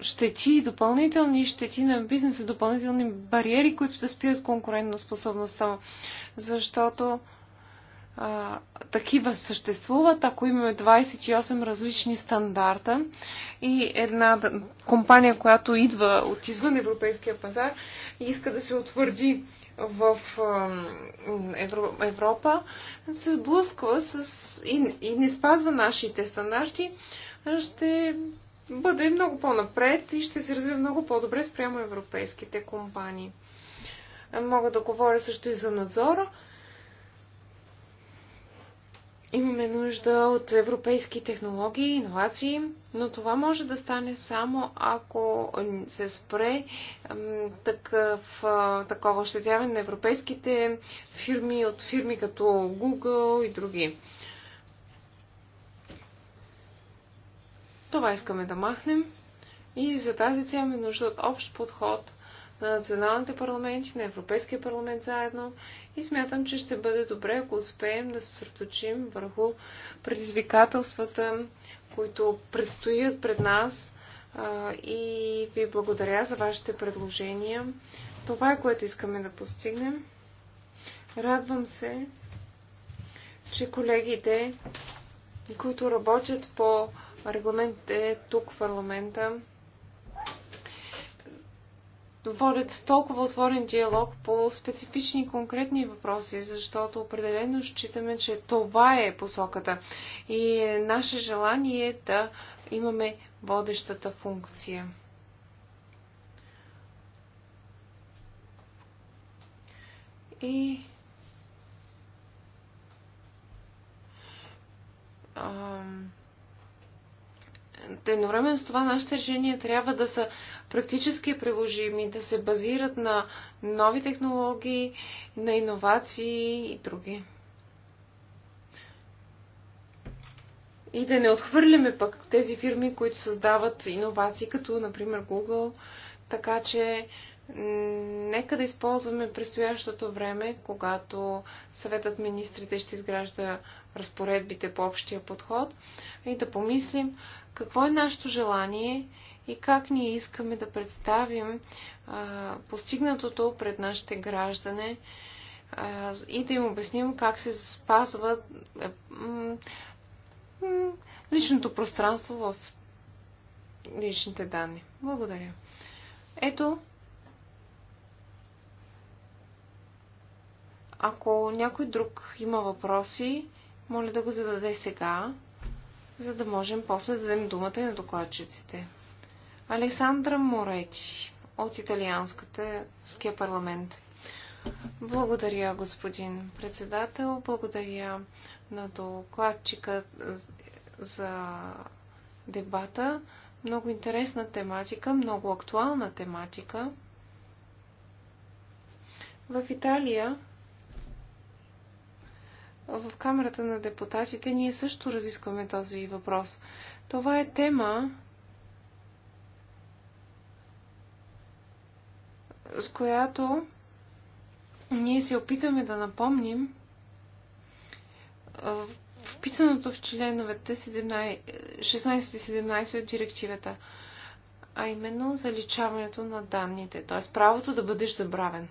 щети, допълнителни щети на бизнеса, допълнителни бариери, които да спират конкурентно способността му. Защото а, такива съществуват, ако имаме 28 различни стандарта и една компания, която идва от извън европейския пазар иска да се утвърди в Европа се сблъсква с и, не спазва нашите стандарти, ще бъде много по-напред и ще се развие много по-добре спрямо европейските компании. Мога да говоря също и за надзора. Имаме нужда от европейски технологии, иновации, но това може да стане само ако се спре такъв, такова ощетяване на европейските фирми от фирми като Google и други. Това искаме да махнем и за тази цяло имаме нужда от общ подход на националните парламенти, на Европейския парламент заедно и смятам, че ще бъде добре, ако успеем да се съсредоточим върху предизвикателствата, които предстоят пред нас и ви благодаря за вашите предложения. Това е което искаме да постигнем. Радвам се, че колегите, които работят по регламентите тук в парламента, водят толкова отворен диалог по специфични конкретни въпроси, защото определено считаме, че това е посоката. И е наше желание е да имаме водещата функция. И Ам... Едновременно с това нашите решения трябва да са практически приложими, да се базират на нови технологии, на иновации и други. И да не отхвърляме пък тези фирми, които създават иновации, като например Google. Така че нека да използваме предстоящото време, когато съветът министрите ще изгражда разпоредбите по общия подход и да помислим какво е нашето желание и как ние искаме да представим а, постигнатото пред нашите граждане а, и да им обясним как се спазва е, личното пространство в личните данни. Благодаря. Ето, ако някой друг има въпроси, моля да го зададе сега, за да можем после да дадем думата и на докладчиците. Александра Моречи от Италианската ския парламент. Благодаря, господин председател. Благодаря на докладчика за дебата. Много интересна тематика, много актуална тематика. В Италия, в Камерата на депутатите, ние също разискваме този въпрос. Това е тема, с която ние се опитваме да напомним вписаното в членовете 16 и 17 от директивата, а именно заличаването на данните, т.е. правото да бъдеш забравен.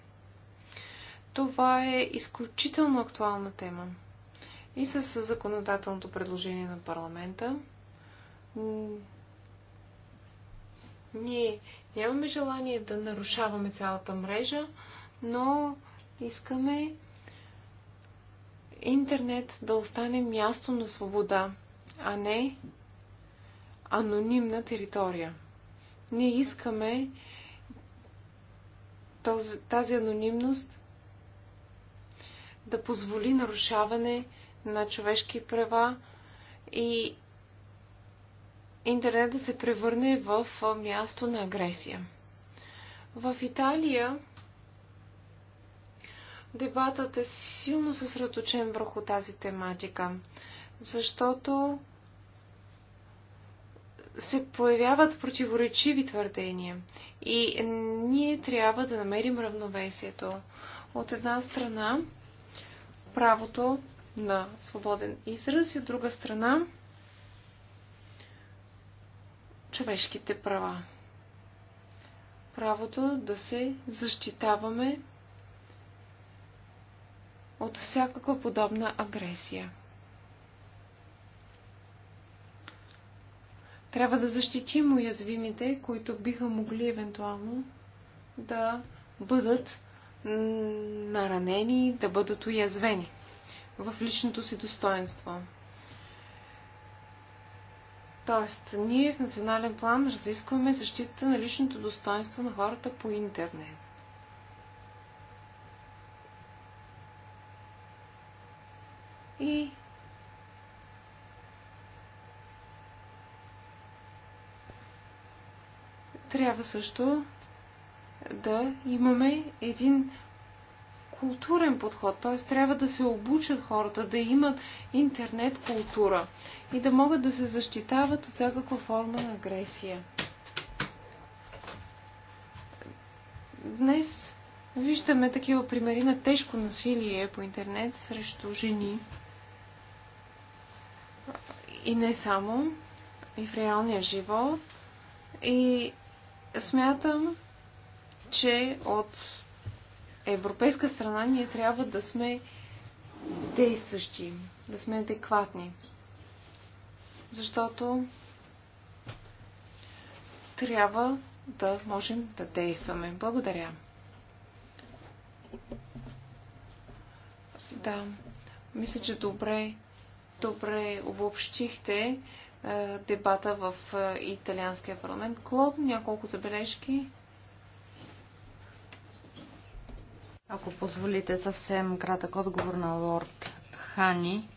Това е изключително актуална тема. И с законодателното предложение на парламента ние Нямаме желание да нарушаваме цялата мрежа, но искаме интернет да остане място на свобода, а не анонимна територия. Ние искаме този, тази анонимност да позволи нарушаване на човешки права и интернет да се превърне в място на агресия. В Италия дебатът е силно съсредоточен върху тази тематика, защото се появяват противоречиви твърдения и ние трябва да намерим равновесието. От една страна правото на свободен израз и от друга страна човешките права. Правото да се защитаваме от всякаква подобна агресия. Трябва да защитим уязвимите, които биха могли евентуално да бъдат наранени, да бъдат уязвени в личното си достоинство. Тоест, ние в национален план разискваме защитата на личното достоинство на хората по интернет. И трябва също да имаме един културен подход, т.е. трябва да се обучат хората, да имат интернет култура и да могат да се защитават от всякаква форма на агресия. Днес виждаме такива примери на тежко насилие по интернет срещу жени. И не само, и в реалния живот. И смятам, че от европейска страна ние трябва да сме действащи, да сме адекватни. Защото трябва да можем да действаме. Благодаря. Да, мисля, че добре, добре обобщихте дебата в италианския парламент. Клод, няколко забележки. Ако позволите съвсем кратък отговор на лорд Хани,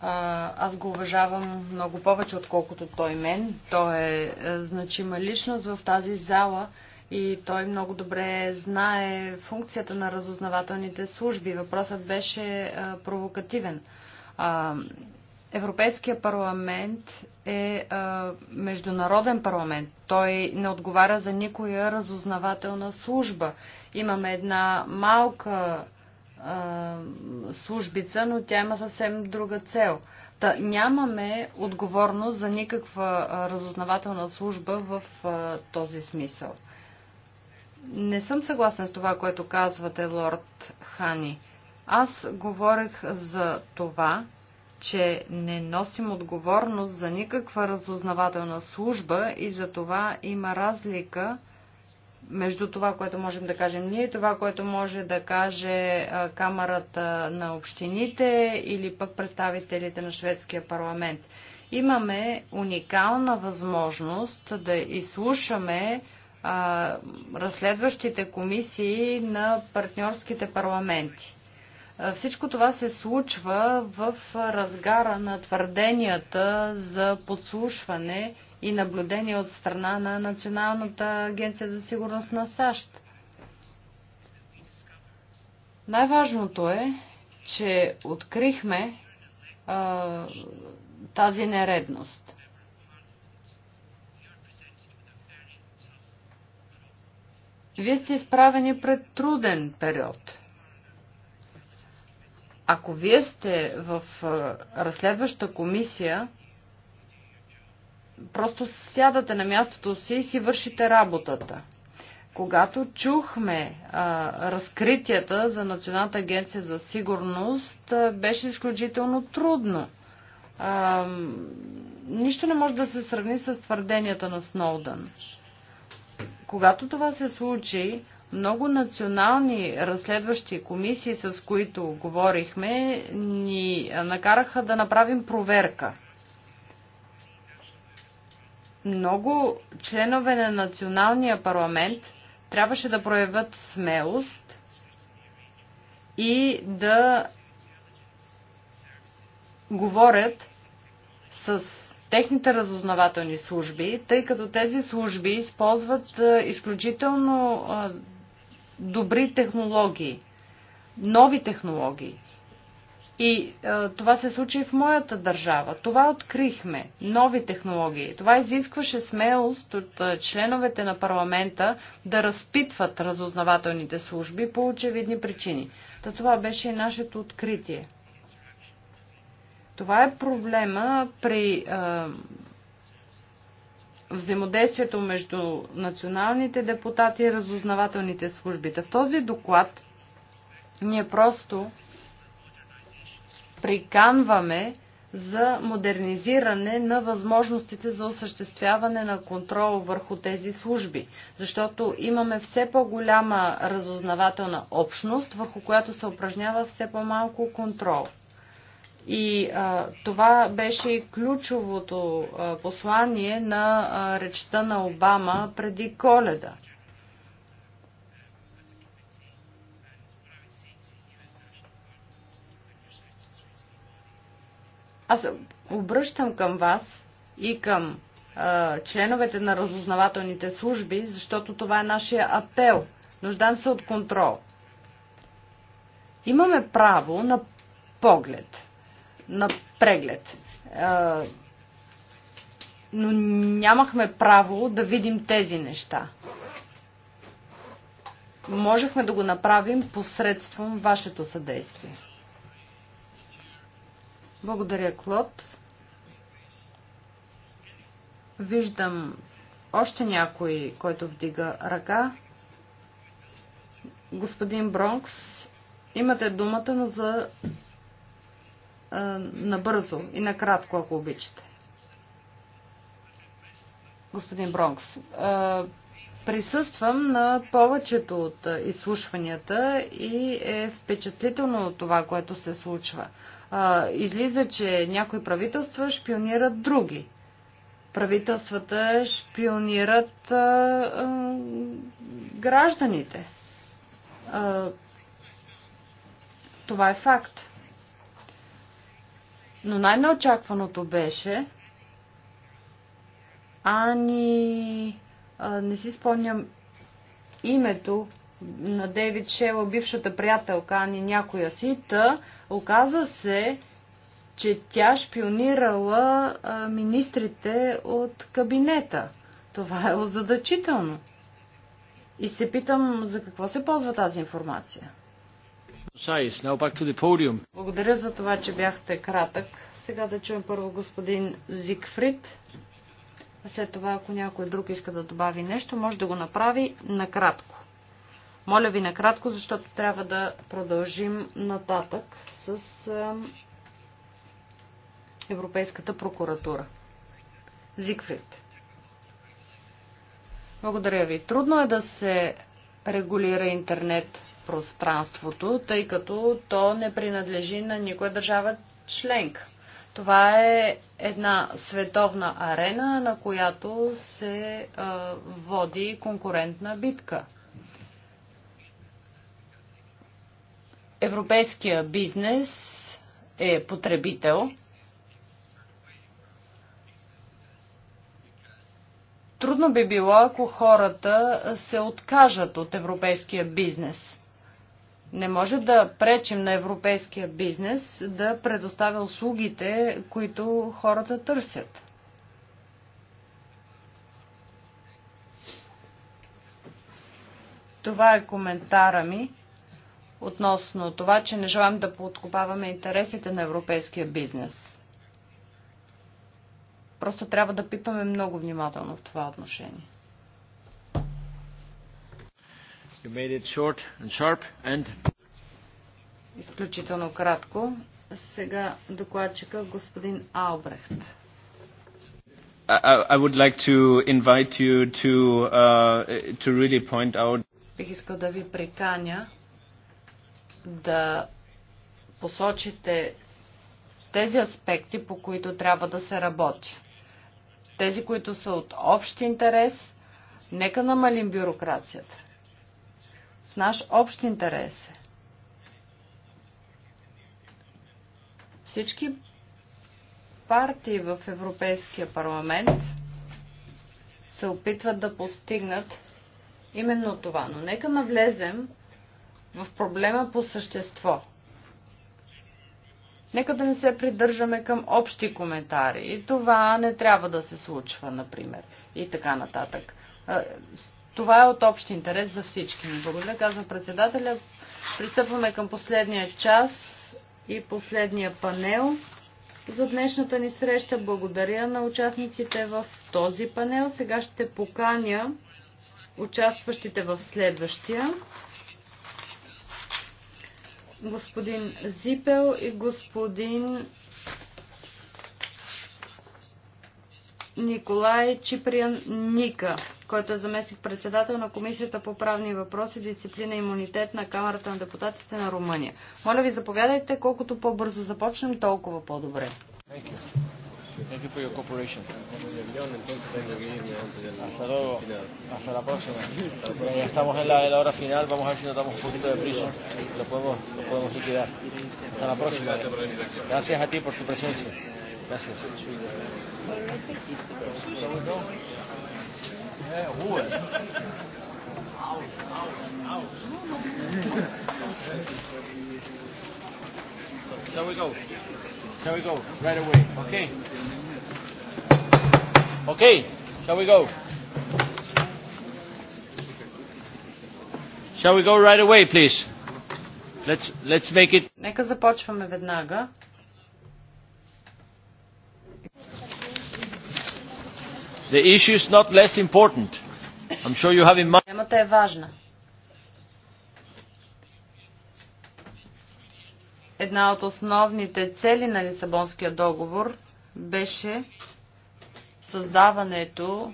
аз го уважавам много повече, отколкото той мен. Той е, е значима личност в тази зала и той много добре знае функцията на разузнавателните служби. Въпросът беше провокативен. Европейския парламент е а, международен парламент. Той не отговаря за никоя разузнавателна служба. Имаме една малка а, службица, но тя има съвсем друга цел. Та, нямаме отговорност за никаква а, разузнавателна служба в а, този смисъл. Не съм съгласен с това, което казвате, лорд Хани. Аз говорех за това, че не носим отговорност за никаква разузнавателна служба и за това има разлика между това, което можем да кажем ние, и това, което може да каже Камерата на общините или пък представителите на шведския парламент. Имаме уникална възможност да изслушаме а, разследващите комисии на партньорските парламенти. Е, всичко това се случва в разгара на твърденията за подслушване и наблюдение от страна на Националната агенция за сигурност на САЩ. Най-важното е, че открихме а, е, тази нередност. Вие сте изправени пред труден период – ако вие сте в разследваща комисия, просто сядате на мястото си и си вършите работата. Когато чухме а, разкритията за Националната агенция за сигурност, а, беше изключително трудно. А, нищо не може да се сравни с твърденията на Сноудън. Когато това се случи, много национални разследващи комисии, с които говорихме, ни накараха да направим проверка много членове на националния парламент трябваше да проявят смелост и да говорят с техните разузнавателни служби, тъй като тези служби използват изключително добри технологии, нови технологии. И е, това се случи и в моята държава. Това открихме. Нови технологии. Това изискваше смелост от е, членовете на парламента да разпитват разузнавателните служби по очевидни причини. Та това беше и нашето откритие. Това е проблема при е, взаимодействието между националните депутати и разузнавателните служби В този доклад ние просто приканваме за модернизиране на възможностите за осъществяване на контрол върху тези служби, защото имаме все по-голяма разузнавателна общност, върху която се упражнява все по-малко контрол. И а, това беше ключовото а, послание на а, речта на Обама преди коледа. Аз обръщам към вас и към а, членовете на разузнавателните служби, защото това е нашия апел. Нуждам се от контрол. Имаме право на поглед на преглед. Е, но нямахме право да видим тези неща. Можехме да го направим посредством вашето съдействие. Благодаря, Клод. Виждам още някой, който вдига ръка. Господин Бронкс, имате думата, но за е, набързо и накратко, ако обичате. Господин Бронкс, е, присъствам на повечето от изслушванията и е впечатлително от това, което се случва. Е, излиза, че някои правителства шпионират други. Правителствата шпионират гражданите. Това е факт. Но най-неочакваното беше Ани... А, не си спомням името на Дейвид Шела, бившата приятелка Ани някоя си, та оказа се, че тя шпионирала а, министрите от кабинета. Това е озадачително. И се питам за какво се ползва тази информация. Благодаря за това, че бяхте кратък. Сега да чуем първо господин Зигфрид. А след това, ако някой друг иска да добави нещо, може да го направи накратко. Моля ви накратко, защото трябва да продължим нататък с Европейската прокуратура. Зигфрид. Благодаря ви. Трудно е да се регулира интернет пространството, тъй като то не принадлежи на никоя държава членка. Това е една световна арена, на която се а, води конкурентна битка. Европейския бизнес е потребител. Трудно би било, ако хората се откажат от европейския бизнес. Не може да пречим на европейския бизнес да предоставя услугите, които хората търсят. Това е коментара ми относно това, че не желаем да подкопаваме интересите на европейския бизнес. Просто трябва да пипаме много внимателно в това отношение. Изключително кратко. Сега докладчика господин Албрехт. I, I would like to invite you to, uh, to really point out... Бих искал да ви приканя да посочите тези аспекти, по които трябва да се работи. Тези, които са от общ интерес, нека намалим бюрокрацията наш общ интерес. Е. Всички партии в Европейския парламент се опитват да постигнат именно това. Но нека навлезем в проблема по същество. Нека да не се придържаме към общи коментари. И това не трябва да се случва, например. И така нататък. Това е от общ интерес за всички Благодаря, казва председателя. Пристъпваме към последния час и последния панел за днешната ни среща. Благодаря на участниците в този панел. Сега ще поканя участващите в следващия. Господин Зипел и господин Николай Чиприан Ника който е заместник председател на Комисията по правни въпроси, дисциплина и имунитет на Камерата на депутатите на Румъния. Моля ви, заповядайте, колкото по-бързо започнем, толкова по-добре. Thank you for your cooperation. Hasta luego. Hasta la próxima. Bueno, ya estamos en la, la hora final. Vamos a ver si nos damos un poquito de prisa. Lo podemos, lo podemos liquidar. Hasta la próxima. Gracias a ti por tu presencia. Gracias. Ja, Ruhe. Shall we go? Shall we go? Right away. Okay. Okay. Shall we go? Shall we go right away, please? Let's, let's make it... Нека започваме веднага. The issue is not less important. I'm sure you have in mind. Темата е важна. Една от основните цели на Лисабонския договор беше създаването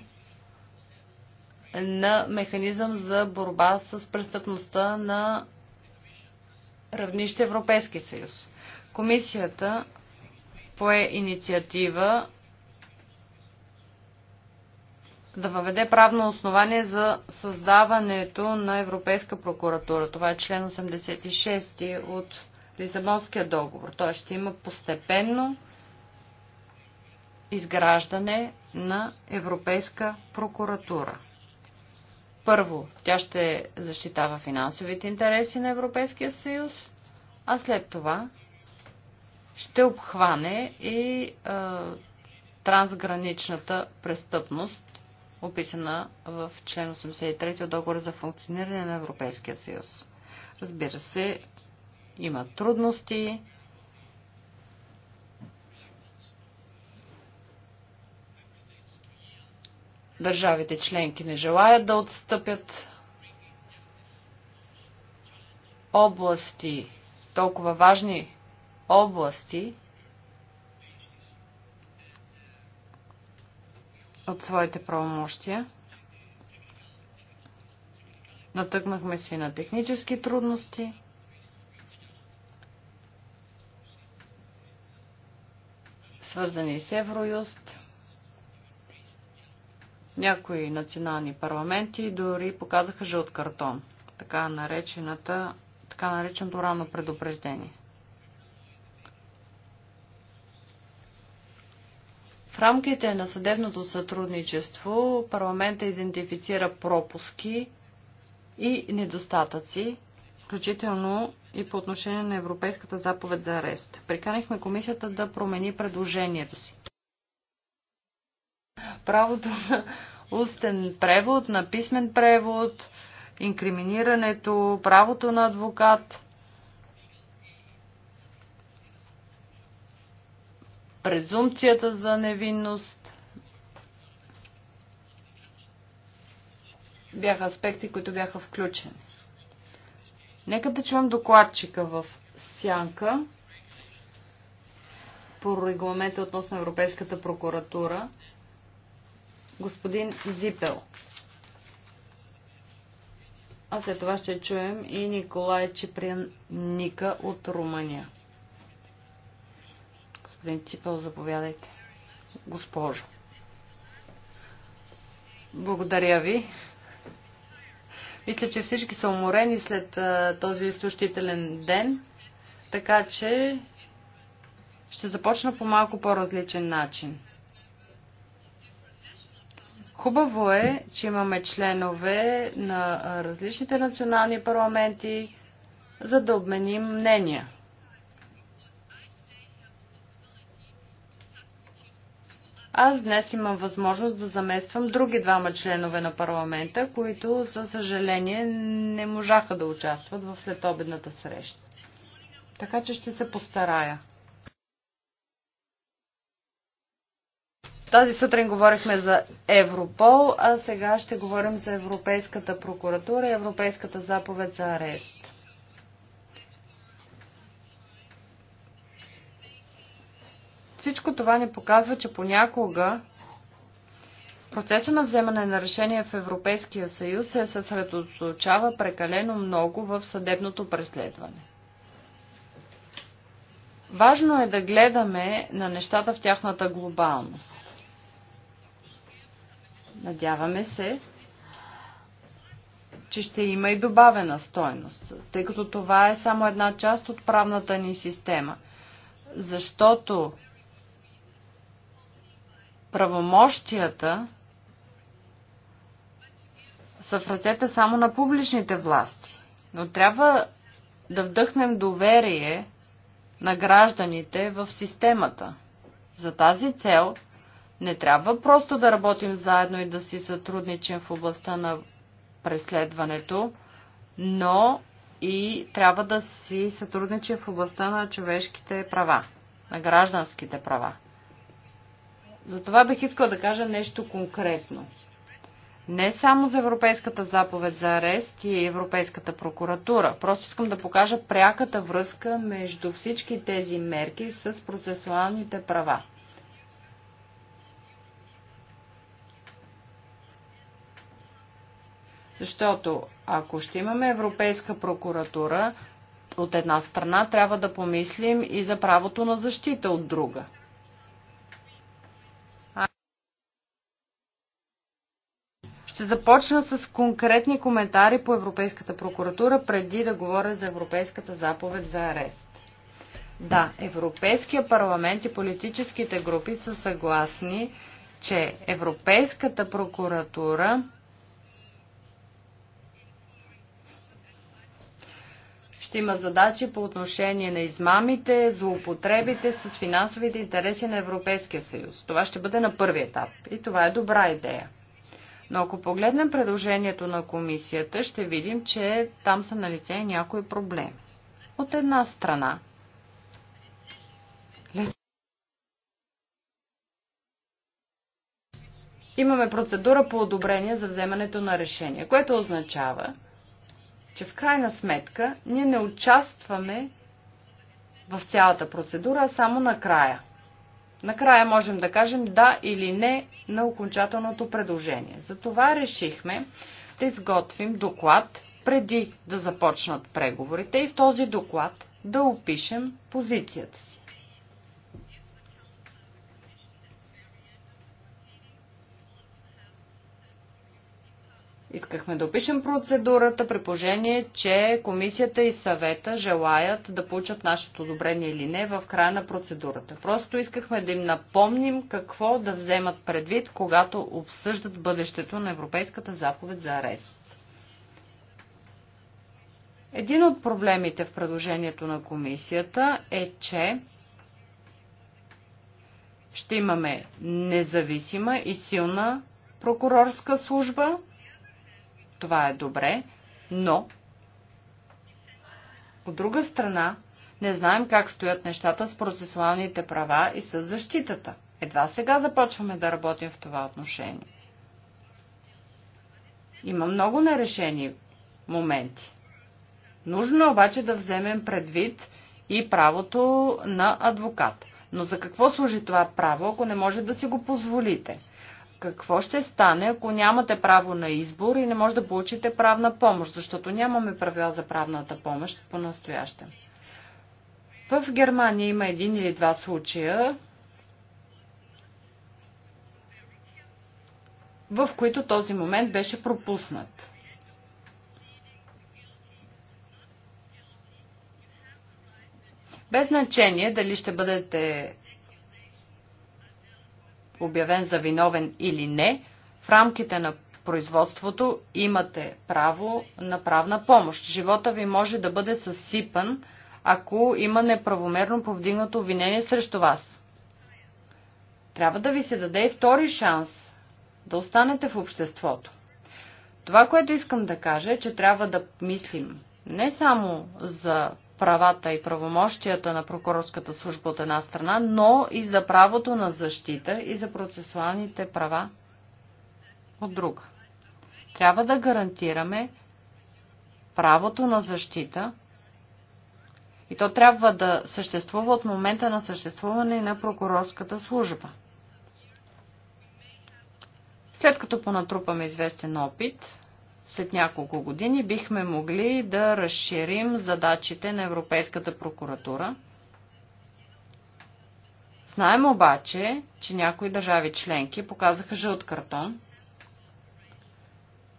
на механизъм за борба с престъпността на равнище Европейски съюз. Комисията пое инициатива да въведе правно основание за създаването на Европейска прокуратура. Това е член 86 от Лисабонския договор. Той ще има постепенно изграждане на Европейска прокуратура. Първо, тя ще защитава финансовите интереси на Европейския съюз, а след това ще обхване и е, трансграничната престъпност, описана в член 83 от договора за функциониране на Европейския съюз. Разбира се, има трудности. Държавите членки не желаят да отстъпят области, толкова важни области, от своите правомощия. Натъкнахме се на технически трудности. свързани с Евроюст. Някои национални парламенти дори показаха жълт картон, така, така нареченото рано предупреждение. рамките на съдебното сътрудничество парламента идентифицира пропуски и недостатъци, включително и по отношение на Европейската заповед за арест. Приканихме комисията да промени предложението си. Правото на устен превод, на писмен превод, инкриминирането, правото на адвокат – презумпцията за невинност. Бяха аспекти, които бяха включени. Нека да чуем докладчика в сянка по регламента относно Европейската прокуратура, господин Зипел. А след това ще чуем и Николай Чипряника от Румъния. Господин Ципел, заповядайте. Госпожо. Благодаря ви. Мисля, че всички са уморени след а, този изтощителен ден, така че ще започна по малко по-различен начин. Хубаво е, че имаме членове на различните национални парламенти, за да обменим мнения. Аз днес имам възможност да замествам други двама членове на парламента, които, за съжаление, не можаха да участват в следобедната среща. Така че ще се постарая. Тази сутрин говорихме за Европол, а сега ще говорим за Европейската прокуратура и Европейската заповед за арест. Всичко това ни показва, че понякога процеса на вземане на решение в Европейския съюз се съсредоточава прекалено много в съдебното преследване. Важно е да гледаме на нещата в тяхната глобалност. Надяваме се, че ще има и добавена стойност, тъй като това е само една част от правната ни система. Защото правомощията са в ръцете само на публичните власти. Но трябва да вдъхнем доверие на гражданите в системата. За тази цел не трябва просто да работим заедно и да си сътрудничим в областта на преследването, но и трябва да си сътрудничим в областта на човешките права, на гражданските права. Затова бих искал да кажа нещо конкретно. Не само за Европейската заповед за арест и Европейската прокуратура. Просто искам да покажа пряката връзка между всички тези мерки с процесуалните права. Защото ако ще имаме Европейска прокуратура, от една страна трябва да помислим и за правото на защита от друга – Ще започна с конкретни коментари по Европейската прокуратура, преди да говоря за Европейската заповед за арест. Да, Европейския парламент и политическите групи са съгласни, че Европейската прокуратура ще има задачи по отношение на измамите, злоупотребите с финансовите интереси на Европейския съюз. Това ще бъде на първи етап и това е добра идея. Но ако погледнем предложението на комисията, ще видим, че там са налице някои проблеми. От една страна, имаме процедура по одобрение за вземането на решение, което означава, че в крайна сметка ние не участваме в цялата процедура, а само накрая – Накрая можем да кажем да или не на окончателното предложение. Затова решихме да изготвим доклад преди да започнат преговорите и в този доклад да опишем позицията си. Искахме да опишем процедурата при положение, че комисията и съвета желаят да получат нашето одобрение или не в края на процедурата. Просто искахме да им напомним какво да вземат предвид, когато обсъждат бъдещето на Европейската заповед за арест. Един от проблемите в предложението на комисията е, че ще имаме независима и силна прокурорска служба, това е добре, но от друга страна не знаем как стоят нещата с процесуалните права и с защитата. Едва сега започваме да работим в това отношение. Има много нерешени моменти. Нужно е обаче да вземем предвид и правото на адвокат. Но за какво служи това право, ако не може да си го позволите? Какво ще стане, ако нямате право на избор и не може да получите правна помощ, защото нямаме правила за правната помощ по-настояще? В Германия има един или два случая, в които този момент беше пропуснат. Без значение дали ще бъдете обявен за виновен или не, в рамките на производството имате право на правна помощ. Живота ви може да бъде съсипан, ако има неправомерно повдигнато обвинение срещу вас. Трябва да ви се даде и втори шанс да останете в обществото. Това, което искам да кажа е, че трябва да мислим не само за правата и правомощията на прокурорската служба от една страна, но и за правото на защита и за процесуалните права от друга. Трябва да гарантираме правото на защита и то трябва да съществува от момента на съществуване на прокурорската служба. След като понатрупаме известен опит, след няколко години бихме могли да разширим задачите на Европейската прокуратура. Знаем обаче, че някои държави членки показаха жълт картон.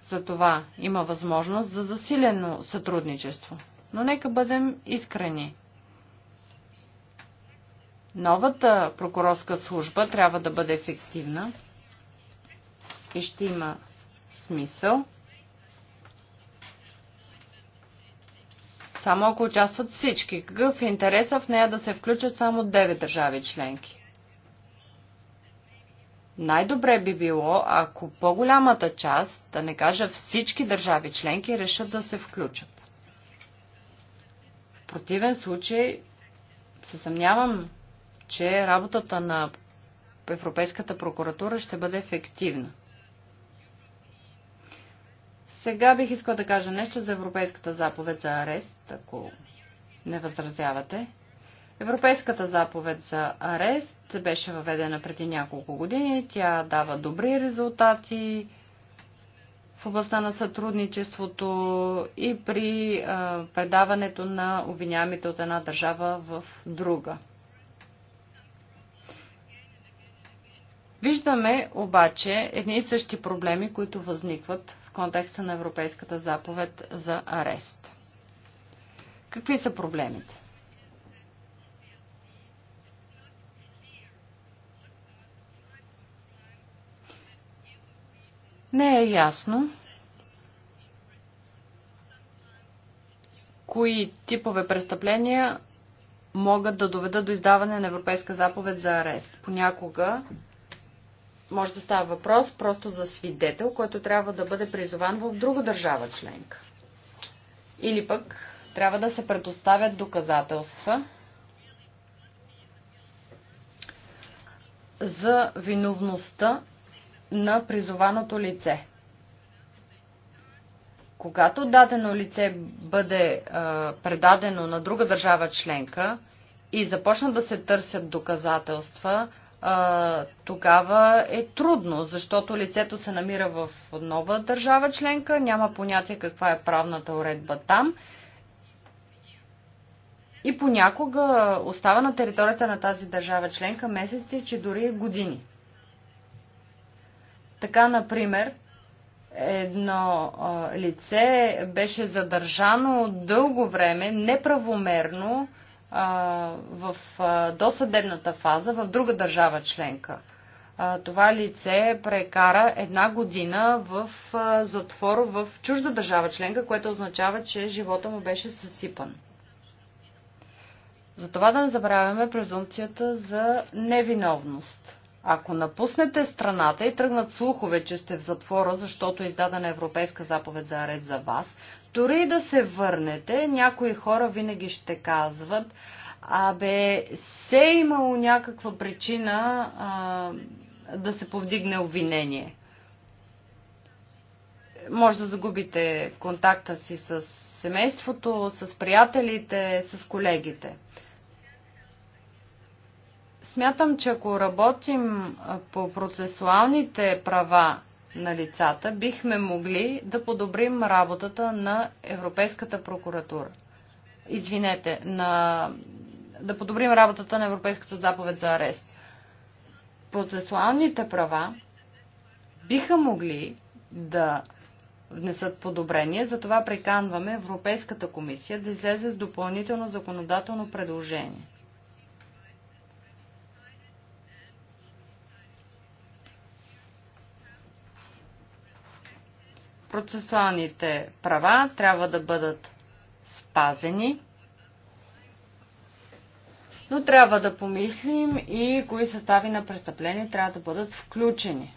Затова има възможност за засилено сътрудничество. Но нека бъдем искрени. Новата прокурорска служба трябва да бъде ефективна и ще има смисъл, само ако участват всички. Какъв е интереса в нея да се включат само 9 държави членки? Най-добре би било, ако по-голямата част, да не кажа всички държави членки, решат да се включат. В противен случай се съмнявам, че работата на Европейската прокуратура ще бъде ефективна. Сега бих искала да кажа нещо за Европейската заповед за арест, ако не възразявате. Европейската заповед за арест беше въведена преди няколко години. Тя дава добри резултати в областта на сътрудничеството и при а, предаването на обвинямите от една държава в друга. Виждаме обаче едни и същи проблеми, които възникват контекста на Европейската заповед за арест. Какви са проблемите? Не е ясно кои типове престъпления могат да доведат до издаване на Европейска заповед за арест. Понякога може да става въпрос просто за свидетел, който трябва да бъде призован в друга държава членка. Или пък трябва да се предоставят доказателства за виновността на призованото лице. Когато дадено лице бъде а, предадено на друга държава членка и започнат да се търсят доказателства, тогава е трудно, защото лицето се намира в нова държава членка, няма понятие каква е правната уредба там и понякога остава на територията на тази държава членка месеци, че дори години. Така, например, едно лице беше задържано дълго време, неправомерно, в досъдебната фаза в друга държава членка. Това лице прекара една година в затвор в чужда държава членка, което означава, че живота му беше съсипан. Затова да не забравяме презумпцията за невиновност. Ако напуснете страната и тръгнат слухове, че сте в затвора, защото е издадена европейска заповед за арест за вас, дори да се върнете, някои хора винаги ще казват, абе, се е имало някаква причина а, да се повдигне обвинение. Може да загубите контакта си с семейството, с приятелите, с колегите. Смятам, че ако работим по процесуалните права на лицата, бихме могли да подобрим работата на Европейската прокуратура. Извинете, на... да подобрим работата на Европейската заповед за арест. Процесуалните права биха могли да внесат подобрение, затова приканваме Европейската комисия да излезе с допълнително законодателно предложение. Процесуалните права трябва да бъдат спазени, но трябва да помислим и кои състави на престъпление трябва да бъдат включени.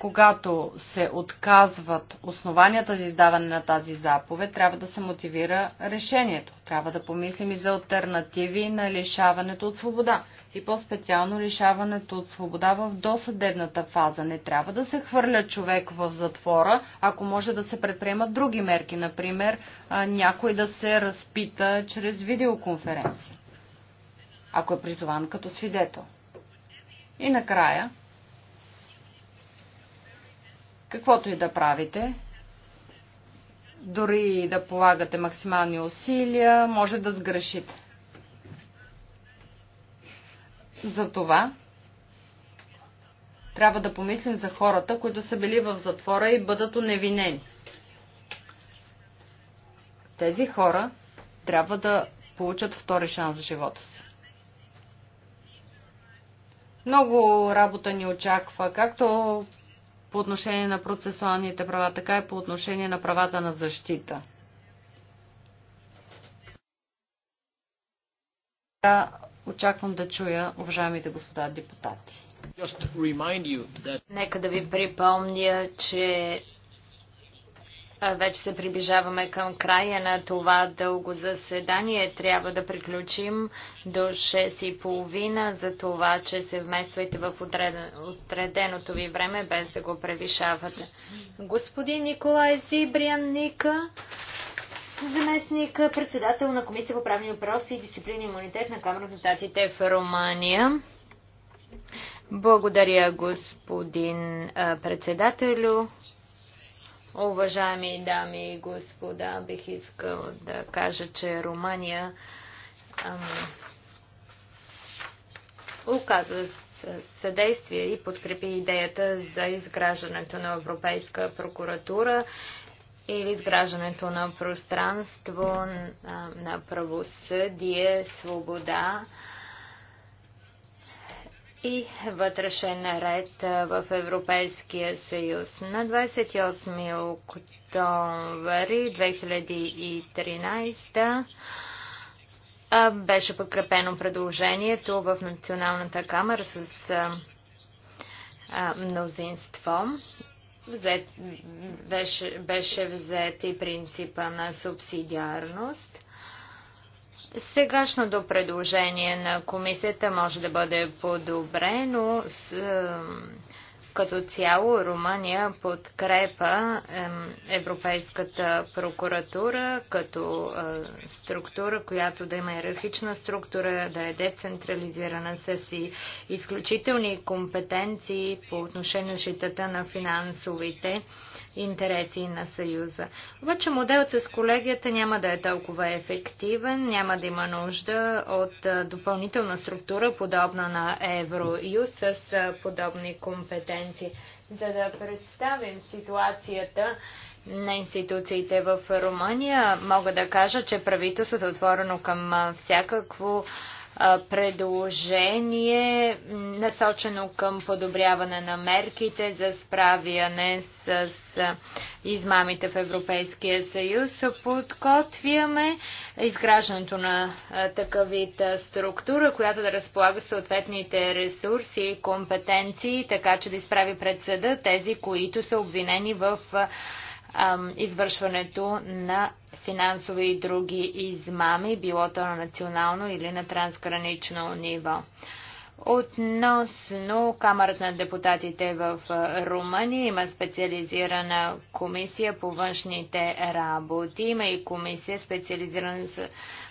когато се отказват основанията за издаване на тази заповед, трябва да се мотивира решението. Трябва да помислим и за альтернативи на лишаването от свобода. И по-специално лишаването от свобода в досъдебната фаза. Не трябва да се хвърля човек в затвора, ако може да се предприемат други мерки. Например, някой да се разпита чрез видеоконференция, ако е призован като свидетел. И накрая, Каквото и да правите, дори да полагате максимални усилия, може да сгрешите. Затова трябва да помислим за хората, които са били в затвора и бъдат уневинени. Тези хора трябва да получат втори шанс в живота си. Много работа ни очаква, както по отношение на процесуалните права, така и по отношение на правата на защита. Сега очаквам да чуя, уважаемите господа депутати. Нека да ви припомня, че вече се приближаваме към края на това дълго заседание. Трябва да приключим до 6.30 за това, че се вмествайте в отреденото ви време, без да го превишавате. Господин Николай Зибриан Ника, заместник председател на Комисия по правни въпроси и дисциплина и имунитет на Камера на Татите в Румъния. Благодаря, господин председателю. Уважаеми дами и господа, бих искал да кажа, че Румъния ам, оказва съдействие и подкрепи идеята за изграждането на Европейска прокуратура или изграждането на пространство на правосъдие, свобода, и вътрешен ред в Европейския съюз. На 28 октомври 2013 беше подкрепено предложението в Националната камера с мнозинство. Взет, беше, беше взет и принципа на субсидиарност. Сегашното предложение на комисията може да бъде подобрено с, като цяло Румъния подкрепа Европейската прокуратура като е, структура, която да има иерархична структура, да е децентрализирана с и изключителни компетенции по отношение на на финансовите интереси на Съюза. Обаче моделът с колегията няма да е толкова ефективен, няма да има нужда от допълнителна структура, подобна на Евроюз, с подобни компетенции. За да представим ситуацията на институциите в Румъния, мога да кажа, че правителството е отворено към всякакво предложение, насочено към подобряване на мерките за справяне с измамите в Европейския съюз. Подготвяме изграждането на такъвита структура, която да разполага съответните ресурси и компетенции, така че да изправи пред съда тези, които са обвинени в извършването на финансови и други измами, било то на национално или на трансгранично ниво. Относно Камерата на депутатите в Румъния има специализирана комисия по външните работи, има и комисия специализирана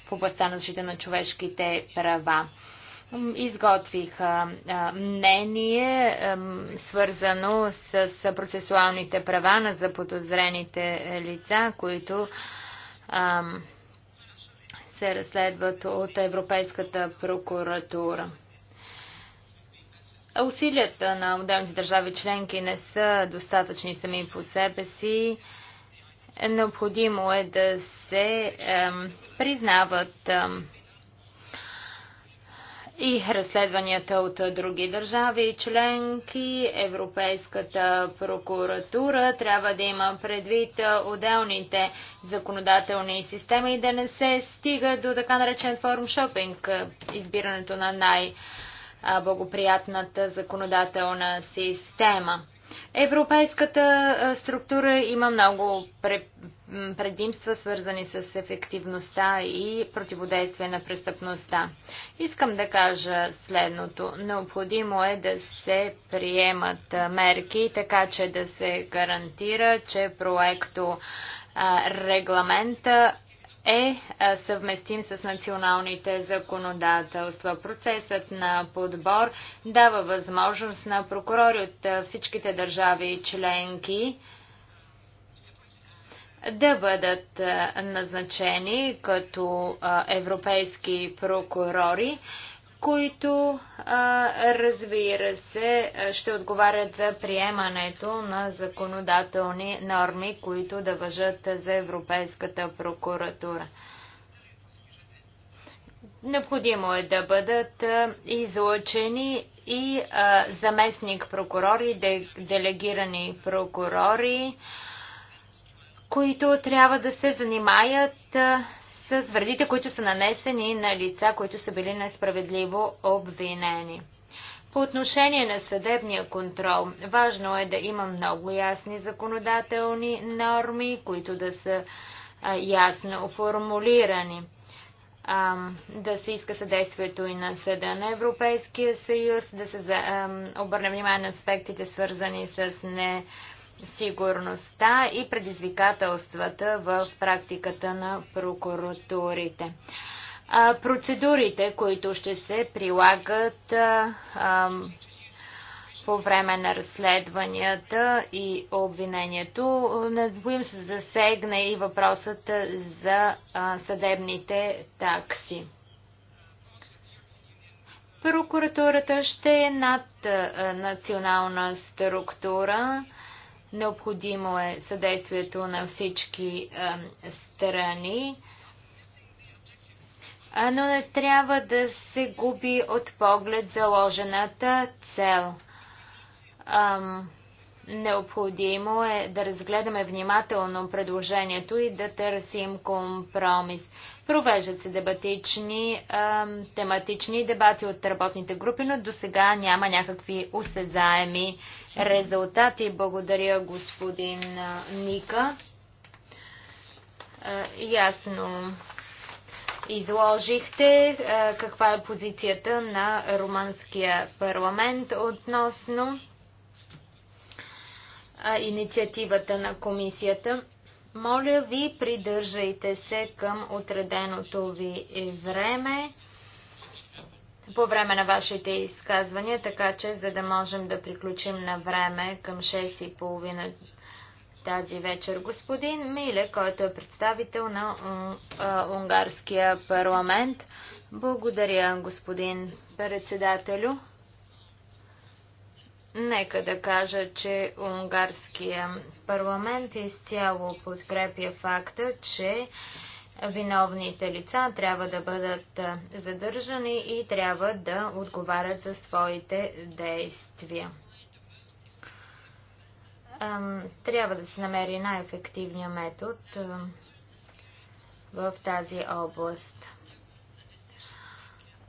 в областта на защита на човешките права изготвиха мнение, свързано с процесуалните права на заподозрените лица, които се разследват от Европейската прокуратура. Усилията на отделните държави членки не са достатъчни сами по себе си. Необходимо е да се признават и разследванията от други държави членки, Европейската прокуратура трябва да има предвид отделните законодателни системи и да не се стига до така наречен форум шопинг, избирането на най- благоприятната законодателна система. Европейската структура има много предимства, свързани с ефективността и противодействие на престъпността. Искам да кажа следното. Необходимо е да се приемат мерки, така че да се гарантира, че проекто регламента е, е съвместим с националните законодателства. Процесът на подбор дава възможност на прокурори от е, всичките държави и членки да бъдат е, назначени като европейски прокурори които, разбира се, ще отговарят за приемането на законодателни норми, които да въжат за Европейската прокуратура. Необходимо е да бъдат излъчени и заместник прокурори, делегирани прокурори, които трябва да се занимаят с вредите, които са нанесени на лица, които са били несправедливо обвинени. По отношение на съдебния контрол, важно е да има много ясни законодателни норми, които да са а, ясно формулирани. А, да се иска съдействието и на Съда на Европейския съюз, да се а, обърне внимание на аспектите, свързани с не сигурността и предизвикателствата в практиката на прокуратурите. Процедурите, които ще се прилагат по време на разследванията и обвинението. Надбоим се засегне и въпросът за съдебните такси. Прокуратурата ще е над национална структура. Необходимо е съдействието на всички страни, но не трябва да се губи от поглед заложената цел. необходимо е да разгледаме внимателно предложението и да търсим компромис. Провеждат се дебатични, тематични дебати от работните групи, но до сега няма някакви осезаеми резултати. Благодаря господин Ника. Ясно изложихте каква е позицията на Румънския парламент относно инициативата на комисията. Моля ви, придържайте се към отреденото ви време по време на вашите изказвания, така че за да можем да приключим на време към 6.30 тази вечер. Господин Миле, който е представител на Унгарския парламент. Благодаря, господин председателю. Нека да кажа, че Унгарския парламент изцяло подкрепя факта, че виновните лица трябва да бъдат задържани и трябва да отговарят за своите действия. Трябва да се намери най-ефективния метод в тази област.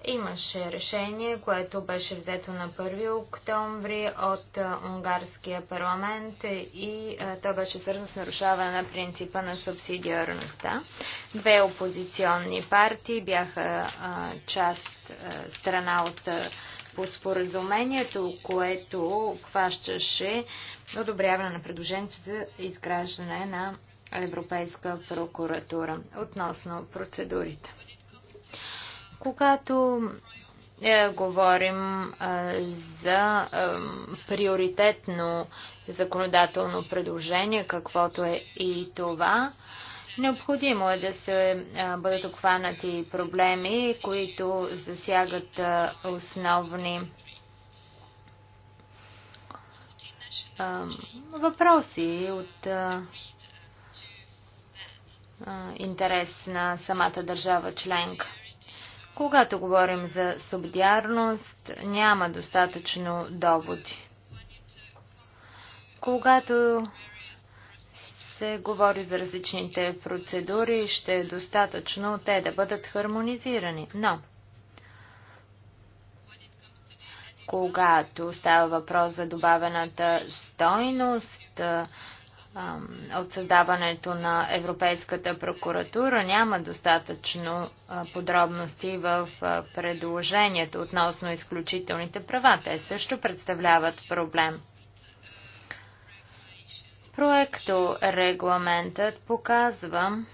Имаше решение, което беше взето на 1 октомври от унгарския парламент и то беше свързано с нарушаване на принципа на субсидиарността. Две опозиционни партии бяха част, страна от по споразумението, което хващаше одобряване на предложението за изграждане на Европейска прокуратура относно процедурите. Когато е, говорим е, за е, приоритетно законодателно предложение, каквото е и това, необходимо е да се е, бъдат обхванати проблеми, които засягат е, основни е, въпроси от е, е интерес на самата държава членка. Когато говорим за субдиарност, няма достатъчно доводи. Когато се говори за различните процедури, ще е достатъчно те да бъдат хармонизирани. Но, когато става въпрос за добавената стойност, от създаването на Европейската прокуратура няма достатъчно подробности в предложението относно изключителните права. Те също представляват проблем. Проекто регламентът показва,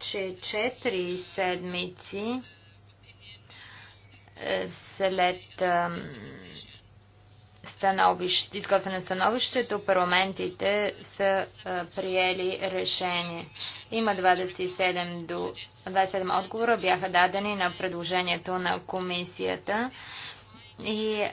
че 4 седмици е, след изготвяне на становището, парламентите са приели решение. Има 27, до, 27 отговора, бяха дадени на предложението на комисията. И е,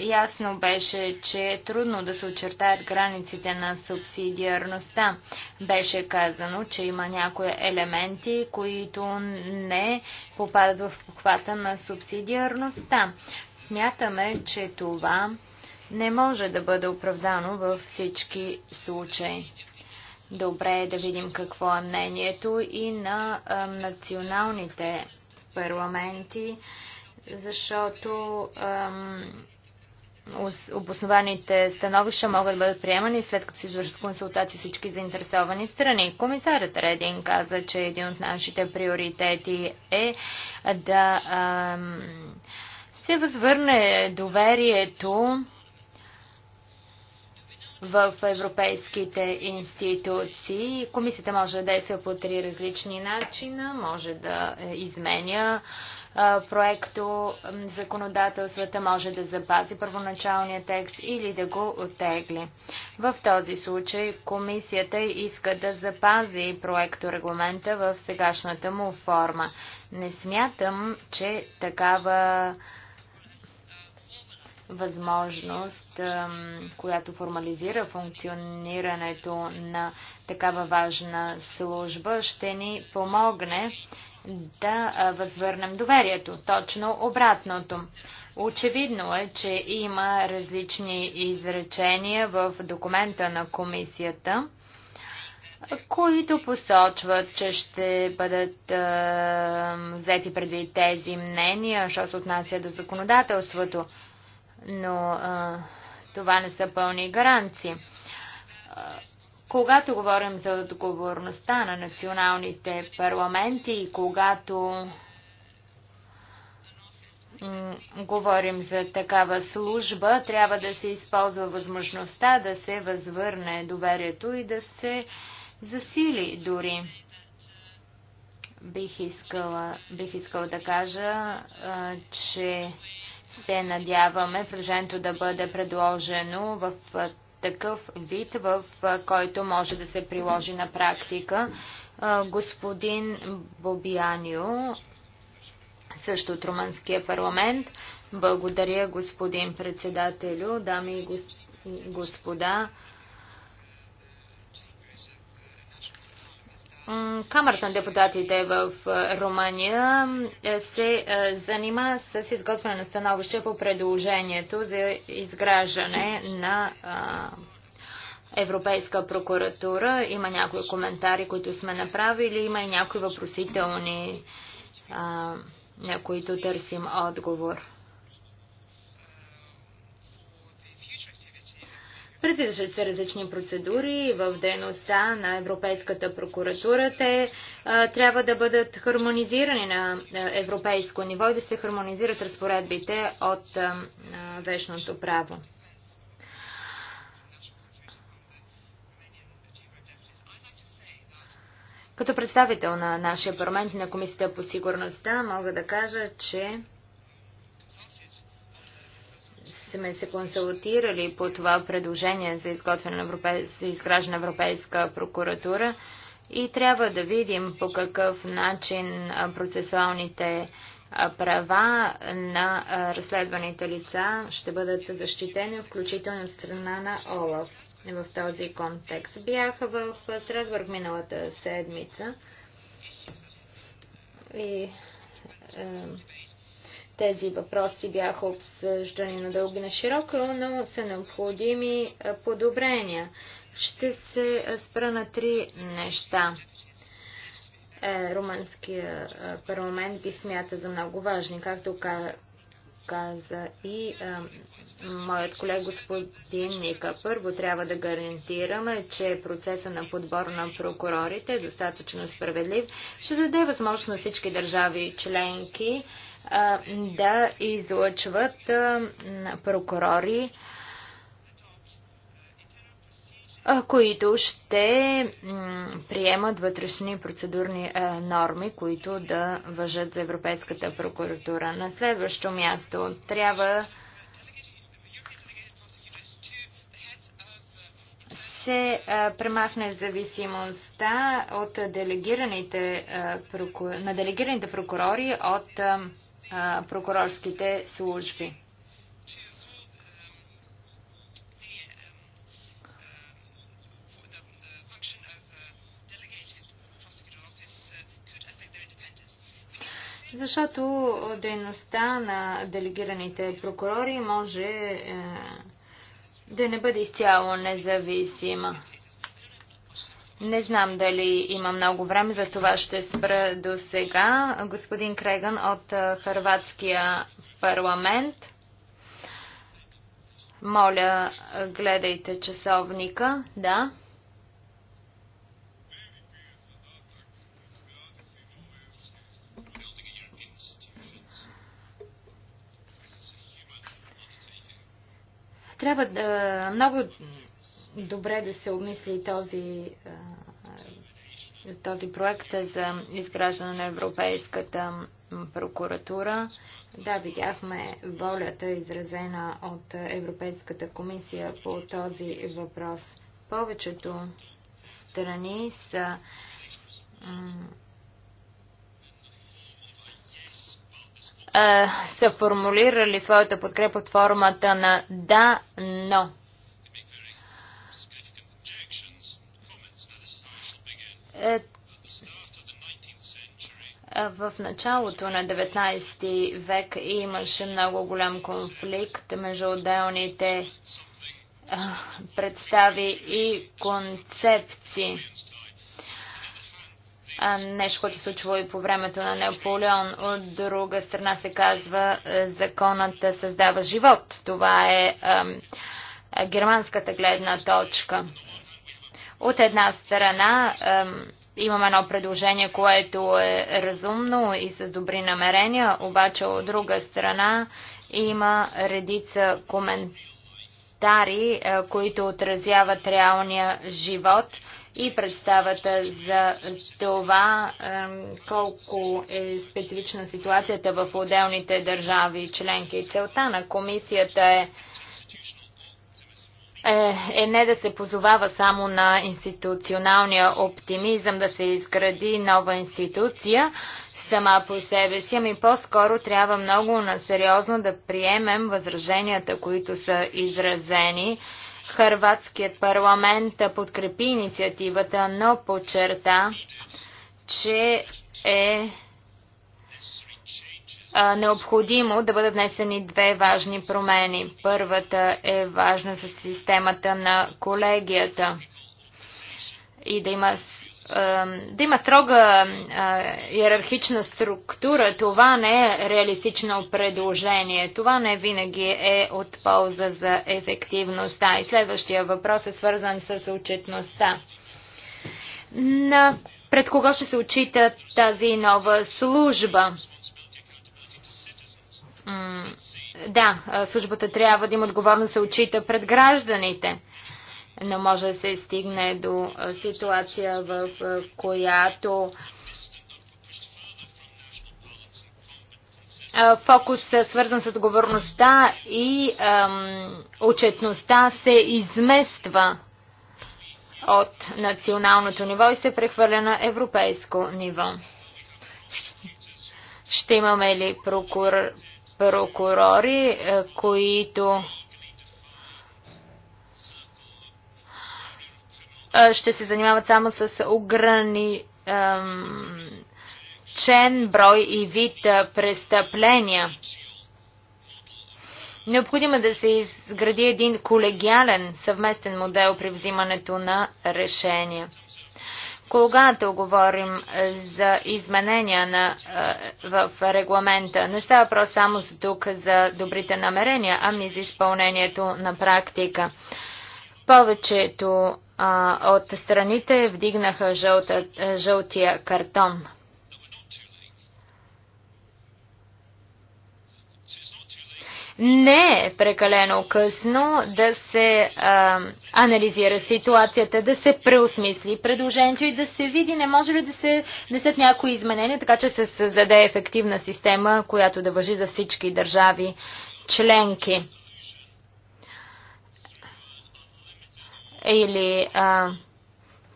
ясно беше, че е трудно да се очертаят границите на субсидиарността. Беше казано, че има някои елементи, които не попадат в обхвата на субсидиарността. Смятаме, че това не може да бъде оправдано във всички случаи. Добре е да видим какво е мнението и на а, националните парламенти, защото обоснованите становища могат да бъдат приемани след като се извършат консултации всички заинтересовани страни. Комисарът Редин каза, че един от нашите приоритети е да се възвърне доверието в европейските институции. Комисията може да действа по три различни начина, може да е, изменя проекто законодателствата може да запази първоначалния текст или да го отегли. В този случай комисията иска да запази проекто регламента в сегашната му форма. Не смятам, че такава възможност, която формализира функционирането на такава важна служба, ще ни помогне да възвърнем доверието. Точно обратното. Очевидно е, че има различни изречения в документа на комисията, които посочват, че ще бъдат е, взети предвид тези мнения, що се отнася до законодателството но а, това не са пълни гаранции. когато говорим за отговорността на националните парламенти и когато говорим за такава служба, трябва да се използва възможността да се възвърне доверието и да се засили дори. Бих искала, бих искала да кажа, че се надяваме предложението да бъде предложено в такъв вид, в който може да се приложи на практика. Господин Бобианио, също от Румънския парламент. Благодаря, господин председателю, дами и господа. Камерата на депутатите в е, Румъния е, се е, занима с изготвяне на становище по предложението за изграждане на Европейска прокуратура. Има някои коментари, които сме направили. Има и някои въпросителни, на които търсим отговор. Предвиждат се различни процедури в дейността на Европейската прокуратура. Те а, трябва да бъдат хармонизирани на европейско ниво и да се хармонизират разпоредбите от а, вечното право. Като представител на нашия парламент на Комисията по сигурността мога да кажа, че сме се консултирали по това предложение за изготвяне на изграждане на Европейска прокуратура и трябва да видим по какъв начин процесуалните права на разследваните лица ще бъдат защитени, включително от страна на ОЛАФ. В този контекст бях в Страсбург миналата седмица и е, тези въпроси бяха обсъждани на дълби на широко, но са необходими подобрения. Ще се спра на три неща. Е, румънския парламент ги смята за много важни, както каза и моят колег господин Ника. Първо трябва да гарантираме, че процеса на подбор на прокурорите е достатъчно справедлив. Ще даде възможност на всички държави членки да излъчват прокурори, които ще приемат вътрешни процедурни норми, които да въжат за Европейската прокуратура. На следващо място трябва се премахне зависимостта от делегираните, на делегираните прокурори от прокурорските служби. Защото дейността на делегираните прокурори може е, да не бъде изцяло независима. Не знам дали има много време, за това ще спра до сега. Господин Креган от Харватския парламент. Моля, гледайте часовника. Да. Трябва да много добре да се обмисли този е, този проект е за изграждане на Европейската прокуратура. Да, видяхме волята изразена от Европейската комисия по този въпрос. Повечето страни са е, са формулирали своята подкрепа от формата на да, но. Е, в началото на 19 век имаше много голям конфликт между отделните е, представи и концепции. Нещо, което се случва и по времето на Наполеон. От друга страна се казва е, законът създава живот. Това е германската гледна точка. От една страна имам едно предложение, което е разумно и с добри намерения, обаче от друга страна има редица коментари, е, които отразяват реалния живот и представата за това колко е специфична ситуацията в отделните държави членки. Целта на комисията е е, е не да се позовава само на институционалния оптимизъм, да се изгради нова институция сама по себе си, ами по-скоро трябва много сериозно да приемем възраженията, които са изразени. Харватският парламент подкрепи инициативата, но подчерта, че е необходимо да бъдат внесени две важни промени. Първата е важна с системата на колегията и да има да има строга иерархична структура, това не е реалистично предложение. Това не винаги е от полза за ефективността. И следващия въпрос е свързан с отчетността. На пред кого ще се отчита тази нова служба? да, службата трябва да има отговорност да се отчита пред гражданите, но може да се стигне до ситуация, в която фокус, свързан с отговорността и отчетността, се измества от националното ниво и се прехвърля на европейско ниво. Ще имаме ли прокурор, прокурори, е, които е, ще се занимават само с ограничен брой и вид е, престъпления. Необходимо да се изгради един колегиален съвместен модел при взимането на решения. Когато говорим е, за изменения на, е, в регламента, не става въпрос само за тук за добрите намерения, ами за изпълнението на практика. Повечето а, от страните вдигнаха жълта, е, жълтия картон. не е прекалено късно да се а, анализира ситуацията, да се преосмисли предложението и да се види, не може ли да се несат някои изменения, така че се създаде ефективна система, която да въжи за всички държави членки. Или а,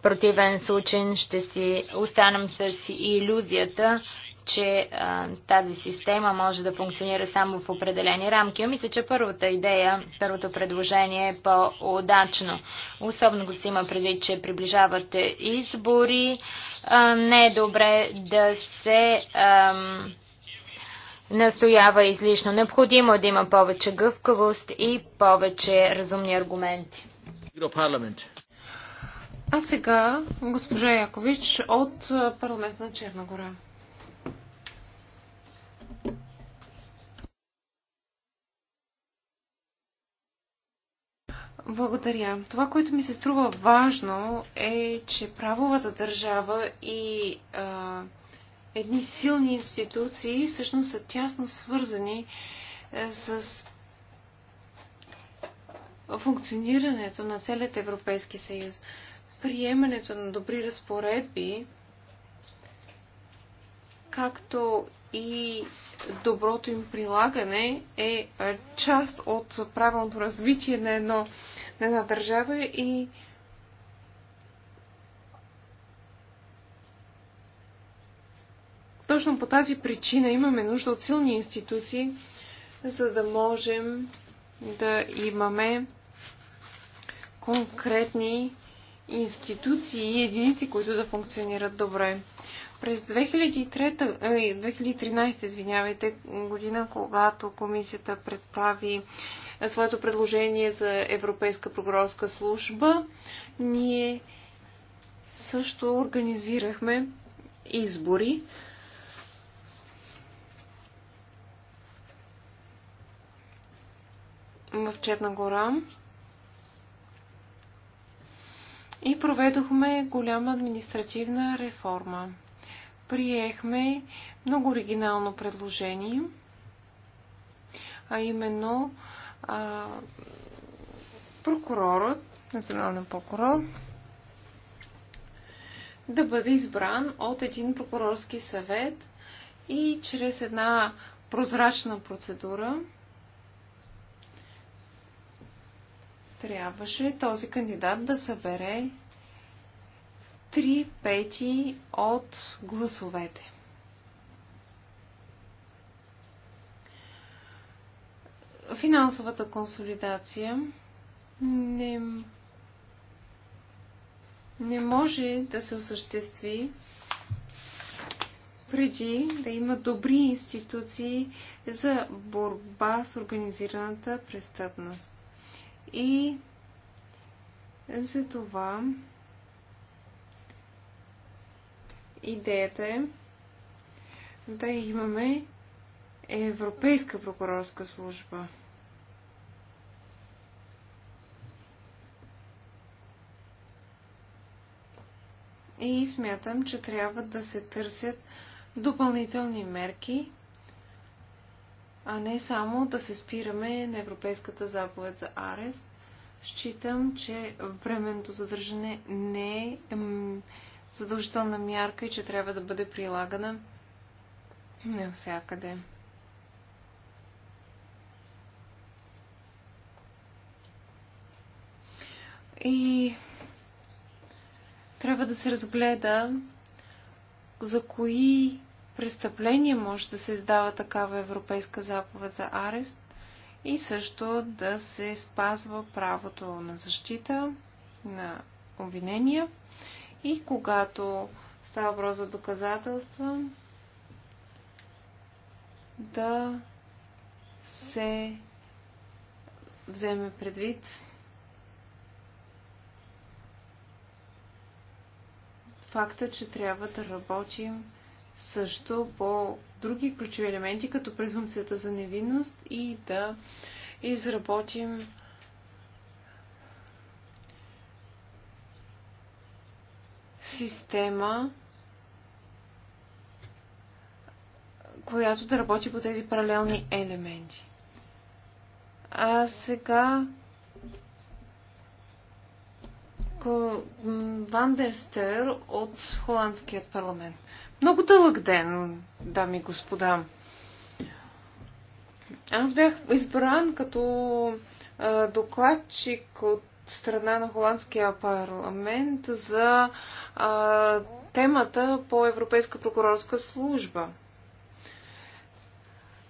противен случай ще си останам с иллюзията, че а, тази система може да функционира само в определени рамки. Мисля, че първата идея, първото предложение е по-удачно. Особено като се има преди, че приближават избори, а, не е добре да се ам, настоява излишно. Необходимо е да има повече гъвкавост и повече разумни аргументи. А сега госпожа Якович от парламент на Черна гора. Благодаря. Това, което ми се струва важно е, че правовата държава и а, едни силни институции всъщност са тясно свързани а, е, с функционирането на целият Европейски съюз. Приемането на добри разпоредби, както и доброто им прилагане е част от правилното развитие на, едно, на една държава и точно по тази причина имаме нужда от силни институции, за да можем да имаме конкретни институции и единици, които да функционират добре. През 2003, 2013 е, извинявайте, година, когато комисията представи своето предложение за Европейска прокурорска служба, ние също организирахме избори. в Четна гора и проведохме голяма административна реформа приехме много оригинално предложение, а именно а, прокурорът, национален прокурор, да бъде избран от един прокурорски съвет и чрез една прозрачна процедура трябваше този кандидат да събере три пети от гласовете. Финансовата консолидация не, не може да се осъществи преди да има добри институции за борба с организираната престъпност. И за това Идеята е да имаме Европейска прокурорска служба. И смятам, че трябва да се търсят допълнителни мерки, а не само да се спираме на Европейската заповед за арест. Считам, че временното задържане не е задължителна мярка и че трябва да бъде прилагана навсякъде. И трябва да се разгледа за кои престъпления може да се издава такава европейска заповед за арест и също да се спазва правото на защита, на обвинения и когато става въпрос за доказателства, да се вземе предвид факта, че трябва да работим също по други ключови елементи, като презумцията за невинност и да изработим система, която да работи по тези паралелни елементи. А сега Вандерстер от Холандският парламент. Много дълъг ден, дами и господа. Аз бях избран като докладчик от страна на Холандския парламент за а, темата по Европейска прокурорска служба.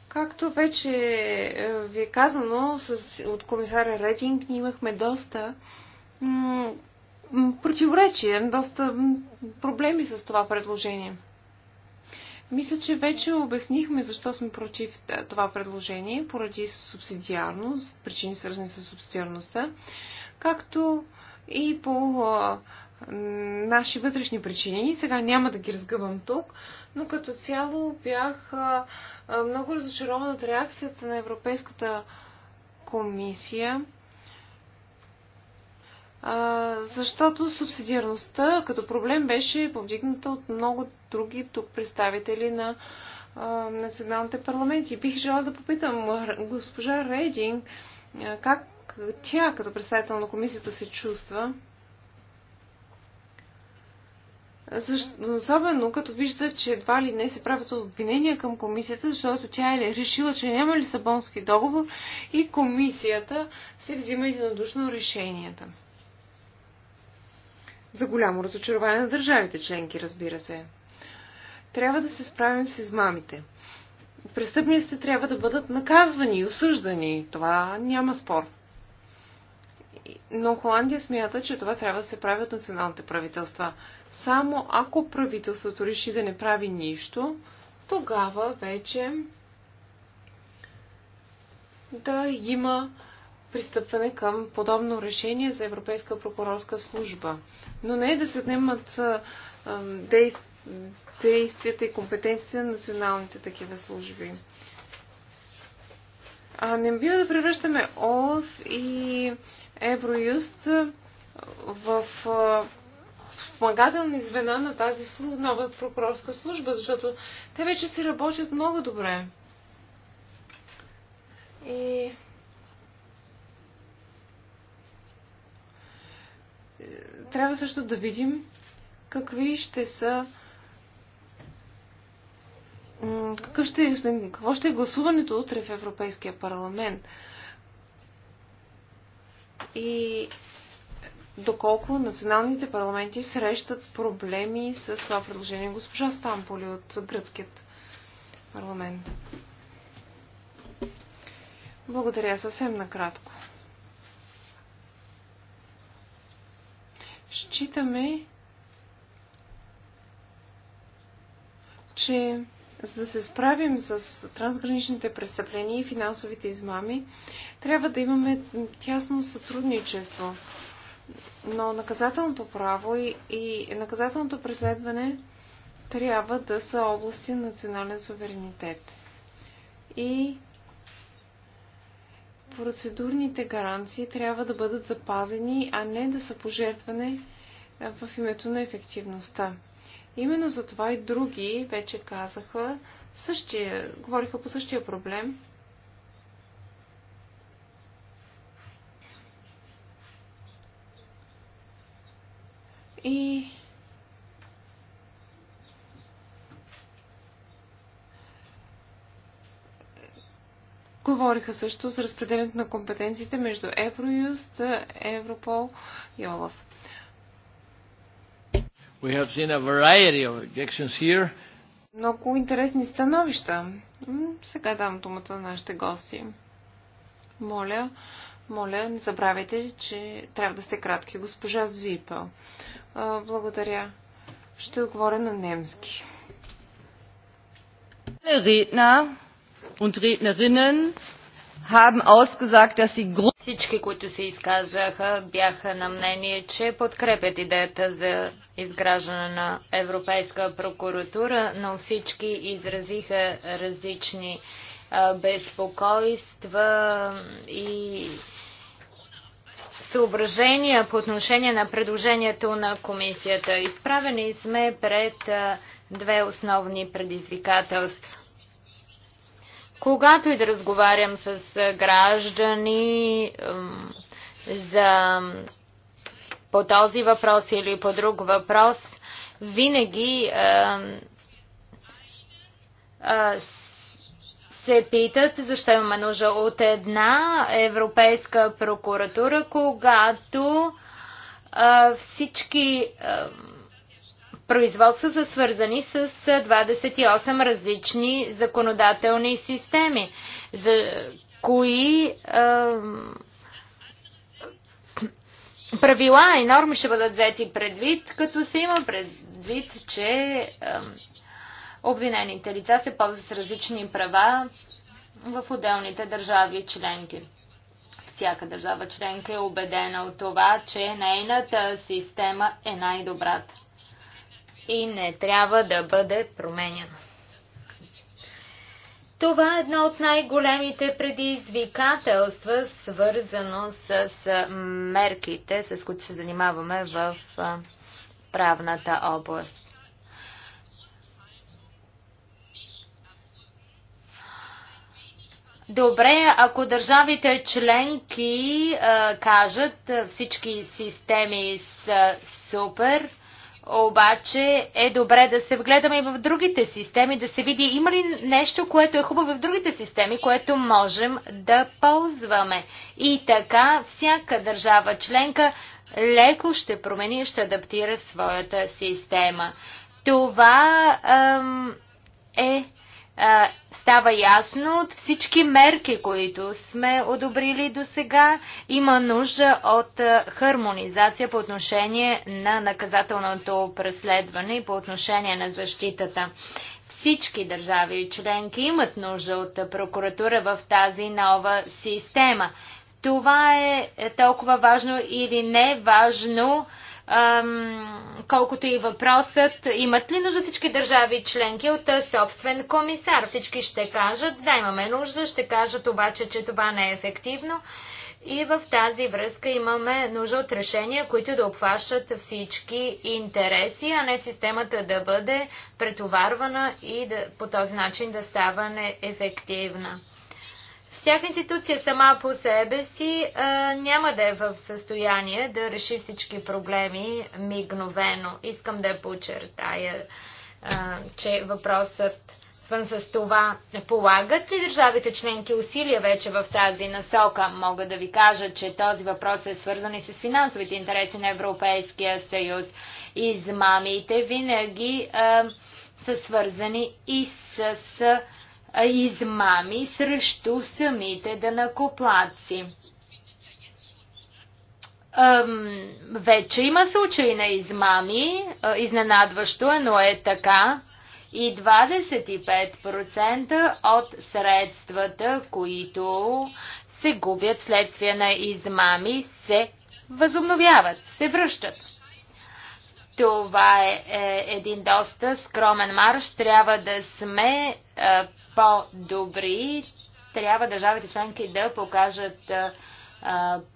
Както вече е, ви е казано с, от комисаря Рединг, ние имахме доста противоречия, доста проблеми с това предложение. Мисля, че вече обяснихме защо сме против е, това предложение, поради субсидиарност, причини свързани с субсидиарността както и по а, наши вътрешни причини. Сега няма да ги разгъвам тук, но като цяло бях а, много разочарована от реакцията на Европейската комисия, а, защото субсидиарността като проблем беше повдигната от много други тук представители на националните парламенти. Бих желала да попитам госпожа Рейдинг как тя като представител на комисията се чувства. Защо, особено като вижда, че едва ли не се правят обвинения към комисията, защото тя е решила, че няма Лисабонски договор и комисията се взима единодушно решенията. За голямо разочарование на държавите членки, разбира се. Трябва да се справим с измамите. Престъпниците трябва да бъдат наказвани и осъждани. Това няма спор но Холандия смята, че това трябва да се прави от националните правителства. Само ако правителството реши да не прави нищо, тогава вече да има пристъпване към подобно решение за Европейска прокурорска служба. Но не е да се отнемат действията и компетенциите на националните такива служби. А не бива да превръщаме ОЛФ и Евроюст в спомагателни звена на тази нова прокурорска служба, защото те вече си работят много добре. И трябва също да видим какви ще са какво ще е гласуването утре в Европейския парламент и доколко националните парламенти срещат проблеми с това предложение. Госпожа Стамполи от гръцкият парламент. Благодаря съвсем накратко. Считаме, че за да се справим с трансграничните престъпления и финансовите измами, трябва да имаме тясно сътрудничество. Но наказателното право и, и наказателното преследване трябва да са области на национален суверенитет. И процедурните гаранции трябва да бъдат запазени, а не да са пожертване в името на ефективността. Именно за това и други вече казаха същия, говориха по същия проблем. И Говориха също за разпределението на компетенциите между Евроюст, Европол и Олаф. We have seen a variety of objections here. Много интересни становища. Сега дам думата на нашите гости. Моля, моля, не забравяйте, че трябва да сте кратки. Госпожа Зипел. Благодаря. Ще отговоря на немски. Редна und Rednerinnen haben ausgesagt, dass sie Всички, които се изказаха, бяха на мнение, че подкрепят идеята за изграждане на Европейска прокуратура, но всички изразиха различни безпокойства и съображения по отношение на предложението на комисията. Изправени сме пред две основни предизвикателства. Когато и да разговарям с граждани за, по този въпрос или по друг въпрос, винаги а, а, се питат защо имаме нужда от една европейска прокуратура, когато а, всички. А, производства са свързани с 28 различни законодателни системи, за кои е, правила и норми ще бъдат взети предвид, като се има предвид, че е, обвинените лица се ползват с различни права в отделните държави членки. Всяка държава членка е убедена от това, че нейната система е най-добрата и не трябва да бъде променяна. Това е едно от най-големите предизвикателства, свързано с мерките, с които се занимаваме в правната област. Добре, ако държавите членки а, кажат всички системи са супер, обаче е добре да се вгледаме и в другите системи, да се види има ли нещо, което е хубаво в другите системи, което можем да ползваме. И така всяка държава членка леко ще промени и ще адаптира своята система. Това ем, е става ясно от всички мерки, които сме одобрили до сега. Има нужда от хармонизация по отношение на наказателното преследване и по отношение на защитата. Всички държави и членки имат нужда от прокуратура в тази нова система. Това е, е толкова важно или не важно колкото и въпросът имат ли нужда всички държави членки от собствен комисар. Всички ще кажат, да, имаме нужда, ще кажат обаче, че това не е ефективно. И в тази връзка имаме нужда от решения, които да обхващат всички интереси, а не системата да бъде претоварвана и да, по този начин да става неефективна. Всяка институция сама по себе си а, няма да е в състояние да реши всички проблеми мигновено. Искам да подчертая, а, че въпросът свързан с това полагат и държавите членки усилия вече в тази насока. Мога да ви кажа, че този въпрос е свързан и с финансовите интереси на Европейския съюз. Измамите винаги а, са свързани и с. А, измами срещу самите данакоплаци. Вече има случаи на измами, изненадващо е, но е така. И 25% от средствата, които се губят следствие на измами, се възобновяват, се връщат. Това е, е един доста скромен марш. Трябва да сме по-добри, трябва държавите членки да покажат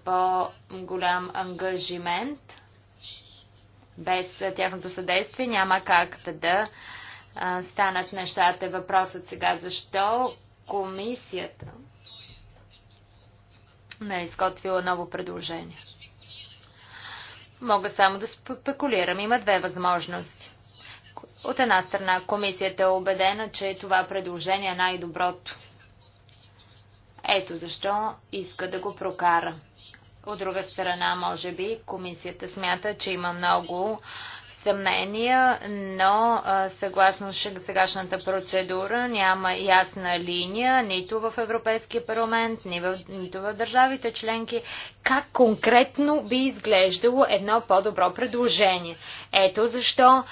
по-голям ангажимент. Без тяхното съдействие няма как да станат нещата. Въпросът сега защо комисията не е изготвила ново предложение. Мога само да спекулирам. Има две възможности. От една страна комисията е убедена, че това предложение е най-доброто. Ето защо иска да го прокара. От друга страна, може би, комисията смята, че има много съмнения, но съгласно сегашната процедура няма ясна линия нито в Европейския парламент, нито в държавите членки, как конкретно би изглеждало едно по-добро предложение. Ето защо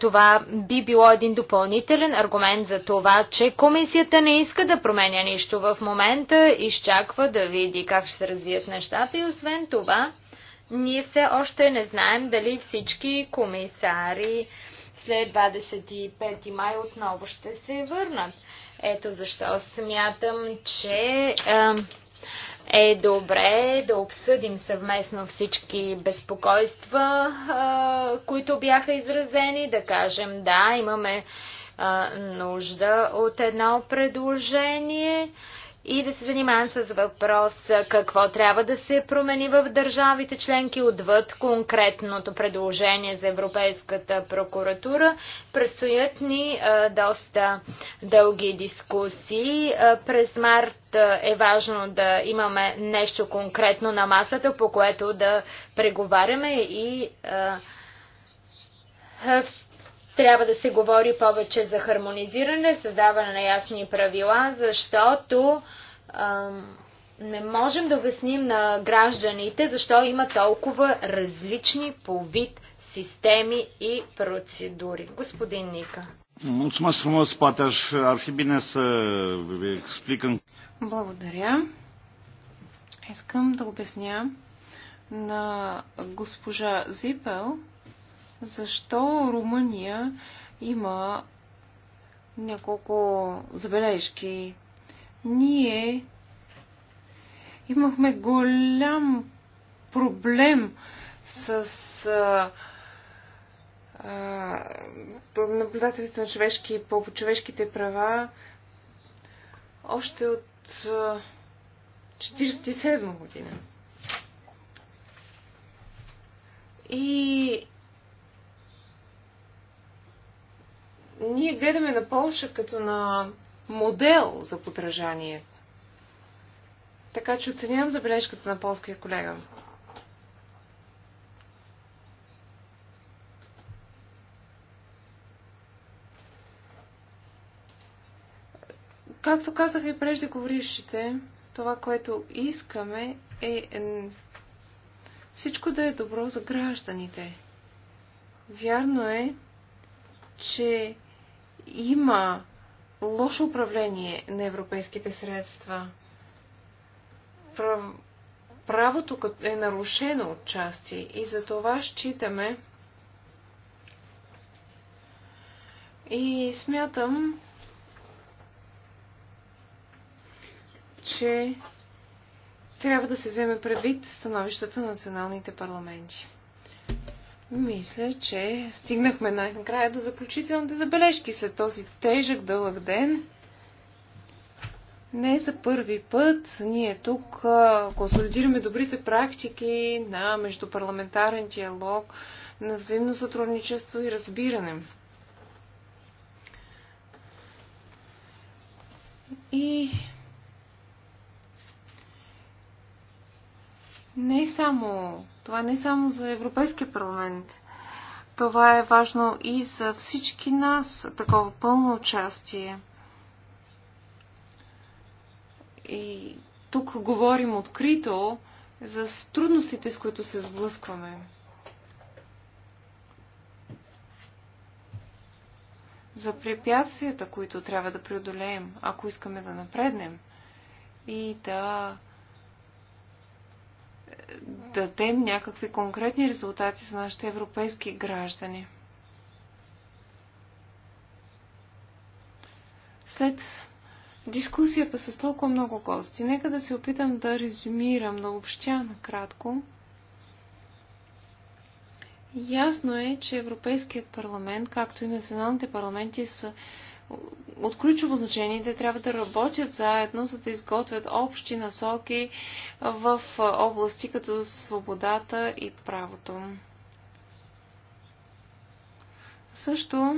това би било един допълнителен аргумент за това, че комисията не иска да променя нищо в момента, изчаква да види как ще се развият нещата и освен това ние все още не знаем дали всички комисари след 25 май отново ще се върнат. Ето защо смятам, че е добре да обсъдим съвместно всички безпокойства, които бяха изразени, да кажем да, имаме нужда от едно предложение и да се занимавам с въпрос какво трябва да се промени в държавите членки отвъд конкретното предложение за Европейската прокуратура. Предстоят ни а, доста дълги дискусии. А, през март а, е важно да имаме нещо конкретно на масата, по което да преговаряме и а, трябва да се говори повече за хармонизиране, създаване на ясни правила, защото а, не можем да обясним на гражданите защо има толкова различни по вид системи и процедури. Господин Ника. Благодаря. Искам да обясня на госпожа Зипел, защо Румъния има няколко забележки. Ние имахме голям проблем с а, а, наблюдателите на човешки, по човешките права още от а, 47 година. И ние гледаме на Полша като на модел за подражание. Така че оценявам забележката на полския колега. Както казах и преждеговорившите, това, което искаме е всичко да е добро за гражданите. Вярно е, че има лошо управление на европейските средства. Правото е нарушено от части и за това считаме и смятам, че трябва да се вземе предвид становищата на националните парламенти. Мисля, че стигнахме най-накрая до заключителните забележки след този тежък дълъг ден. Не за първи път ние тук консолидираме добрите практики на междупарламентарен диалог, на взаимно сътрудничество и разбиране. И не само това е не само за Европейския парламент. Това е важно и за всички нас, такова пълно участие. И тук говорим открито за трудностите, с които се сблъскваме. За препятствията, които трябва да преодолеем, ако искаме да напреднем и да дадем някакви конкретни резултати за нашите европейски граждани. След дискусията с толкова много гости, нека да се опитам да резюмирам, на общя накратко. Ясно е, че Европейският парламент, както и националните парламенти, са от ключово значение. Те трябва да работят заедно, за да изготвят общи насоки в области като свободата и правото. Също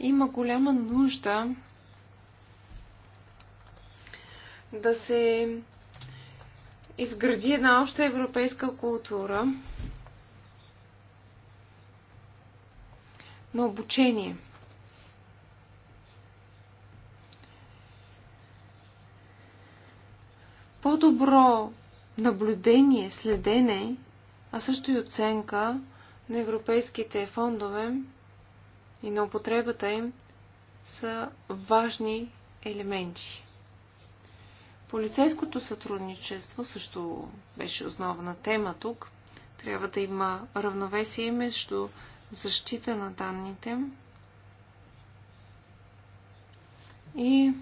има голяма нужда да се изгради една обща европейска култура, на обучение. По-добро наблюдение, следене, а също и оценка на европейските фондове и на употребата им са важни елементи. Полицейското сътрудничество също беше основна тема тук. Трябва да има равновесие между защита на данните и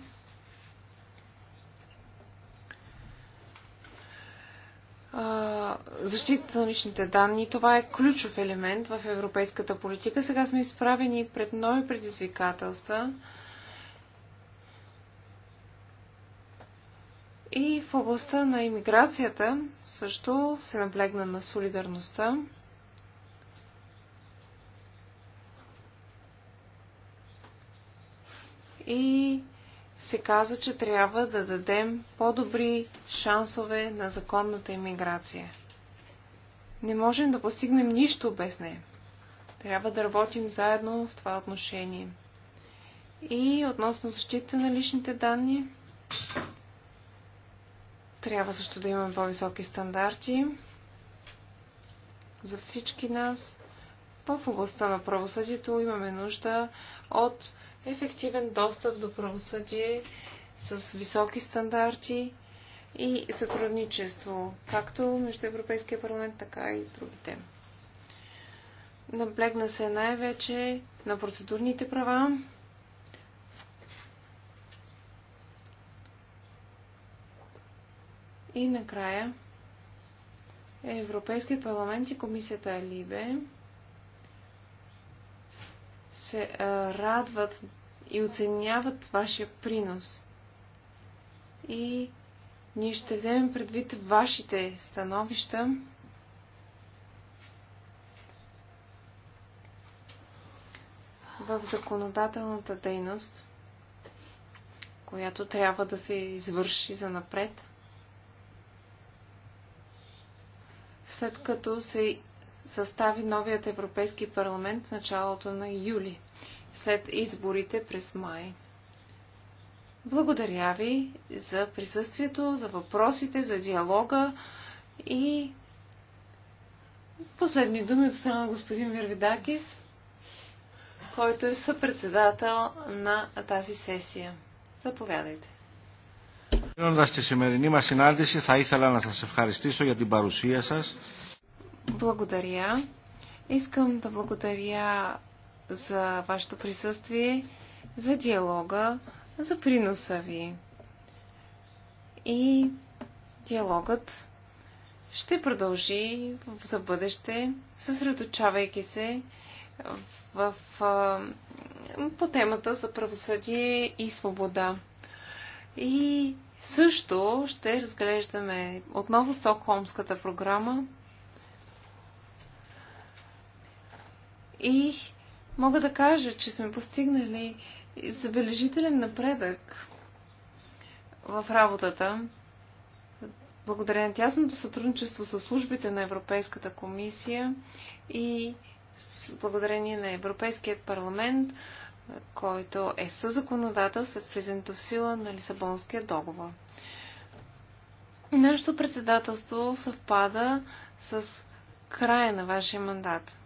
защита на личните данни. Това е ключов елемент в европейската политика. Сега сме изправени пред нови предизвикателства. И в областта на иммиграцията също се наблегна на солидарността. и се каза, че трябва да дадем по-добри шансове на законната иммиграция. Не можем да постигнем нищо без нея. Трябва да работим заедно в това отношение. И относно защита на личните данни, трябва също да имаме по-високи стандарти за всички нас. В областта на правосъдието имаме нужда от ефективен достъп до правосъдие с високи стандарти и сътрудничество, както между Европейския парламент, така и другите. Наблегна се най-вече на процедурните права, И накрая Европейския парламент и комисията Либе се е, радват и оценяват вашия принос. И ние ще вземем предвид вашите становища. в законодателната дейност, която трябва да се извърши за напред, след като се състави новият Европейски парламент в началото на юли, след изборите през май. Благодаря ви за присъствието, за въпросите, за диалога и последни думи от страна на господин Вирвидакис, който е съпредседател на тази сесия. Заповядайте. Κλείνοντα τη σημερινή μα συνάντηση, θα ήθελα να σας ευχαριστήσω για την παρουσία σας. Благодаря. Искам да благодаря за вашето присъствие, за диалога, за приноса ви. И диалогът ще продължи за бъдеще, съсредочавайки се в, в, по темата за правосъдие и свобода. И също ще разглеждаме отново Стокхолмската програма И мога да кажа, че сме постигнали забележителен напредък в работата, благодаря на тясното сътрудничество с службите на Европейската комисия и с благодарение на Европейският парламент, който е законодател след влизането в сила на Лисабонския договор. Нашето председателство съвпада с края на вашия мандат.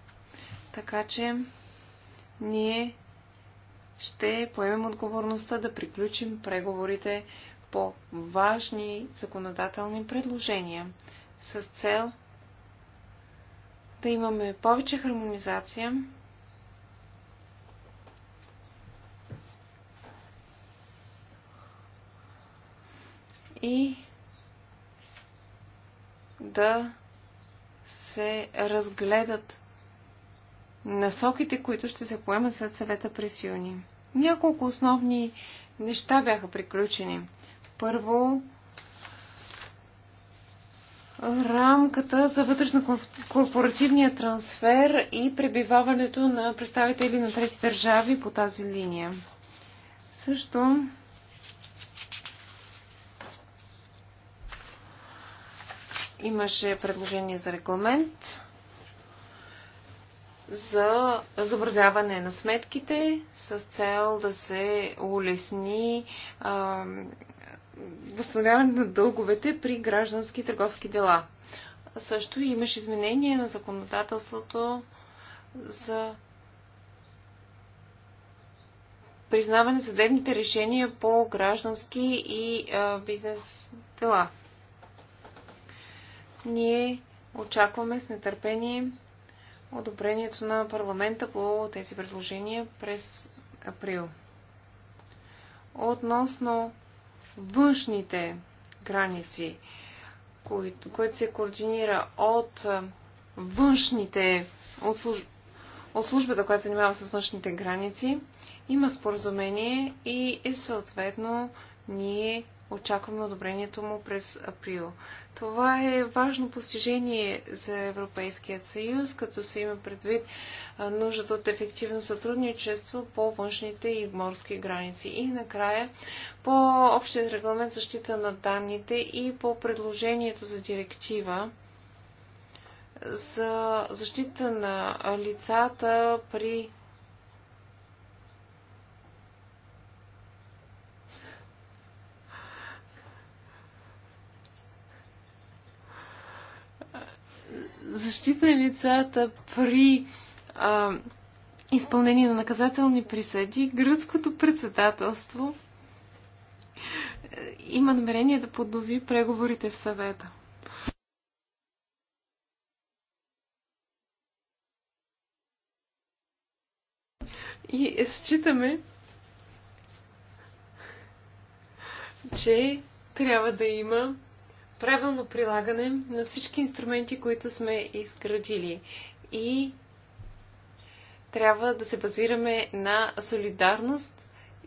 Така че ние ще поемем отговорността да приключим преговорите по важни законодателни предложения с цел да имаме повече хармонизация и да се разгледат насоките, които ще се поемат след съвета през юни. Няколко основни неща бяха приключени. Първо, рамката за вътрешно-корпоративния трансфер и пребиваването на представители на трети държави по тази линия. Също имаше предложение за регламент за замразяване на сметките с цел да се улесни а, възстановяване на дълговете при граждански и търговски дела. Също имаше изменение на законодателството за признаване съдебните решения по граждански и а, бизнес дела. Ние очакваме с нетърпение одобрението на парламента по тези предложения през април. Относно външните граници, които, които се координира от външните, от, служ... от службата, която се занимава с външните граници, има споразумение и, и е съответно ние Очакваме одобрението му през април. Това е важно постижение за Европейският съюз, като се има предвид нуждата от ефективно сътрудничество по външните и морски граници. И накрая по общият регламент защита на данните и по предложението за директива за защита на лицата при защита на лицата при а, изпълнение на наказателни присъди, гръцкото председателство е, има намерение да поднови преговорите в съвета. И е, считаме, че трябва да има правилно прилагане на всички инструменти, които сме изградили. И трябва да се базираме на солидарност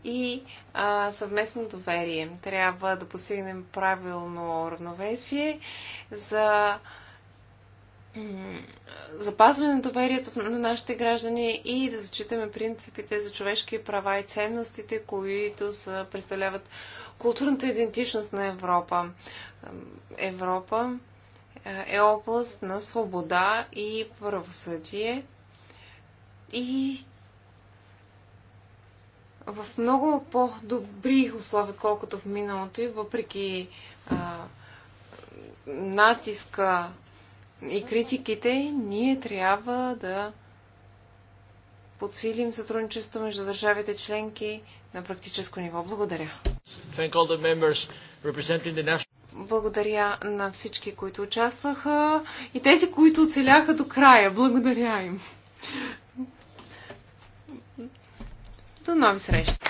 и а, съвместно доверие. Трябва да постигнем правилно равновесие за запазване на доверието на нашите граждани и да зачитаме принципите за човешки права и ценностите, които са, представляват културната идентичност на Европа. Европа е област на свобода и правосъдие и в много по-добри условия, отколкото в миналото и въпреки а, натиска и критиките, ние трябва да подсилим сътрудничество между държавите членки, на практическо ниво. Благодаря. Благодаря на всички, които участваха и тези, които оцеляха до края. Благодаря им. До нови срещи!